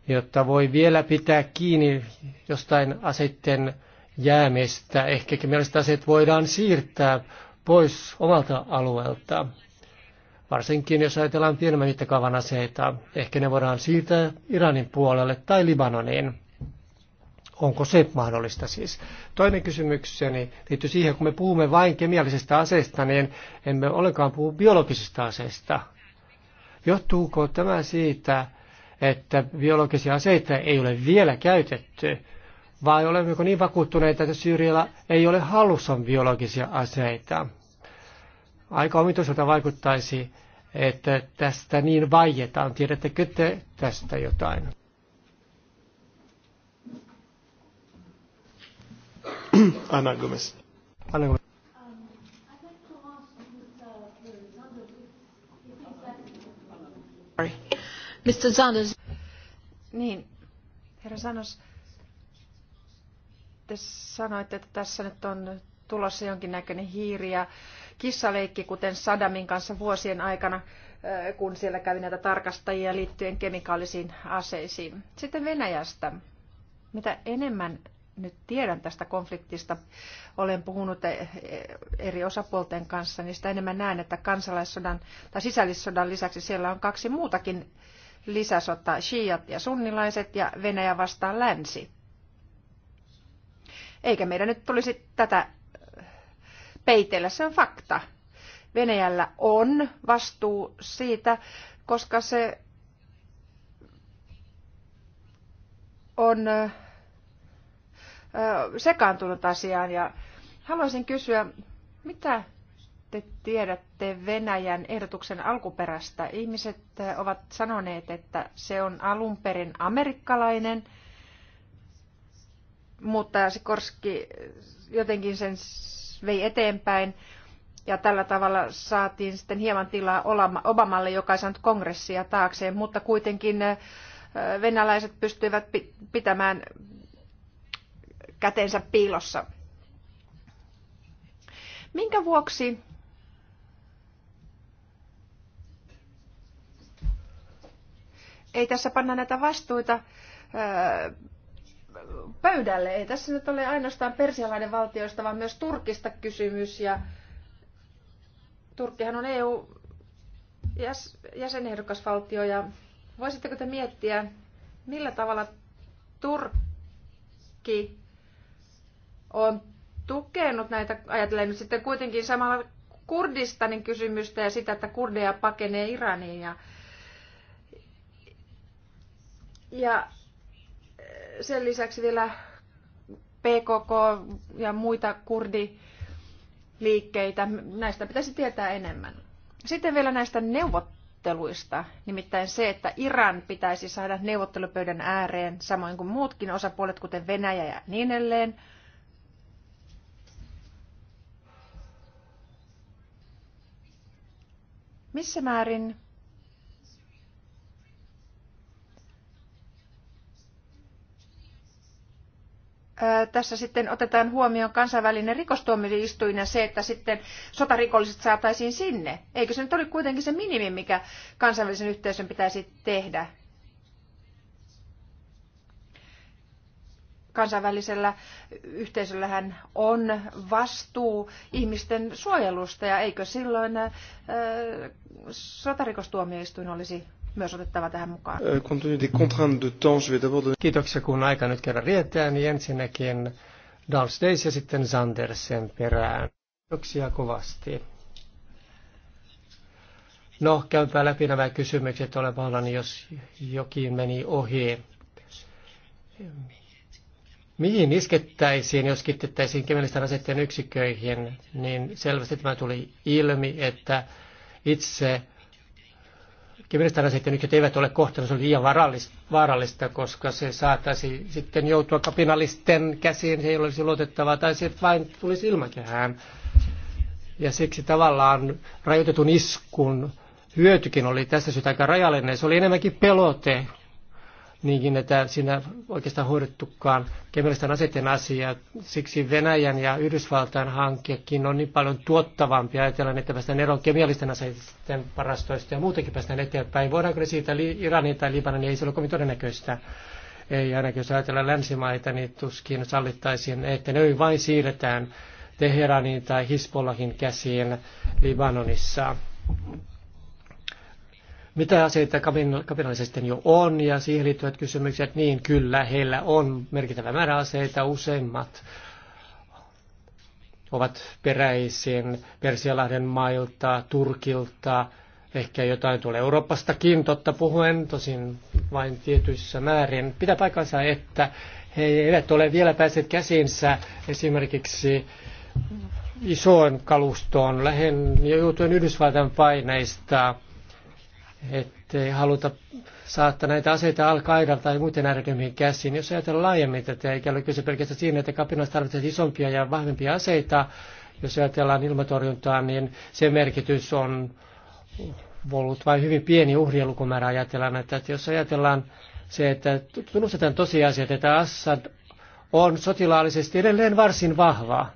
jotta voi vielä pitää kiinni jostain aseiden jäämistä. Ehkä mielestä aseet voidaan siirtää pois omalta alueelta. Varsinkin jos ajatellaan pienemmän mittakaavan aseita, ehkä ne voidaan siirtää Iranin puolelle tai Libanoniin. Onko se mahdollista siis? Toinen kysymykseni liittyy siihen, kun me puhumme vain kemiallisesta aseesta, niin emme olekaan puhu biologisista aseista. Johtuuko tämä siitä, että biologisia aseita ei ole vielä käytetty? vai olemmeko niin vakuuttuneita, että Syyrialla ei ole halussa biologisia aseita? Aika omituiselta vaikuttaisi, että tästä niin vaietaan. Tiedättekö te tästä jotain? Anna Gomez. Anna Gomez. Mr. Sanders. Niin, herra Sanders, te sanoitte, että tässä nyt on tulossa jonkinnäköinen hiiri ja kissaleikki, kuten Sadamin kanssa vuosien aikana, äh, kun siellä kävi näitä tarkastajia liittyen kemikaalisiin aseisiin. Sitten Venäjästä. Mitä enemmän nyt tiedän tästä konfliktista, olen puhunut eh, eh, eri osapuolten kanssa, niin sitä enemmän näen, että kansalaissodan tai sisällissodan lisäksi siellä on kaksi muutakin lisäsota, shiat ja sunnilaiset ja Venäjä vastaan länsi. Eikä meidän nyt tulisi tätä äh, peitellä, se on fakta. Venäjällä on vastuu siitä, koska se on äh, äh, sekaantunut asiaan. Ja haluaisin kysyä, mitä te tiedätte Venäjän ehdotuksen alkuperästä? Ihmiset ovat sanoneet, että se on alun perin amerikkalainen – mutta se korski jotenkin sen vei eteenpäin. Ja tällä tavalla saatiin sitten hieman tilaa Obamalle, joka ei saanut kongressia taakseen, mutta kuitenkin äh, venäläiset pystyivät pitämään kätensä piilossa. Minkä vuoksi ei tässä panna näitä vastuita äh, pöydälle. Ei tässä nyt ole ainoastaan persialainen valtioista, vaan myös Turkista kysymys. Ja Turkkihan on EU-jäsenehdokasvaltio. Ja voisitteko te miettiä, millä tavalla Turkki on tukenut näitä, ajatellen nyt sitten kuitenkin samalla Kurdistanin kysymystä ja sitä, että kurdeja pakenee Iraniin. Ja, ja sen lisäksi vielä PKK ja muita kurdiliikkeitä. Näistä pitäisi tietää enemmän. Sitten vielä näistä neuvotteluista, nimittäin se, että Iran pitäisi saada neuvottelupöydän ääreen, samoin kuin muutkin osapuolet, kuten Venäjä ja niin edelleen. Missä määrin tässä sitten otetaan huomioon kansainvälinen rikostuomioistuin ja se, että sitten sotarikolliset saataisiin sinne. Eikö se nyt ole kuitenkin se minimi, mikä kansainvälisen yhteisön pitäisi tehdä? Kansainvälisellä yhteisöllähän on vastuu ihmisten suojelusta ja eikö silloin äh, sotarikostuomioistuin olisi myös otettava tähän mukaan. Euh, Kiitoksia, kun aika nyt kerran riittää, niin ensinnäkin Dals Days ja sitten Sandersen perään. Kiitoksia kovasti. No, käypä läpi nämä kysymykset olevallani, jos jokin meni ohi. Mihin iskettäisiin, jos kittettäisiin kemiallisten asetteen yksiköihin, niin selvästi tämä tuli ilmi, että itse kemikaalirasitteet eivät ole kohtelussa on liian vaarallista, koska se saattaisi sitten joutua kapinallisten käsiin, se ei olisi luotettavaa, tai se vain tulisi ilmakehään. Ja siksi tavallaan rajoitetun iskun hyötykin oli tässä syystä aika rajallinen. Se oli enemmänkin pelote niinkin, että siinä oikeastaan hoidettukaan kemiallisten aseiden asiaa. Siksi Venäjän ja Yhdysvaltain hankkeekin on niin paljon tuottavampi. Ajatellaan, että päästään eroon kemiallisten aseiden parastoista ja muutenkin päästään eteenpäin. Voidaanko ne siitä Iranin tai Libanon, niin ei se ole kovin todennäköistä. Ei ainakin, jos ajatellaan länsimaita, niin tuskin sallittaisiin, että ne vain siirretään Teheraniin tai Hisbollahin käsiin Libanonissa mitä aseita kapinallisesti jo on ja siihen liittyvät kysymykset, niin kyllä heillä on merkittävä määrä aseita, useimmat ovat peräisin Persialahden mailta, Turkilta, ehkä jotain tulee Euroopastakin, totta puhuen, tosin vain tietyissä määrin. Pitää paikkansa, että he eivät ole vielä päässeet käsinsä esimerkiksi isoon kalustoon lähen joutuen Yhdysvaltain paineista – ettei haluta saattaa näitä aseita al tai muuten ääriryhmien käsiin. Jos ajatellaan laajemmin tätä, eikä ole kyse pelkästään siinä, että kapinoissa tarvitaan isompia ja vahvempia aseita, jos ajatellaan ilmatorjuntaa, niin se merkitys on ollut vain hyvin pieni uhrielukumäärä ajatellaan, että jos ajatellaan se, että tunnustetaan tosiasiat, että Assad on sotilaallisesti edelleen varsin vahva.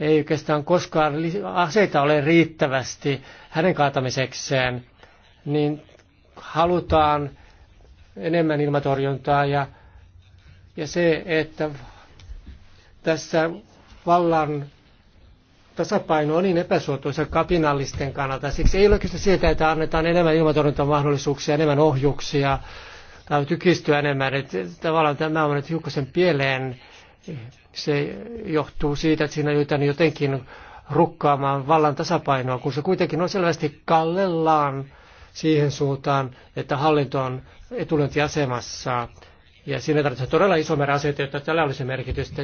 Ei oikeastaan koskaan aseita ole riittävästi hänen kaatamisekseen niin halutaan enemmän ilmatorjuntaa ja, ja se, että tässä vallan tasapaino on niin epäsuotuisa kapinallisten kannalta. Siksi ei ole kyse siitä, että annetaan enemmän ilmatorjuntamahdollisuuksia, enemmän ohjuksia tai tykistyä enemmän. Että tavallaan tämä on nyt hiukkasen pieleen. Se johtuu siitä, että siinä on jotenkin rukkaamaan vallan tasapainoa, kun se kuitenkin on selvästi kallellaan siihen suuntaan, että hallinto on etulyöntiasemassa. Ja siinä tarvitaan todella iso määrä aseita, jotta tällä olisi merkitystä.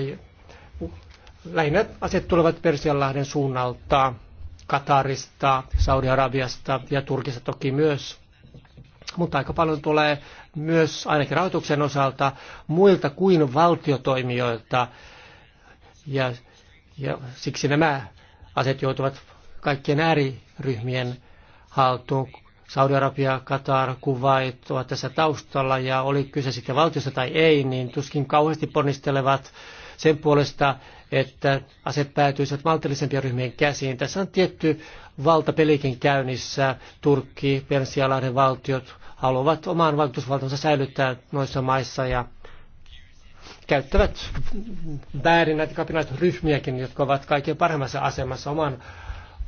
Lähinnä aseet tulevat Persianlahden suunnalta, Katarista, Saudi-Arabiasta ja Turkista toki myös. Mutta aika paljon tulee myös ainakin rahoituksen osalta muilta kuin valtiotoimijoilta. Ja, ja siksi nämä aset joutuvat kaikkien ääriryhmien haltuun Saudi-Arabia, Katar, Kuwait ovat tässä taustalla ja oli kyse sitten valtiosta tai ei, niin tuskin kauheasti ponnistelevat sen puolesta, että aset päätyisivät maltillisempien ryhmien käsiin. Tässä on tietty valtapelikin käynnissä. Turkki, Persialahden valtiot haluavat oman vaikutusvaltansa säilyttää noissa maissa ja käyttävät väärin näitä kapinaisryhmiäkin, jotka ovat kaikkein parhaimmassa asemassa oman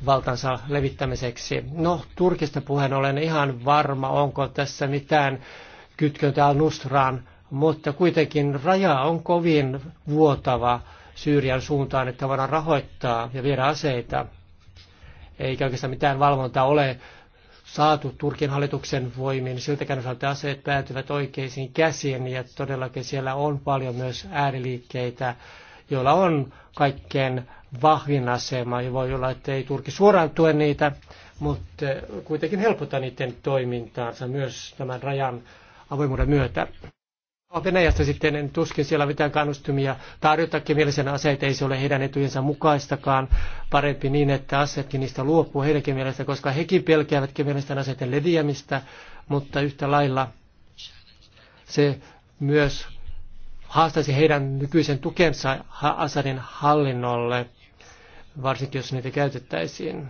valtansa levittämiseksi. No, Turkista puheen olen ihan varma, onko tässä mitään kytköntä al-Nusraan, mutta kuitenkin raja on kovin vuotava Syyrian suuntaan, että voidaan rahoittaa ja viedä aseita. Eikä oikeastaan mitään valvontaa ole saatu Turkin hallituksen voimin. Siltäkään osalta aseet päätyvät oikeisiin käsiin ja todellakin siellä on paljon myös ääriliikkeitä, joilla on kaikkein vahvin asema. Ja voi olla, että ei Turkki suoraan tue niitä, mutta kuitenkin helpottaa niiden toimintaansa myös tämän rajan avoimuuden myötä. No, Venäjästä sitten en tuskin siellä mitään kannustumia tarjotakin mielisenä aseita, ei se ole heidän etujensa mukaistakaan. Parempi niin, että aseetkin niistä luopuu heidänkin mielestä, koska hekin pelkäävät mielestäni aseiden leviämistä, mutta yhtä lailla se myös haastaisi heidän nykyisen tukensa Assadin hallinnolle varsinkin jos niitä käytettäisiin.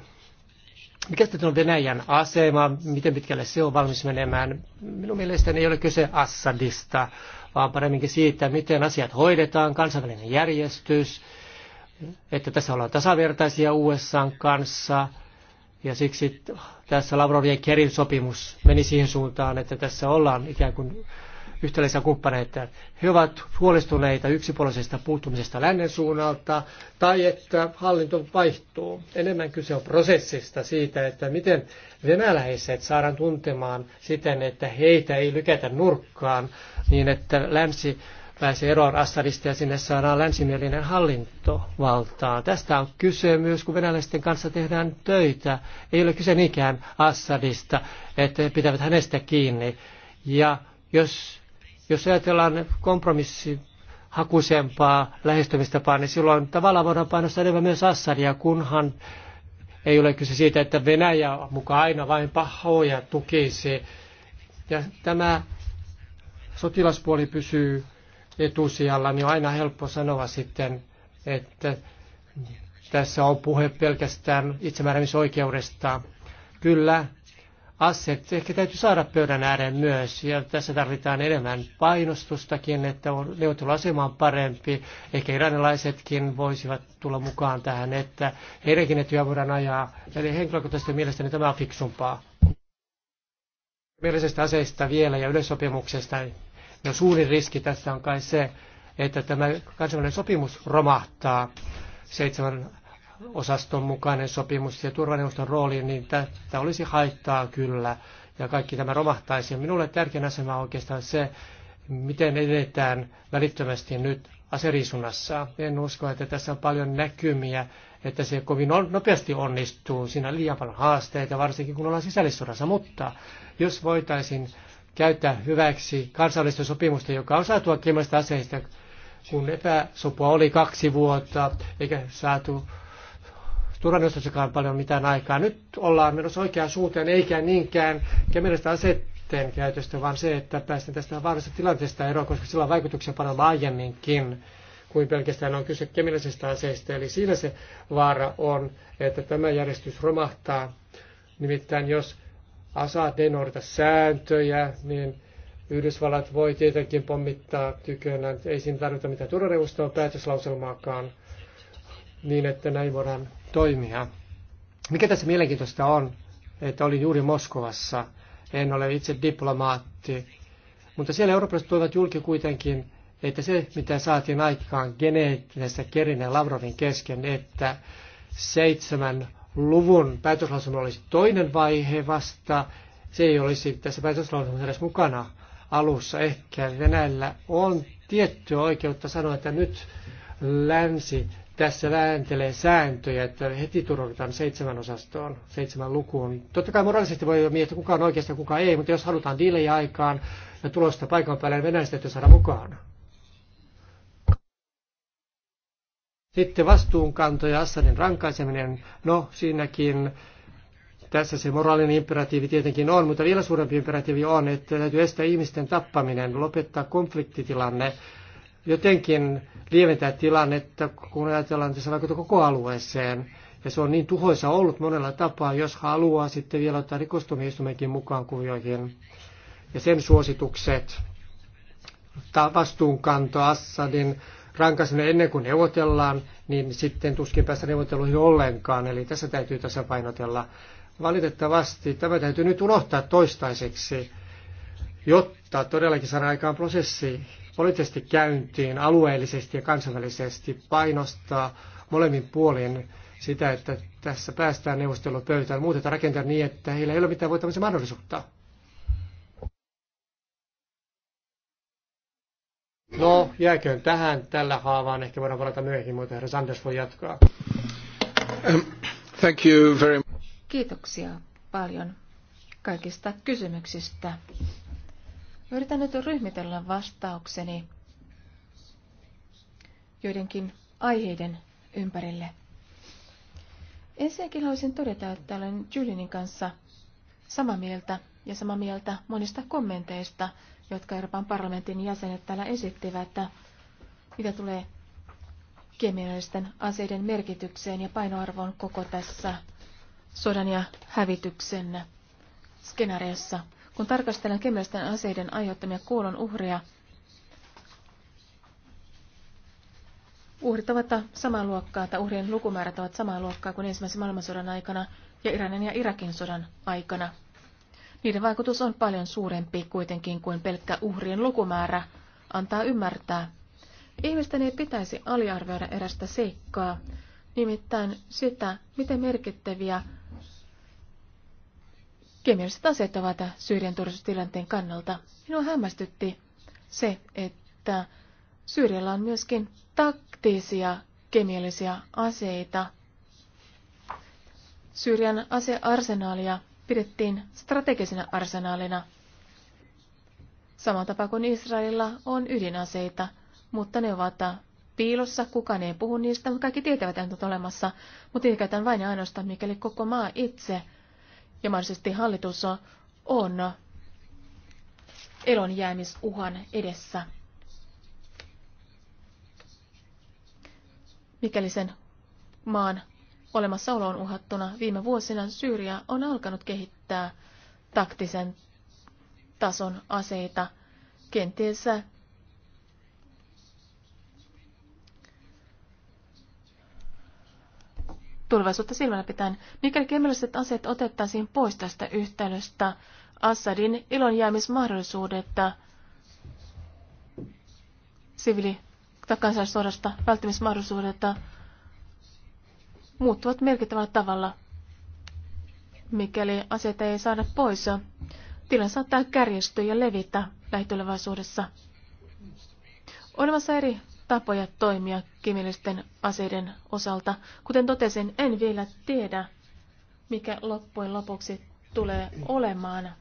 Mikä sitten on Venäjän asema, miten pitkälle se on valmis menemään? Minun mielestäni ei ole kyse Assadista, vaan paremminkin siitä, miten asiat hoidetaan, kansainvälinen järjestys, että tässä ollaan tasavertaisia USA kanssa, ja siksi tässä Lavrovien Kerin sopimus meni siihen suuntaan, että tässä ollaan ikään kuin yhtäläisiä kumppaneita. He ovat huolestuneita yksipuolisesta puuttumisesta lännen suunnalta tai että hallinto vaihtuu. Enemmän kyse on prosessista siitä, että miten venäläiset saadaan tuntemaan siten, että heitä ei lykätä nurkkaan niin, että länsi pääsee eroon Assadista ja sinne saadaan länsimielinen hallinto valtaa. Tästä on kyse myös, kun venäläisten kanssa tehdään töitä. Ei ole kyse niinkään Assadista, että pitävät hänestä kiinni. Ja jos jos ajatellaan kompromissi hakusempaa lähestymistapaa, niin silloin tavallaan voidaan painostaa enemmän myös Assadia, kunhan ei ole kyse siitä, että Venäjä mukaan aina vain pahoja tukisi. Ja tämä sotilaspuoli pysyy etusijalla, niin on aina helppo sanoa sitten, että tässä on puhe pelkästään itsemääräämisoikeudesta. Kyllä, aseet ehkä täytyy saada pöydän ääreen myös, ja tässä tarvitaan enemmän painostustakin, että on, neuvotteluasema on parempi. Ehkä iranilaisetkin voisivat tulla mukaan tähän, että heidänkin etuja voidaan ajaa. Eli henkilökohtaisesti mielestäni tämä on fiksumpaa. Mielisestä aseista vielä ja yleissopimuksesta, no suurin riski tässä on kai se, että tämä kansainvälinen sopimus romahtaa seitsemän osaston mukainen sopimus ja turvaneuvoston rooliin, niin tämä olisi haittaa kyllä ja kaikki tämä romahtaisi. Minulle tärkein asema on oikeastaan se, miten edetään välittömästi nyt aseriisunnassa. En usko, että tässä on paljon näkymiä, että se kovin nopeasti onnistuu. Siinä on liian paljon haasteita, varsinkin kun ollaan sisällissodassa. Mutta jos voitaisiin käyttää hyväksi kansallista sopimusta, joka on saatu kemiallista aseista, kun epäsopua oli kaksi vuotta, eikä saatu Turvallisuussakaan paljon mitään aikaa. Nyt ollaan menossa oikeaan suuntaan, eikä niinkään kemellistä asetteen käytöstä, vaan se, että päästään tästä vaarallisesta tilanteesta eroon, koska sillä on vaikutuksia paljon laajemminkin kuin pelkästään on kyse kemiallisesta aseesta. Eli siinä se vaara on, että tämä järjestys romahtaa. Nimittäin jos Assad ei noudata sääntöjä, niin Yhdysvallat voi tietenkin pommittaa tykönään. Ei siinä tarvita mitään turvaneuvostoa päätöslauselmaakaan niin, että näin voidaan toimia. Mikä tässä mielenkiintoista on, että olin juuri Moskovassa, en ole itse diplomaatti, mutta siellä eurooppalaiset tuovat julki kuitenkin, että se mitä saatiin aikaan geneettisessä Kerin ja Lavrovin kesken, että seitsemän luvun päätöslausuma olisi toinen vaihe vasta, se ei olisi tässä päätöslausumassa edes mukana alussa. Ehkä Venäjällä on tiettyä oikeutta sanoa, että nyt länsi tässä vääntelee sääntöjä, että heti turvataan seitsemän osastoon, seitsemän lukuun. Totta kai moraalisesti voi miettiä, kuka on oikeastaan, kuka ei, mutta jos halutaan diilejä aikaan ja tulosta paikan päälle, niin venäläiset täytyy saada mukaan. Sitten vastuunkanto ja Assadin rankaiseminen. No, siinäkin tässä se moraalinen imperatiivi tietenkin on, mutta vielä suurempi imperatiivi on, että täytyy estää ihmisten tappaminen, lopettaa konfliktitilanne jotenkin lieventää tilannetta, kun ajatellaan, että se vaikuttaa koko alueeseen. Ja se on niin tuhoisa ollut monella tapaa, jos haluaa sitten vielä ottaa rikostumistumekin mukaan kuvioihin. Ja sen suositukset, vastuunkanto Assadin rankaisemme ennen kuin neuvotellaan, niin sitten tuskin päästä neuvotteluihin ollenkaan. Eli tässä täytyy tasapainotella. Valitettavasti tämä täytyy nyt unohtaa toistaiseksi, jotta todellakin saadaan aikaan prosessi, poliittisesti käyntiin alueellisesti ja kansainvälisesti painostaa molemmin puolin sitä, että tässä päästään neuvostelupöytään, muutetaan rakentaa niin, että heillä ei ole mitään voittamisen mahdollisuutta. No, jääköön tähän tällä haavaan. Ehkä voidaan palata myöhemmin, mutta herra Sanders voi jatkaa. Um, thank you very much. Kiitoksia paljon kaikista kysymyksistä Yritän nyt ryhmitellä vastaukseni joidenkin aiheiden ympärille. Ensinnäkin haluaisin todeta, että olen Julinin kanssa samaa mieltä ja samaa mieltä monista kommenteista, jotka Euroopan parlamentin jäsenet täällä esittivät, että mitä tulee kemiallisten aseiden merkitykseen ja painoarvoon koko tässä sodan ja hävityksen skenaariossa. Kun tarkastellaan kemiallisten aseiden aiheuttamia kuolon uhreja, uhrit ovat samaa luokkaa tai uhrien lukumäärät ovat samaa luokkaa kuin ensimmäisen maailmansodan aikana ja Iranin ja Irakin sodan aikana. Niiden vaikutus on paljon suurempi kuitenkin kuin pelkkä uhrien lukumäärä antaa ymmärtää. Ihmisten ei pitäisi aliarvioida erästä seikkaa, nimittäin sitä, miten merkittäviä kemialliset aseet ovat Syyrian turvallisuustilanteen kannalta. Minua hämmästytti se, että Syyrialla on myöskin taktisia kemiallisia aseita. Syyrian asearsenaalia pidettiin strategisena arsenaalina. Samalla tapaa kuin Israelilla on ydinaseita, mutta ne ovat piilossa, kukaan ei puhu niistä, mutta kaikki tietävät, että on olemassa, mutta niitä käytetään vain ja ainoastaan, mikäli koko maa itse ja mahdollisesti hallitus on elonjäämisuhan edessä. Mikäli sen maan olemassaolo on uhattuna, viime vuosina Syyria on alkanut kehittää taktisen tason aseita. Kenties tulevaisuutta silmällä pitäen. Mikäli kemialliset aseet otettaisiin pois tästä yhtälöstä, Assadin ilonjäämismahdollisuudet äh, sivili- tai kansalaissodasta välttämismahdollisuudet äh, muuttuvat merkittävällä tavalla, mikäli aseita ei saada pois. Äh, tilanne saattaa kärjestyä ja levitä lähitulevaisuudessa. Olemassa eri tapoja toimia kemiallisten aseiden osalta. Kuten totesin, en vielä tiedä, mikä loppujen lopuksi tulee olemaan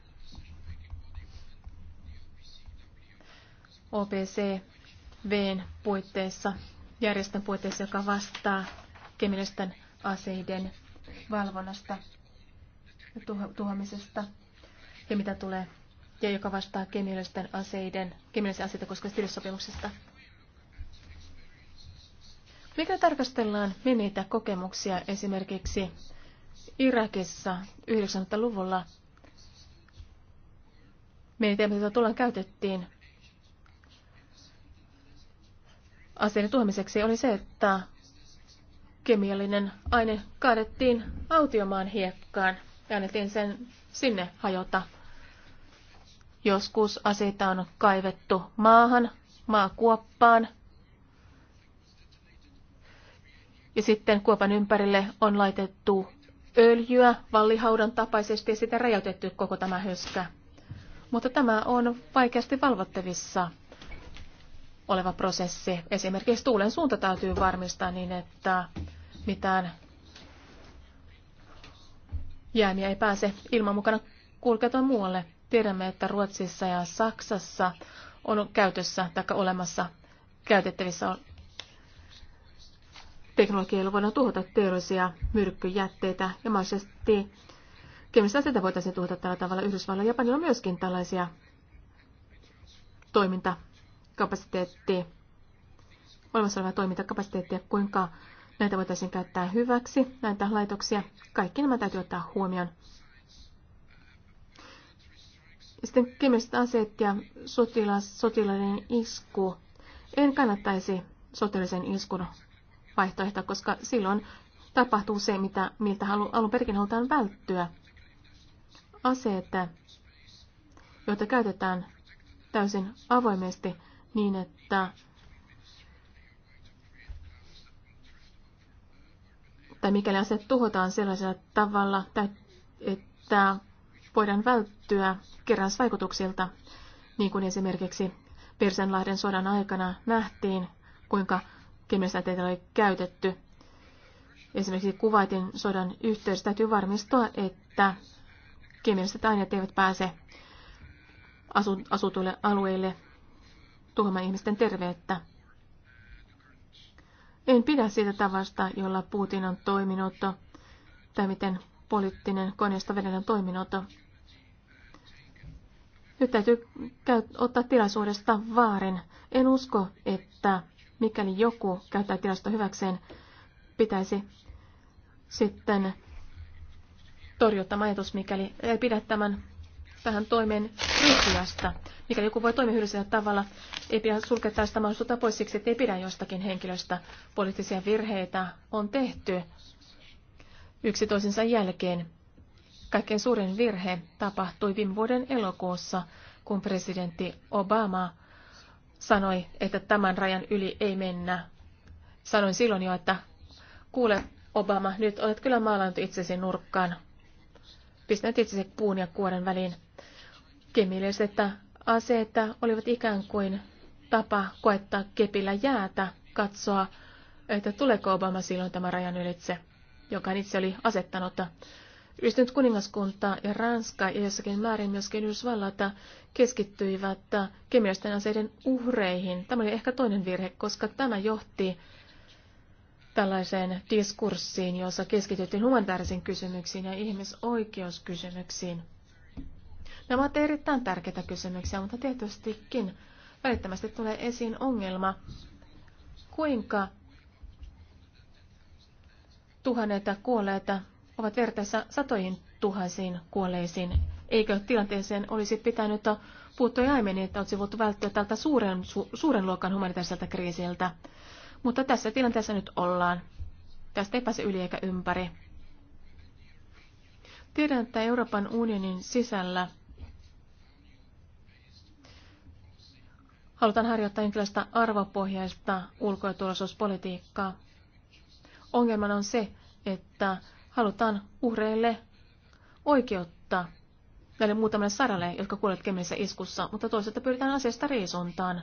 opcv puitteissa, järjestön puitteissa, joka vastaa kemiallisten aseiden valvonnasta ja tuhoamisesta ja mitä tulee ja joka vastaa kemiallisten aseiden, kemiallisten aseiden koskevasta yleissopimuksesta. Mikä tarkastellaan menneitä kokemuksia esimerkiksi Irakissa 90-luvulla, menetelmät, joita tullaan käytettiin aseiden tuomiseksi, oli se, että kemiallinen aine kaadettiin autiomaan hiekkaan ja annettiin sen sinne hajota. Joskus aseita on kaivettu maahan, maakuoppaan – Ja sitten kuopan ympärille on laitettu öljyä vallihaudan tapaisesti ja sitä räjäytetty koko tämä höskä. Mutta tämä on vaikeasti valvottavissa oleva prosessi. Esimerkiksi tuulen suunta täytyy varmistaa niin, että mitään jäämiä ei pääse ilman mukana kulkeutua muualle. Tiedämme, että Ruotsissa ja Saksassa on käytössä tai olemassa käytettävissä teknologialla voidaan tuhota teollisia myrkkyjätteitä ja mahdollisesti kemistä sitä voitaisiin tuhota tällä tavalla. Yhdysvalloilla ja Japanilla on myöskin tällaisia toimintakapasiteettia, olemassa olevaa toimintakapasiteettia, kuinka näitä voitaisiin käyttää hyväksi, näitä laitoksia. Kaikki nämä täytyy ottaa huomioon. Sitten kemialliset aseet ja sotilas, sotilaiden isku. En kannattaisi sotilaisen iskun vaihtoehto, koska silloin tapahtuu se, mitä, miltä halu, alun perkin halutaan välttyä. Aseet, joita käytetään täysin avoimesti niin, että tai mikäli aseet tuhotaan sellaisella tavalla, että voidaan välttyä keräysvaikutuksilta, niin kuin esimerkiksi Persenlahden sodan aikana nähtiin, kuinka kemiallisäteitä oli käytetty. Esimerkiksi Kuvaitin sodan yhteydessä täytyy varmistua, että kemialliset aineet eivät pääse asutuille alueille tuhoamaan ihmisten terveyttä. En pidä siitä tavasta, jolla Putin on toiminut, tai miten poliittinen koneisto Venäjä on toiminut. Nyt täytyy käy, ottaa tilaisuudesta vaarin. En usko, että mikäli joku käyttää tilasta hyväkseen, pitäisi sitten torjua tämä ajatus, mikäli ei eh, pidä tämän tähän toimeen ryhtyästä. Mikäli joku voi toimia hyödyllisellä tavalla, ei pidä sulkea tästä mahdollisuutta pois siksi, että ei pidä jostakin henkilöstä. Poliittisia virheitä on tehty yksi toisensa jälkeen. Kaikkein suurin virhe tapahtui viime vuoden elokuussa, kun presidentti Obama – sanoi, että tämän rajan yli ei mennä. Sanoin silloin jo, että kuule Obama, nyt olet kyllä maalannut itsesi nurkkaan. Pistänyt itsesi puun ja kuoren väliin. Kemilliset että aseet olivat ikään kuin tapa koettaa kepillä jäätä, katsoa, että tuleeko Obama silloin tämän rajan ylitse, joka itse oli asettanut. Yhdistynyt kuningaskunta ja Ranska ja jossakin määrin myöskin Yhdysvallat keskittyivät kemiallisten aseiden uhreihin. Tämä oli ehkä toinen virhe, koska tämä johti tällaiseen diskurssiin, jossa keskityttiin humanitaarisiin kysymyksiin ja ihmisoikeuskysymyksiin. Nämä ovat erittäin tärkeitä kysymyksiä, mutta tietystikin välittömästi tulee esiin ongelma, kuinka tuhannet kuolleita ovat vertaissa satoihin tuhansiin kuolleisiin. Eikö tilanteeseen olisi pitänyt puuttua ja aiemmin, niin että olisi voitu välttyä tältä suuren, su, suuren luokan humanitaariselta kriisiltä? Mutta tässä tilanteessa nyt ollaan. Tästä ei pääse yli eikä ympäri. Tiedän, että Euroopan unionin sisällä halutaan harjoittaa jonkinlaista arvopohjaista ulko- ja turvallisuuspolitiikkaa. Ongelmana on se, että halutaan uhreille oikeutta näille muutamille saralle, jotka kuolevat kemissä iskussa, mutta toisaalta pyritään asiasta riisuntaan.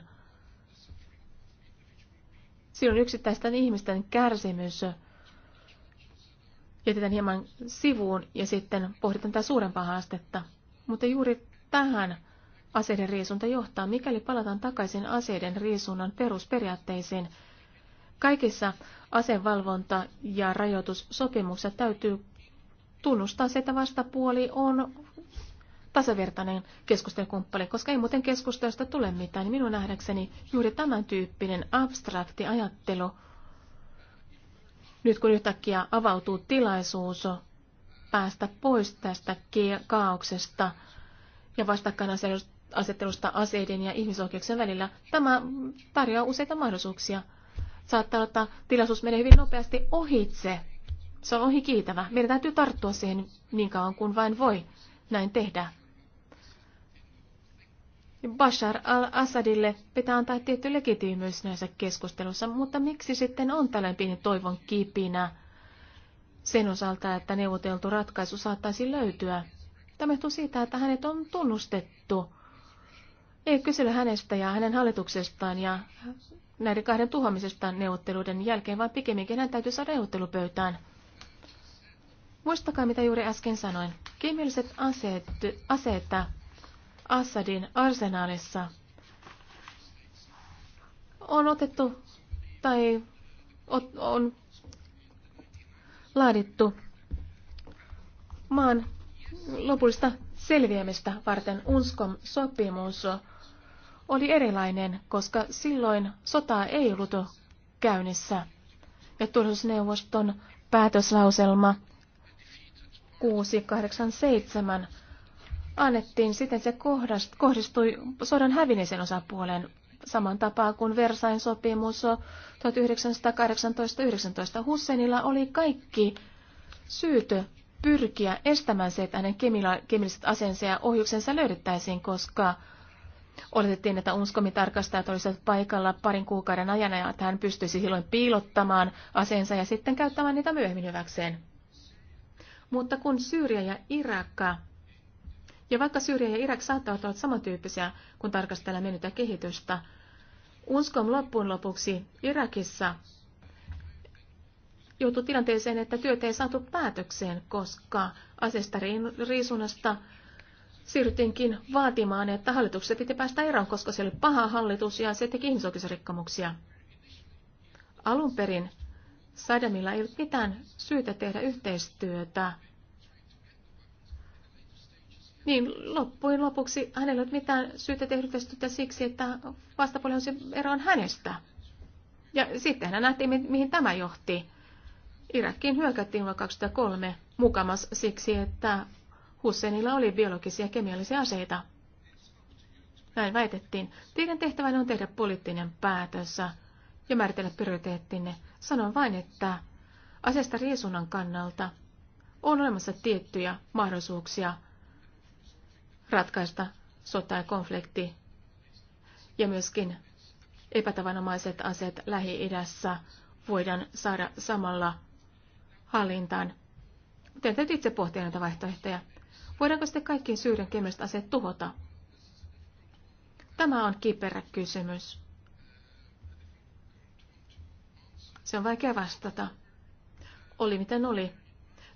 Silloin yksittäisten ihmisten kärsimys jätetään hieman sivuun ja sitten pohditaan tätä suurempaa haastetta. Mutta juuri tähän aseiden riisunta johtaa, mikäli palataan takaisin aseiden riisunnan perusperiaatteisiin. Kaikissa asevalvonta- ja rajoitussopimuksessa täytyy tunnustaa se, että vastapuoli on tasavertainen keskustelukumppani, koska ei muuten keskustelusta tule mitään. Niin minun nähdäkseni juuri tämän tyyppinen abstrakti ajattelu, nyt kun yhtäkkiä avautuu tilaisuus päästä pois tästä kaauksesta ja vastakkainasettelusta aseiden ja ihmisoikeuksien välillä, tämä tarjoaa useita mahdollisuuksia – saattaa olla, että tilaisuus menee hyvin nopeasti ohitse. Se on ohi kiitävä. Meidän täytyy tarttua siihen niin kauan kuin vain voi näin tehdä. Bashar al-Assadille pitää antaa tietty legitiimyys näissä keskustelussa, mutta miksi sitten on tällainen pieni toivon kipinä sen osalta, että neuvoteltu ratkaisu saattaisi löytyä? Tämä johtuu siitä, että hänet on tunnustettu. Ei kysellä hänestä ja hänen hallituksestaan ja näiden kahden tuhoamisesta neuvotteluiden jälkeen, vaan pikemminkin hän täytyy saada neuvottelupöytään. Muistakaa, mitä juuri äsken sanoin. Kemialliset aseet, aseet Assadin arsenaalissa on otettu tai on laadittu maan lopullista selviämistä varten UNSCOM-sopimus oli erilainen, koska silloin sotaa ei ollut käynnissä. Ja turvallisuusneuvoston päätöslauselma 687 annettiin siten se kohdistui sodan hävinnisen osapuoleen saman tapaa kuin Versain sopimus 1918-19. Husseinilla oli kaikki syyt pyrkiä estämään se, että hänen kemilliset asensa ja ohjuksensa löydettäisiin, koska Oletettiin, että tarkastaa olisivat paikalla parin kuukauden ajan ja että hän pystyisi silloin piilottamaan aseensa ja sitten käyttämään niitä myöhemmin hyväkseen. Mutta kun Syyria ja Irak, ja vaikka Syyria ja Irak saattavat olla samantyyppisiä, kun tarkastellaan mennyttä kehitystä, Unskom loppuun lopuksi Irakissa joutui tilanteeseen, että työt ei saatu päätökseen, koska asesta riisunnasta siirryttiinkin vaatimaan, että hallituksessa piti päästä eroon, koska se oli paha hallitus ja se teki ihmisoikeusrikkomuksia. Alun perin Sadamilla ei ollut mitään syytä tehdä yhteistyötä. Niin loppujen lopuksi hänellä ei ollut mitään syytä tehdä yhteistyötä siksi, että vastapuoli on se eroon hänestä. Ja sitten hän nähtiin, mihin tämä johti. Irakkiin hyökättiin vuonna 2003 mukamas siksi, että Husseinilla oli biologisia ja kemiallisia aseita. Näin väitettiin. Teidän tehtävänne on tehdä poliittinen päätös ja määritellä prioriteettinne. Sanon vain, että asesta riesunnan kannalta on olemassa tiettyjä mahdollisuuksia ratkaista sota ja konflikti ja myöskin epätavanomaiset aseet Lähi-idässä voidaan saada samalla hallintaan. Teidän täytyy itse pohtia näitä vaihtoehtoja. Voidaanko sitten kaikkien syyden kemiset aseet tuhota? Tämä on kiperä kysymys. Se on vaikea vastata. Oli miten oli.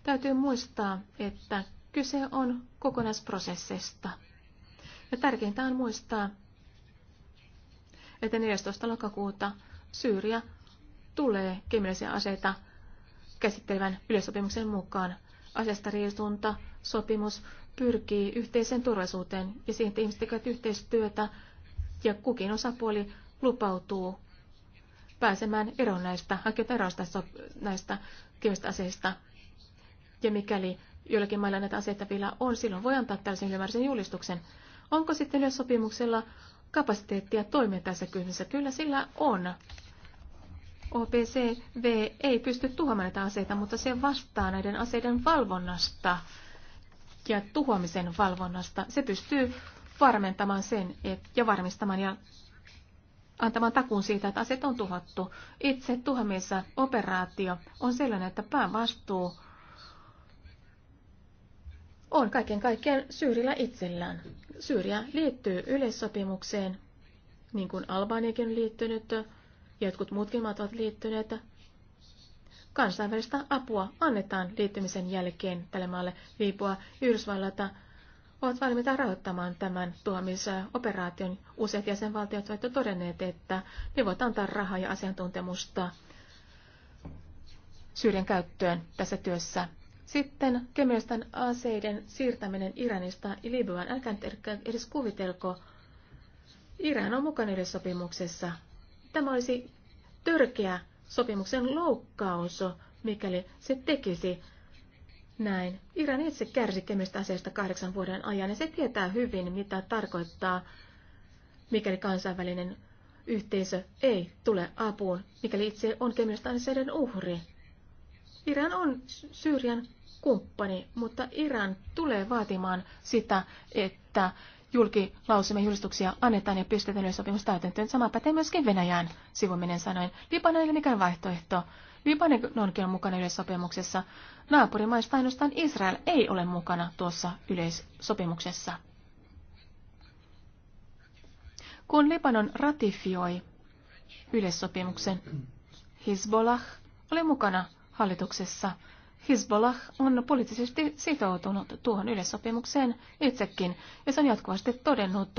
Täytyy muistaa, että kyse on kokonaisprosessista. Ja tärkeintä on muistaa, että 14. lokakuuta Syyria tulee kemiallisia aseita käsittelevän yleissopimuksen mukaan. Asestariisunta, sopimus pyrkii yhteiseen turvallisuuteen ja siihen, että ihmiset tekevät yhteistyötä ja kukin osapuoli lupautuu pääsemään eroon näistä, hakemaan eroon näistä kevyistä aseista. Ja mikäli joillakin mailla näitä aseita vielä on, silloin voi antaa tällaisen ylimääräisen julistuksen. Onko sitten yleissopimuksella kapasiteettia toimia tässä kysymyksessä? Kyllä sillä on. OPCV ei pysty tuhoamaan näitä aseita, mutta se vastaa näiden aseiden valvonnasta ja tuhoamisen valvonnasta. Se pystyy varmentamaan sen et, ja varmistamaan ja antamaan takuun siitä, että aset on tuhottu. Itse tuhoamisessa operaatio on sellainen, että päävastuu on kaiken kaikkiaan Syyrillä itsellään. Syyriä liittyy yleissopimukseen, niin kuin Albaniakin on liittynyt, jotkut muutkin maat ovat liittyneet, kansainvälistä apua annetaan liittymisen jälkeen tälle maalle viipua. Yhdysvallata ovat valmiita rahoittamaan tämän tuomisoperaation. Useat jäsenvaltiot ovat jo todenneet, että ne voivat antaa rahaa ja asiantuntemusta syyden käyttöön tässä työssä. Sitten kemiallisten aseiden siirtäminen Iranista Libyan. Älkää edes kuvitelko, Iran on mukana sopimuksessa. Tämä olisi törkeä sopimuksen loukkaus, mikäli se tekisi näin. Iran itse kärsi kemistä asiasta kahdeksan vuoden ajan ja se tietää hyvin, mitä tarkoittaa, mikäli kansainvälinen yhteisö ei tule apuun, mikäli itse on kemistä aseiden uhri. Iran on Syyrian kumppani, mutta Iran tulee vaatimaan sitä, että julkilausumia julistuksia annetaan ja pistetään yleissopimus täytäntöön. Sama pätee myöskin Venäjään, sivuminen sanoen. Libanon ei mikään vaihtoehto. Libanonkin on mukana yleissopimuksessa. Naapurimaista ainoastaan Israel ei ole mukana tuossa yleissopimuksessa. Kun Libanon ratifioi yleissopimuksen, Hezbollah oli mukana hallituksessa Hezbollah on poliittisesti sitoutunut tuohon yleissopimukseen itsekin, ja se on jatkuvasti todennut,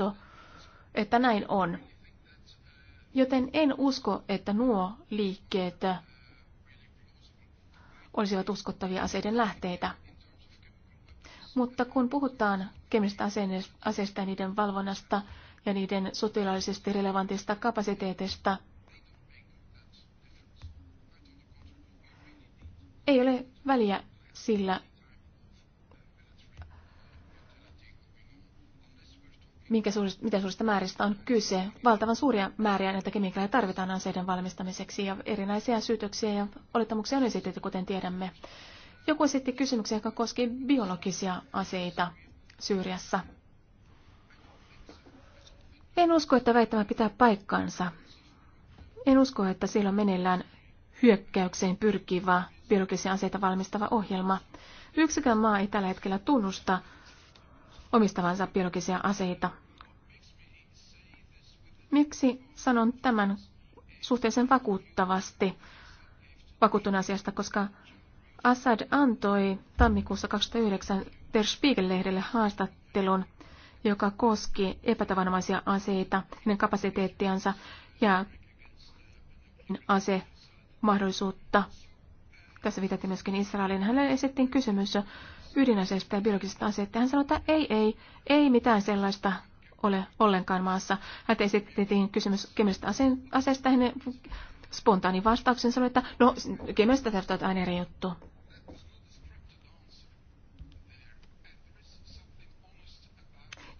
että näin on. Joten en usko, että nuo liikkeet olisivat uskottavia aseiden lähteitä. Mutta kun puhutaan kemistä aseista ja niiden valvonnasta ja niiden sotilaallisesti relevantista kapasiteetista, Ei ole väliä sillä, minkä suurista, mitä suurista määristä on kyse. Valtavan suuria määriä näitä kemikaaleja tarvitaan aseiden valmistamiseksi ja erinäisiä syytöksiä ja olettamuksia on esitetty, kuten tiedämme. Joku esitti kysymyksiä, joka koski biologisia aseita Syyriassa. En usko, että väittämä pitää paikkansa. En usko, että siellä on meneillään hyökkäykseen pyrkivä biologisia aseita valmistava ohjelma. Yksikään maa ei tällä hetkellä tunnusta omistavansa biologisia aseita. Miksi sanon tämän suhteellisen vakuuttavasti vakuuttuna asiasta, koska Assad antoi tammikuussa 2009 Der Spiegel-lehdelle haastattelun, joka koski epätavanomaisia aseita, hänen kapasiteettiansa ja ase mahdollisuutta tässä viitattiin myöskin Israelin. Hänelle esittiin kysymys ydinaseista ja biologisista aseista. Hän sanoi, että ei, ei, ei mitään sellaista ole ollenkaan maassa. Hän esitettiin kysymys kemistä aseista. Hän spontaani vastauksen sanoi, että no, kemistä täytyy aina eri juttu.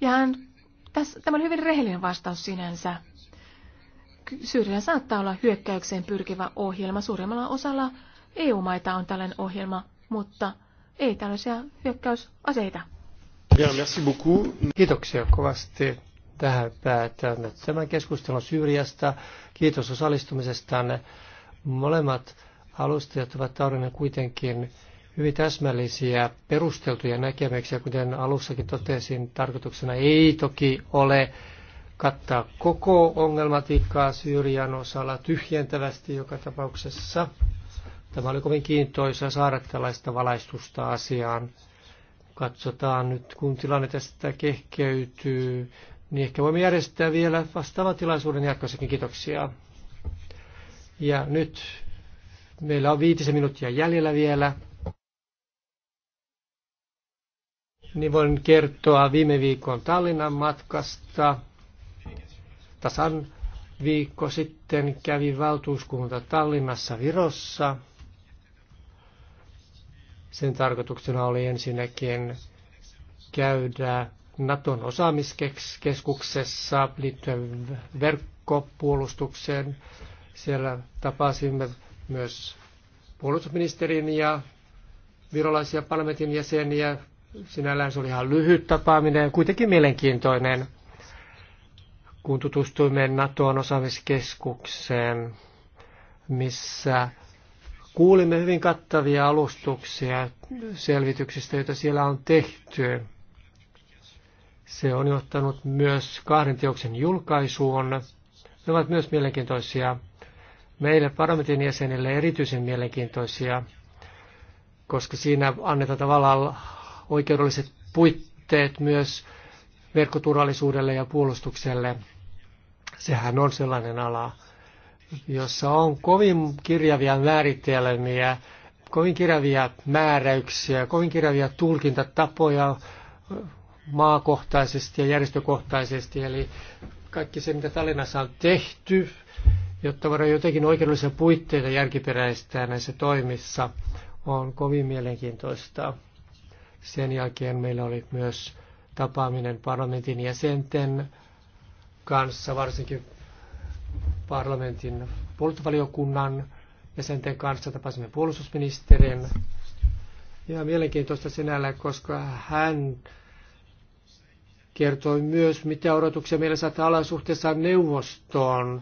Ja hän, tässä, tämä on hyvin rehellinen vastaus sinänsä. Syyrialla saattaa olla hyökkäykseen pyrkivä ohjelma. Suurimmalla osalla EU-maita on tällainen ohjelma, mutta ei tällaisia hyökkäysaseita. Kiitoksia kovasti. Tähän päätämme tämän keskustelun Syyriasta. Kiitos osallistumisestanne. Molemmat alustajat ovat tarjonneet kuitenkin hyvin täsmällisiä perusteltuja näkemyksiä. Kuten alussakin totesin, tarkoituksena ei toki ole kattaa koko ongelmatiikkaa Syyrian osalla tyhjentävästi joka tapauksessa. Tämä oli kovin kiintoisa saada tällaista valaistusta asiaan. Katsotaan nyt, kun tilanne tästä kehkeytyy, niin ehkä voimme järjestää vielä vastaavan tilaisuuden jatkossakin. Kiitoksia. Ja nyt meillä on viitisen minuuttia jäljellä vielä. Niin voin kertoa viime viikon Tallinnan matkasta. Tasan viikko sitten kävi valtuuskunta Tallinnassa Virossa. Sen tarkoituksena oli ensinnäkin käydä Naton osaamiskeskuksessa liittyen verkkopuolustukseen. Siellä tapasimme myös puolustusministerin ja virolaisia parlamentin jäseniä. Sinällään se oli ihan lyhyt tapaaminen ja kuitenkin mielenkiintoinen, kun tutustuimme Naton osaamiskeskukseen, missä Kuulimme hyvin kattavia alustuksia selvityksistä, joita siellä on tehty. Se on johtanut myös kahden teoksen julkaisuun. Ne ovat myös mielenkiintoisia. Meille parlamentin jäsenille erityisen mielenkiintoisia, koska siinä annetaan tavallaan oikeudelliset puitteet myös verkkoturvallisuudelle ja puolustukselle. Sehän on sellainen ala, jossa on kovin kirjavia määritelmiä, kovin kirjavia määräyksiä, kovin kirjavia tulkintatapoja maakohtaisesti ja järjestökohtaisesti. Eli kaikki se, mitä Tallinnassa on tehty, jotta voidaan jotenkin oikeudellisia puitteita järkiperäistää näissä toimissa, on kovin mielenkiintoista. Sen jälkeen meillä oli myös tapaaminen parlamentin jäsenten kanssa, varsinkin parlamentin puolustusvaliokunnan jäsenten kanssa, tapasimme puolustusministerin. Ja mielenkiintoista sinällä, koska hän kertoi myös, mitä odotuksia meillä saattaa olla suhteessa neuvostoon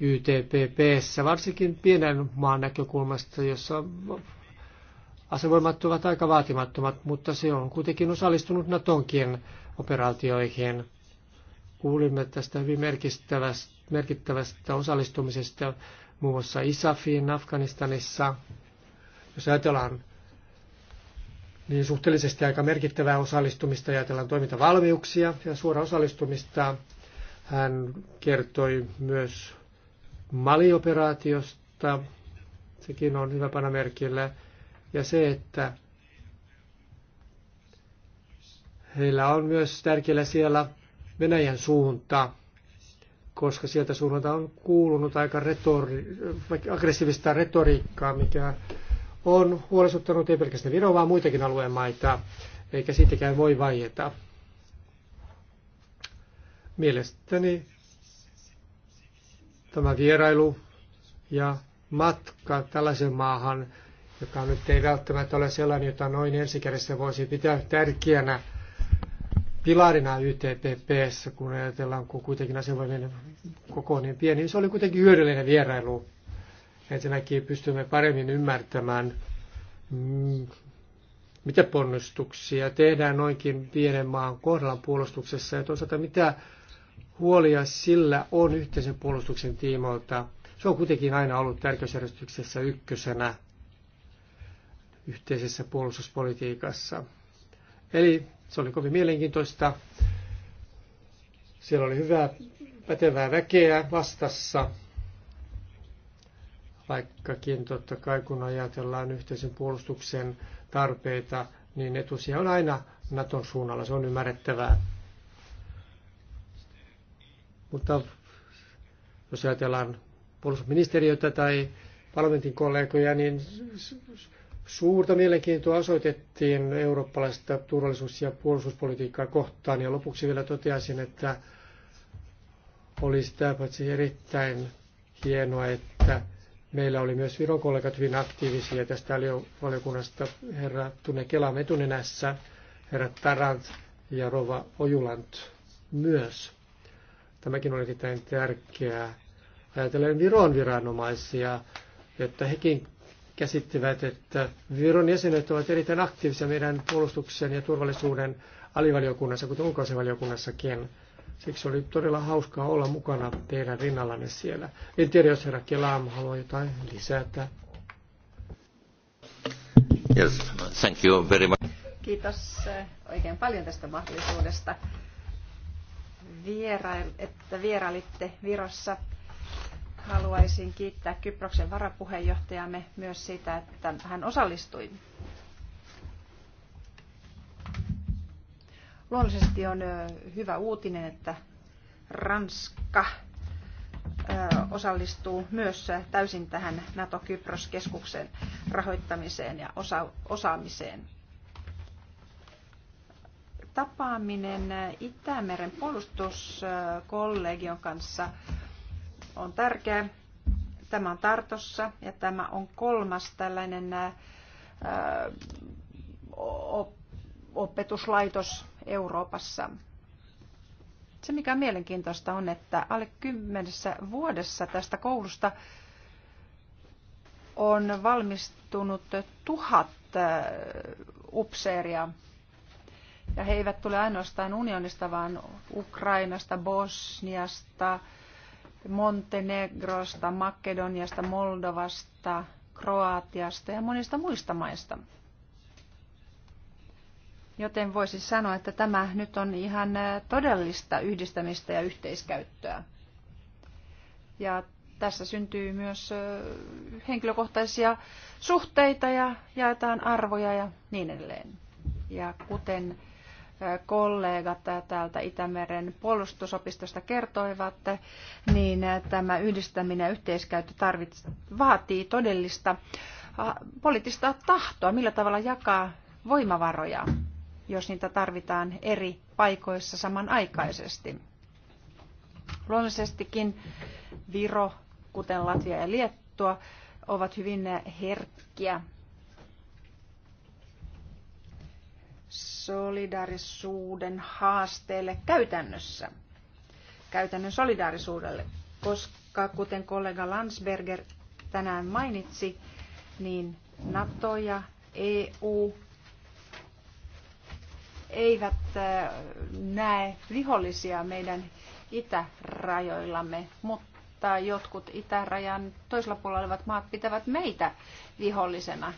YTPPssä, varsinkin pienen maan näkökulmasta, jossa asevoimat ovat aika vaatimattomat, mutta se on kuitenkin osallistunut Natonkin operaatioihin. Kuulimme tästä hyvin merkittävästä merkittävästä osallistumisesta muun muassa ISAFiin Afganistanissa. Jos ajatellaan niin suhteellisesti aika merkittävää osallistumista ja ajatellaan toimintavalmiuksia ja suora osallistumista. Hän kertoi myös Mali-operaatiosta, sekin on hyvä panna merkille, ja se, että heillä on myös tärkeillä siellä Venäjän suunta koska sieltä suunnalta on kuulunut aika retori, aggressiivista retoriikkaa, mikä on huolestuttanut ei pelkästään Viroa, vaan muitakin alueen maita, eikä siitäkään voi vaieta. Mielestäni tämä vierailu ja matka tällaisen maahan, joka nyt ei välttämättä ole sellainen, jota noin ensikädessä voisi pitää tärkeänä, pilarina YTPPssä, kun ajatellaan, kun kuitenkin asevoimien koko on niin pieni, niin se oli kuitenkin hyödyllinen vierailu. Ensinnäkin pystymme paremmin ymmärtämään, mm, mitä ponnistuksia tehdään noinkin pienen maan kohdalla puolustuksessa ja toisaalta mitä huolia sillä on yhteisen puolustuksen tiimoilta. Se on kuitenkin aina ollut tärkeysjärjestyksessä ykkösenä yhteisessä puolustuspolitiikassa. Eli se oli kovin mielenkiintoista. Siellä oli hyvää, pätevää väkeä vastassa. Vaikkakin totta kai kun ajatellaan yhteisen puolustuksen tarpeita, niin etusia on aina Naton suunnalla, se on ymmärrettävää. Mutta jos ajatellaan puolustusministeriötä tai parlamentin kollegoja, niin Suurta mielenkiintoa osoitettiin eurooppalaista turvallisuus- ja puolustuspolitiikkaa kohtaan ja lopuksi vielä toteaisin, että oli sitä paitsi erittäin hienoa, että meillä oli myös Viron kollegat hyvin aktiivisia tästä valiokunnasta herra tunne Kela metunenässä, herra Tarant ja Rova Ojulant myös. Tämäkin oli erittäin tärkeää. Ajatellen Viron viranomaisia, että hekin käsittivät, että Viron jäsenet ovat erittäin aktiivisia meidän puolustuksen ja turvallisuuden alivaliokunnassa, kuten ulkoasevaliokunnassakin. Siksi oli todella hauskaa olla mukana teidän rinnallanne siellä. En tiedä, jos herra Kelaam haluaa jotain lisätä. Yes, thank you very much. Kiitos eh, oikein paljon tästä mahdollisuudesta, että vierailitte Virossa Haluaisin kiittää Kyproksen varapuheenjohtajamme myös siitä, että hän osallistui. Luonnollisesti on hyvä uutinen, että Ranska osallistuu myös täysin tähän NATO-Kypros-keskuksen rahoittamiseen ja osa- osaamiseen. Tapaaminen Itämeren puolustuskollegion kanssa on tärkeä. Tämä on Tartossa ja tämä on kolmas tällainen ää, opetuslaitos Euroopassa. Se mikä on mielenkiintoista on, että alle kymmenessä vuodessa tästä koulusta on valmistunut tuhat upseeria. Ja he eivät tule ainoastaan unionista, vaan Ukrainasta, Bosniasta, Montenegrosta, Makedoniasta, Moldovasta, Kroatiasta ja monista muista maista. Joten voisi sanoa, että tämä nyt on ihan todellista yhdistämistä ja yhteiskäyttöä. Ja tässä syntyy myös henkilökohtaisia suhteita ja jaetaan arvoja ja niin edelleen. Ja kuten kollegat täältä Itämeren puolustusopistosta kertoivat, niin tämä yhdistäminen ja yhteiskäyttö tarvits, vaatii todellista äh, poliittista tahtoa, millä tavalla jakaa voimavaroja, jos niitä tarvitaan eri paikoissa samanaikaisesti. Luonnollisestikin Viro, kuten Latvia ja Liettua, ovat hyvin herkkiä solidaarisuuden haasteelle käytännössä, käytännön solidaarisuudelle, koska kuten kollega Landsberger tänään mainitsi, niin NATO ja EU eivät äh, näe vihollisia meidän itärajoillamme, mutta jotkut itärajan toisella puolella olevat maat pitävät meitä vihollisena.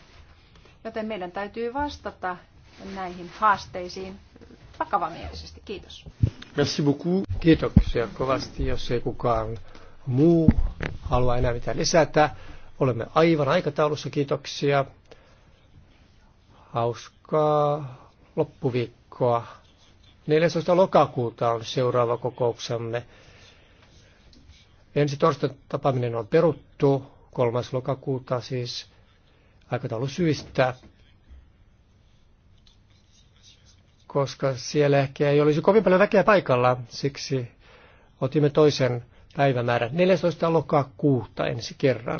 Joten meidän täytyy vastata näihin haasteisiin vakavamielisesti. Kiitos. Merci beaucoup. Kiitoksia kovasti, jos ei kukaan muu halua enää mitään lisätä. Olemme aivan aikataulussa, kiitoksia. Hauskaa loppuviikkoa. 14. lokakuuta on seuraava kokouksemme. Ensi torstain tapaaminen on peruttu, 3. lokakuuta siis aikataulusyistä. koska siellä ehkä ei olisi kovin paljon väkeä paikalla, siksi otimme toisen päivämäärän 14. lokakuuta ensi kerran.